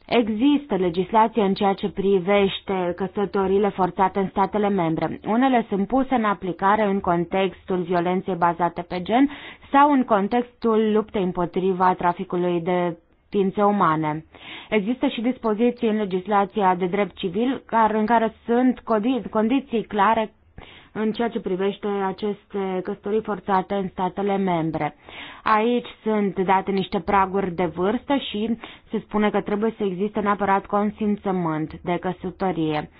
Există legislație în ceea ce privește căsătorile forțate în statele membre. Unele sunt puse în aplicare în contextul violenței bazate pe gen sau în contextul luptei împotriva traficului de ființe umane. Există și dispoziții în legislația de drept civil în care sunt condiții clare în ceea ce privește aceste căsătorii forțate în statele membre. Aici sunt date niște praguri de vârstă și se spune că trebuie să existe neapărat consimțământ de căsătorie.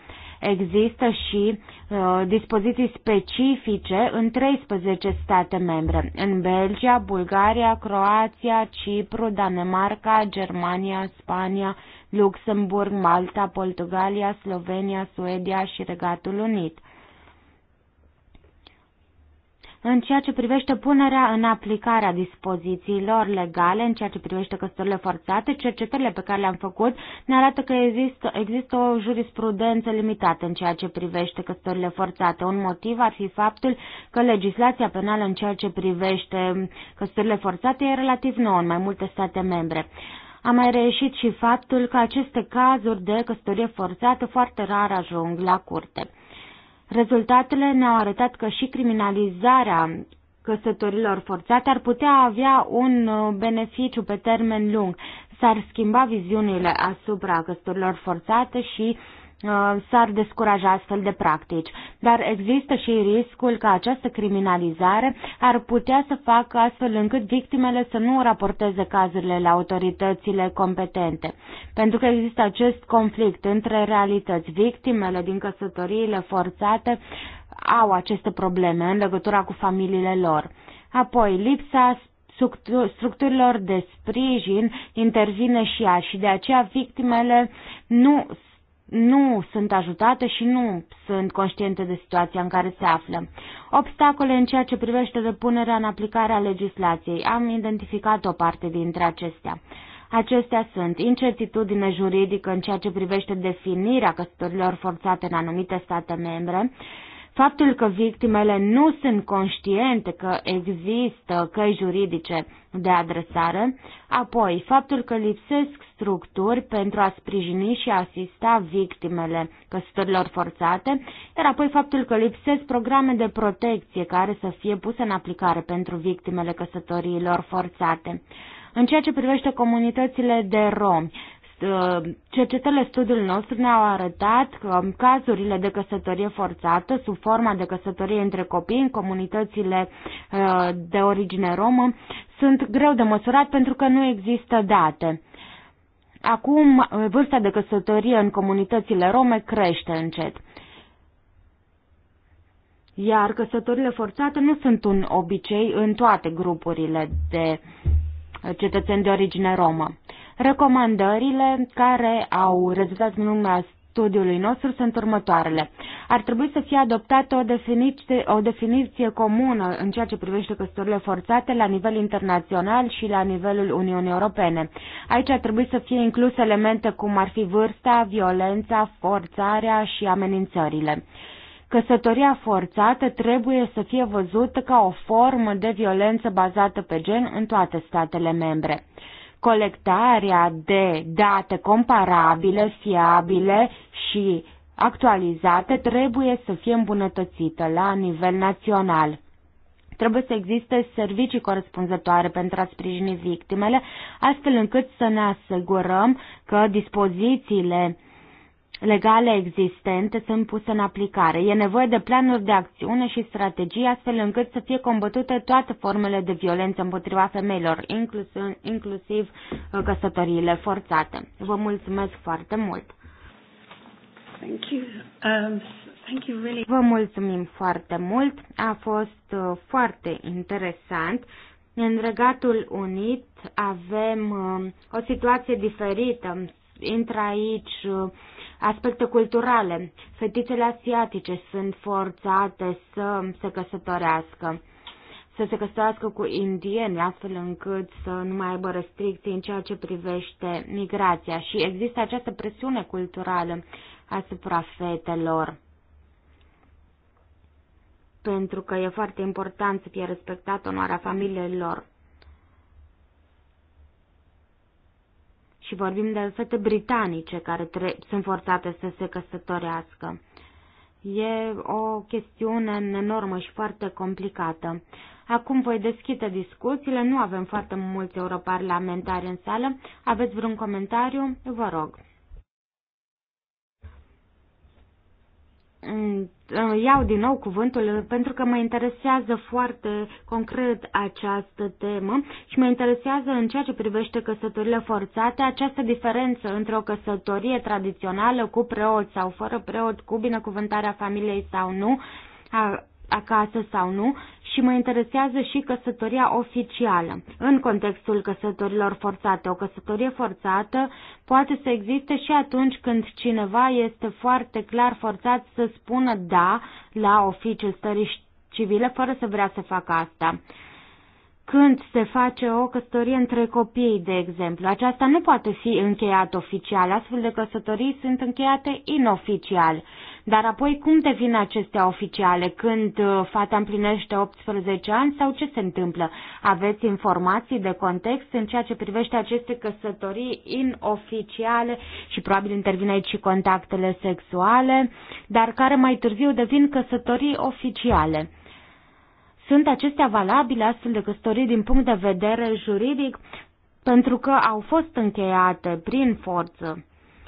Există și uh, dispoziții specifice în 13 state membre, în Belgia, Bulgaria, Croația, Cipru, Danemarca, Germania, Spania, Luxemburg, Malta, Portugalia, Slovenia, Suedia și Regatul Unit. În ceea ce privește punerea în aplicare a dispozițiilor legale, în ceea ce privește căsătorile forțate, cercetările pe care le-am făcut ne arată că există, există o jurisprudență limitată în ceea ce privește căsătorile forțate. Un motiv ar fi faptul că legislația penală în ceea ce privește căsătorile forțate e relativ nouă în mai multe state membre. A mai reieșit și faptul că aceste cazuri de căsătorie forțată foarte rar ajung la curte. Rezultatele ne-au arătat că și criminalizarea căsătorilor forțate ar putea avea un uh, beneficiu pe termen lung. S-ar schimba viziunile asupra căsătorilor forțate și Uh, s-ar descuraja astfel de practici. Dar există și riscul că această criminalizare ar putea să facă astfel încât victimele să nu raporteze cazurile la autoritățile competente. Pentru că există acest conflict între realități. Victimele din căsătoriile forțate au aceste probleme în legătura cu familiile lor. Apoi, lipsa structurilor de sprijin intervine și ea și de aceea victimele nu nu sunt ajutate și nu sunt conștiente de situația în care se află. Obstacole în ceea ce privește depunerea în aplicare a legislației. Am identificat o parte dintre acestea. Acestea sunt incertitudine juridică în ceea ce privește definirea căsătorilor forțate în anumite state membre, faptul că victimele nu sunt conștiente că există căi juridice de adresare, apoi faptul că lipsesc structuri pentru a sprijini și a asista victimele căsătorilor forțate, iar apoi faptul că lipsesc programe de protecție care să fie puse în aplicare pentru victimele căsătoriilor forțate. În ceea ce privește comunitățile de romi, cercetările studiul nostru ne-au arătat că cazurile de căsătorie forțată sub forma de căsătorie între copii în comunitățile uh, de origine romă sunt greu de măsurat pentru că nu există date. Acum, vârsta de căsătorie în comunitățile rome crește încet. Iar căsătorile forțate nu sunt un obicei în toate grupurile de cetățeni de origine romă. Recomandările care au rezultat în urma studiului nostru sunt următoarele. Ar trebui să fie adoptată o definiție, o definiție comună în ceea ce privește căsătorile forțate la nivel internațional și la nivelul Uniunii Europene. Aici ar trebui să fie incluse elemente cum ar fi vârsta, violența, forțarea și amenințările. Căsătoria forțată trebuie să fie văzută ca o formă de violență bazată pe gen în toate statele membre colectarea de date comparabile, fiabile și actualizate trebuie să fie îmbunătățită la nivel național. Trebuie să existe servicii corespunzătoare pentru a sprijini victimele, astfel încât să ne asigurăm că dispozițiile legale existente sunt puse în aplicare. E nevoie de planuri de acțiune și strategii astfel încât să fie combătute toate formele de violență împotriva femeilor, inclusiv, uh, căsătoriile forțate. Vă mulțumesc foarte mult! Thank you. Um, thank you really. Vă mulțumim foarte mult, a fost uh, foarte interesant. În Regatul Unit avem uh, o situație diferită intră aici uh, aspecte culturale. Fetițele asiatice sunt forțate să se căsătorească să se căsătorească cu indieni, astfel încât să nu mai aibă restricții în ceea ce privește migrația. Și există această presiune culturală asupra fetelor. Pentru că e foarte important să fie respectată onoarea familiilor și vorbim de fete britanice care sunt forțate să se căsătorească. E o chestiune enormă și foarte complicată. Acum voi deschide discuțiile, nu avem foarte mulți europarlamentari în sală. Aveți vreun comentariu? Vă rog. Uh, iau din nou cuvântul uh, pentru că mă interesează foarte concret această temă și mă interesează în ceea ce privește căsătorile forțate această diferență între o căsătorie tradițională cu preot sau fără preot, cu binecuvântarea familiei sau nu, a acasă sau nu și mă interesează și căsătoria oficială. În contextul căsătorilor forțate, o căsătorie forțată poate să existe și atunci când cineva este foarte clar forțat să spună da la oficiul stării civile fără să vrea să facă asta când se face o căsătorie între copii, de exemplu. Aceasta nu poate fi încheiată oficial, astfel de căsătorii sunt încheiate inoficial dar apoi cum devin acestea oficiale? Când uh, fata împlinește 18 ani sau ce se întâmplă? Aveți informații de context în ceea ce privește aceste căsătorii inoficiale și probabil intervine aici și contactele sexuale, dar care mai târziu devin căsătorii oficiale. Sunt acestea valabile astfel de căsătorii din punct de vedere juridic pentru că au fost încheiate prin forță.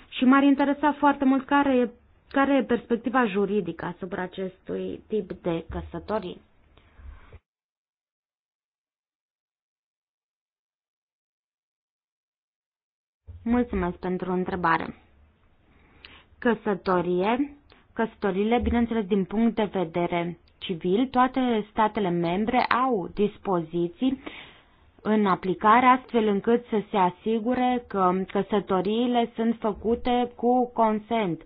Și m-ar interesa foarte mult care e care e perspectiva juridică asupra acestui tip de căsătorii? Mulțumesc pentru întrebare. Căsătorie, căsătorile, bineînțeles, din punct de vedere civil, toate statele membre au dispoziții în aplicare astfel încât să se asigure că căsătoriile sunt făcute cu consent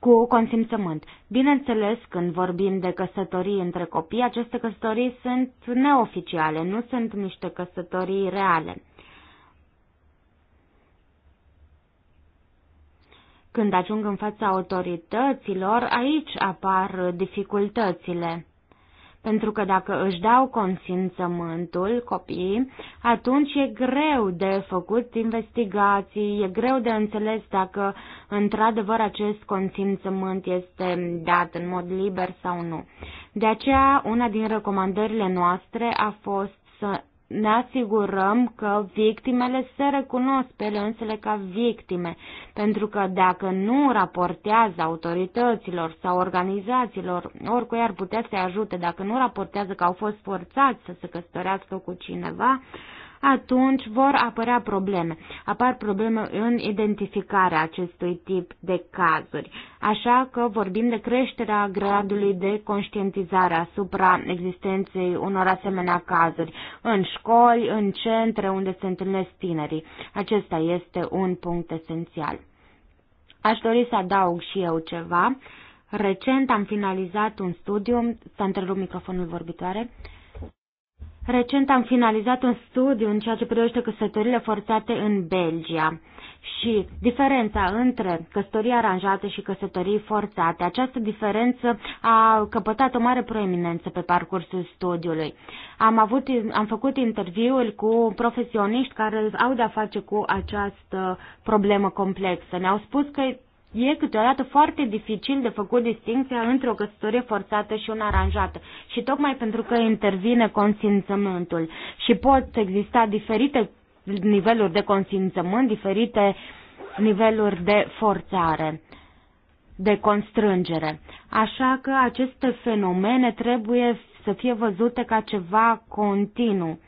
cu consimțământ. Bineînțeles, când vorbim de căsătorii între copii, aceste căsătorii sunt neoficiale, nu sunt niște căsătorii reale. Când ajung în fața autorităților, aici apar dificultățile pentru că dacă își dau consimțământul copiii, atunci e greu de făcut investigații, e greu de înțeles dacă într-adevăr acest consimțământ este dat în mod liber sau nu. De aceea, una din recomandările noastre a fost să ne asigurăm că victimele se recunosc pe ele însele ca victime, pentru că dacă nu raportează autorităților sau organizațiilor, oricui ar putea să ajute, dacă nu raportează că au fost forțați să se căsătorească cu cineva, uh, atunci vor apărea probleme. Apar probleme în identificarea acestui tip de cazuri. Așa că vorbim de creșterea gradului de conștientizare asupra existenței unor asemenea cazuri în școli, în centre unde se întâlnesc tinerii. Acesta este un punct esențial. Aș dori să adaug și eu ceva. Recent am finalizat un studiu, s-a întrerupt microfonul vorbitoare, uh, Recent am finalizat un studiu în ceea ce privește căsătorile forțate în Belgia și diferența între căsătorii aranjate și căsătorii forțate. Această diferență a căpătat o mare proeminență pe parcursul studiului. Am, avut, am făcut interviuri cu profesioniști care au de-a face cu această problemă complexă. Ne-au spus că E câteodată foarte dificil de făcut distinția între o căsătorie forțată și una aranjată și tocmai pentru că intervine consimțământul și pot exista diferite niveluri de consimțământ, diferite niveluri de forțare, de constrângere. Așa că aceste fenomene trebuie să fie văzute ca ceva continuu.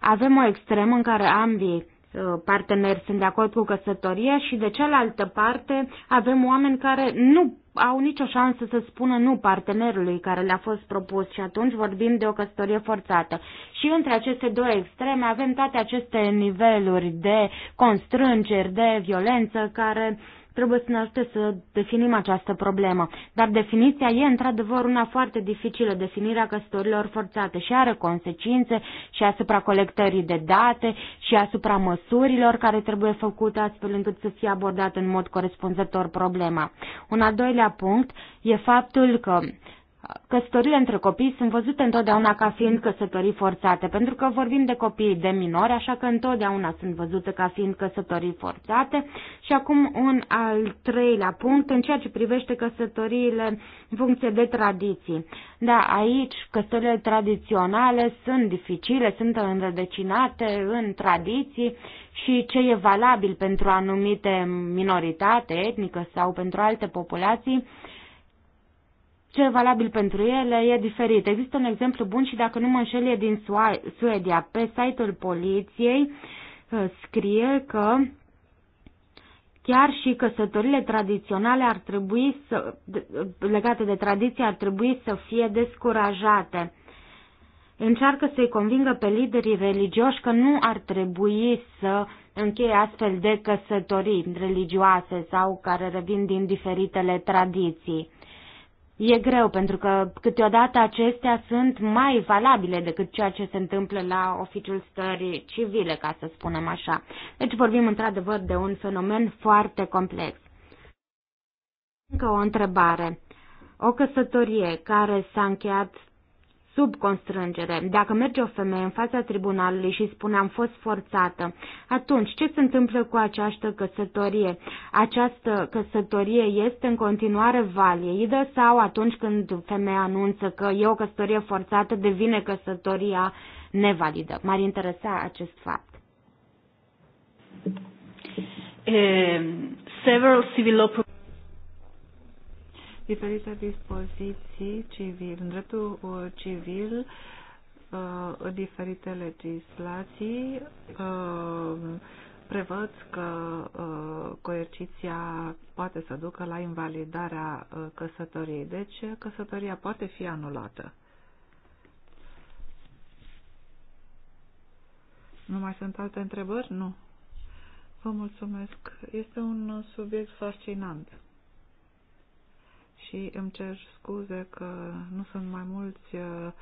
Avem o extremă în care ambii Uh, parteneri sunt de acord cu căsătoria și de cealaltă parte avem oameni care nu au nicio șansă să spună nu partenerului care le-a fost propus și atunci vorbim de o căsătorie forțată. Și între aceste două extreme avem toate aceste niveluri de constrângeri, de violență care uh, trebuie să ne ajute să definim această problemă. Dar definiția e într-adevăr una foarte dificilă, definirea căsătorilor forțate și are consecințe și asupra colectării de date și asupra măsurilor care trebuie făcute astfel încât să fie abordată în mod corespunzător problema. Un al doilea punct e faptul că Căsătorile între copii sunt văzute întotdeauna ca fiind căsătorii forțate, pentru că vorbim de copii de minori, așa că întotdeauna sunt văzute ca fiind căsătorii forțate. Și acum un al treilea punct, în ceea ce privește căsătoriile în funcție de tradiții. Da, aici căsătorile tradiționale sunt dificile, sunt înrădăcinate în tradiții și ce e valabil pentru anumite minoritate etnică sau pentru alte populații, ce e valabil pentru ele e diferit. Există un exemplu bun și dacă nu mă înșel e din Suedia. Pe site-ul poliției uh, scrie că chiar și căsătorile tradiționale ar trebui să, uh, legate de tradiție ar trebui să fie descurajate. Încearcă să-i convingă pe liderii religioși că nu ar trebui să încheie astfel de căsătorii religioase sau care revin din diferitele tradiții. E greu pentru că câteodată acestea sunt mai valabile decât ceea ce se întâmplă la oficiul stării civile, ca să spunem așa. Deci vorbim într-adevăr de un fenomen foarte complex. Încă o întrebare. O căsătorie care s-a încheiat sub constrângere. Dacă merge o femeie în fața tribunalului și spune am fost forțată, atunci ce se întâmplă cu această căsătorie? Această căsătorie este în continuare validă sau atunci când femeia anunță că e o căsătorie forțată, devine căsătoria nevalidă? M-ar interesa acest fapt. Um, several civil law diferite dispoziții civil, în dreptul uh, civil, uh, diferite legislații uh, prevăd că coerciția poate să ducă la invalidarea căsătoriei, deci căsătoria poate fi anulată. Nu mai sunt alte întrebări? Nu. Vă mulțumesc. Este un subiect fascinant și îmi cer scuze că nu sunt mai mulți uh,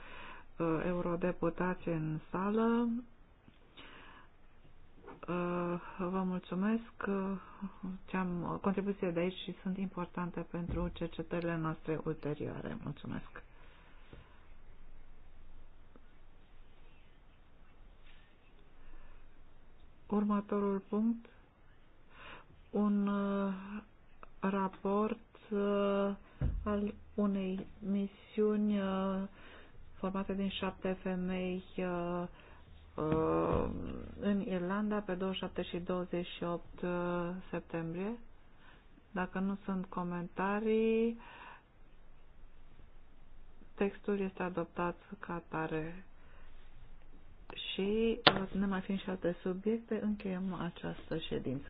uh, eurodeputați în sală. Uh, vă mulțumesc ce am contribuție de aici și sunt importante pentru cercetările noastre ulterioare. Mulțumesc! Următorul punct, un raport uh, al unei misiuni uh, formate din șapte femei uh, uh, în Irlanda pe 27 și 28 septembrie. Dacă nu sunt comentarii, textul este adoptat ca tare și ne mai fiind și alte subiecte, încheiem această ședință.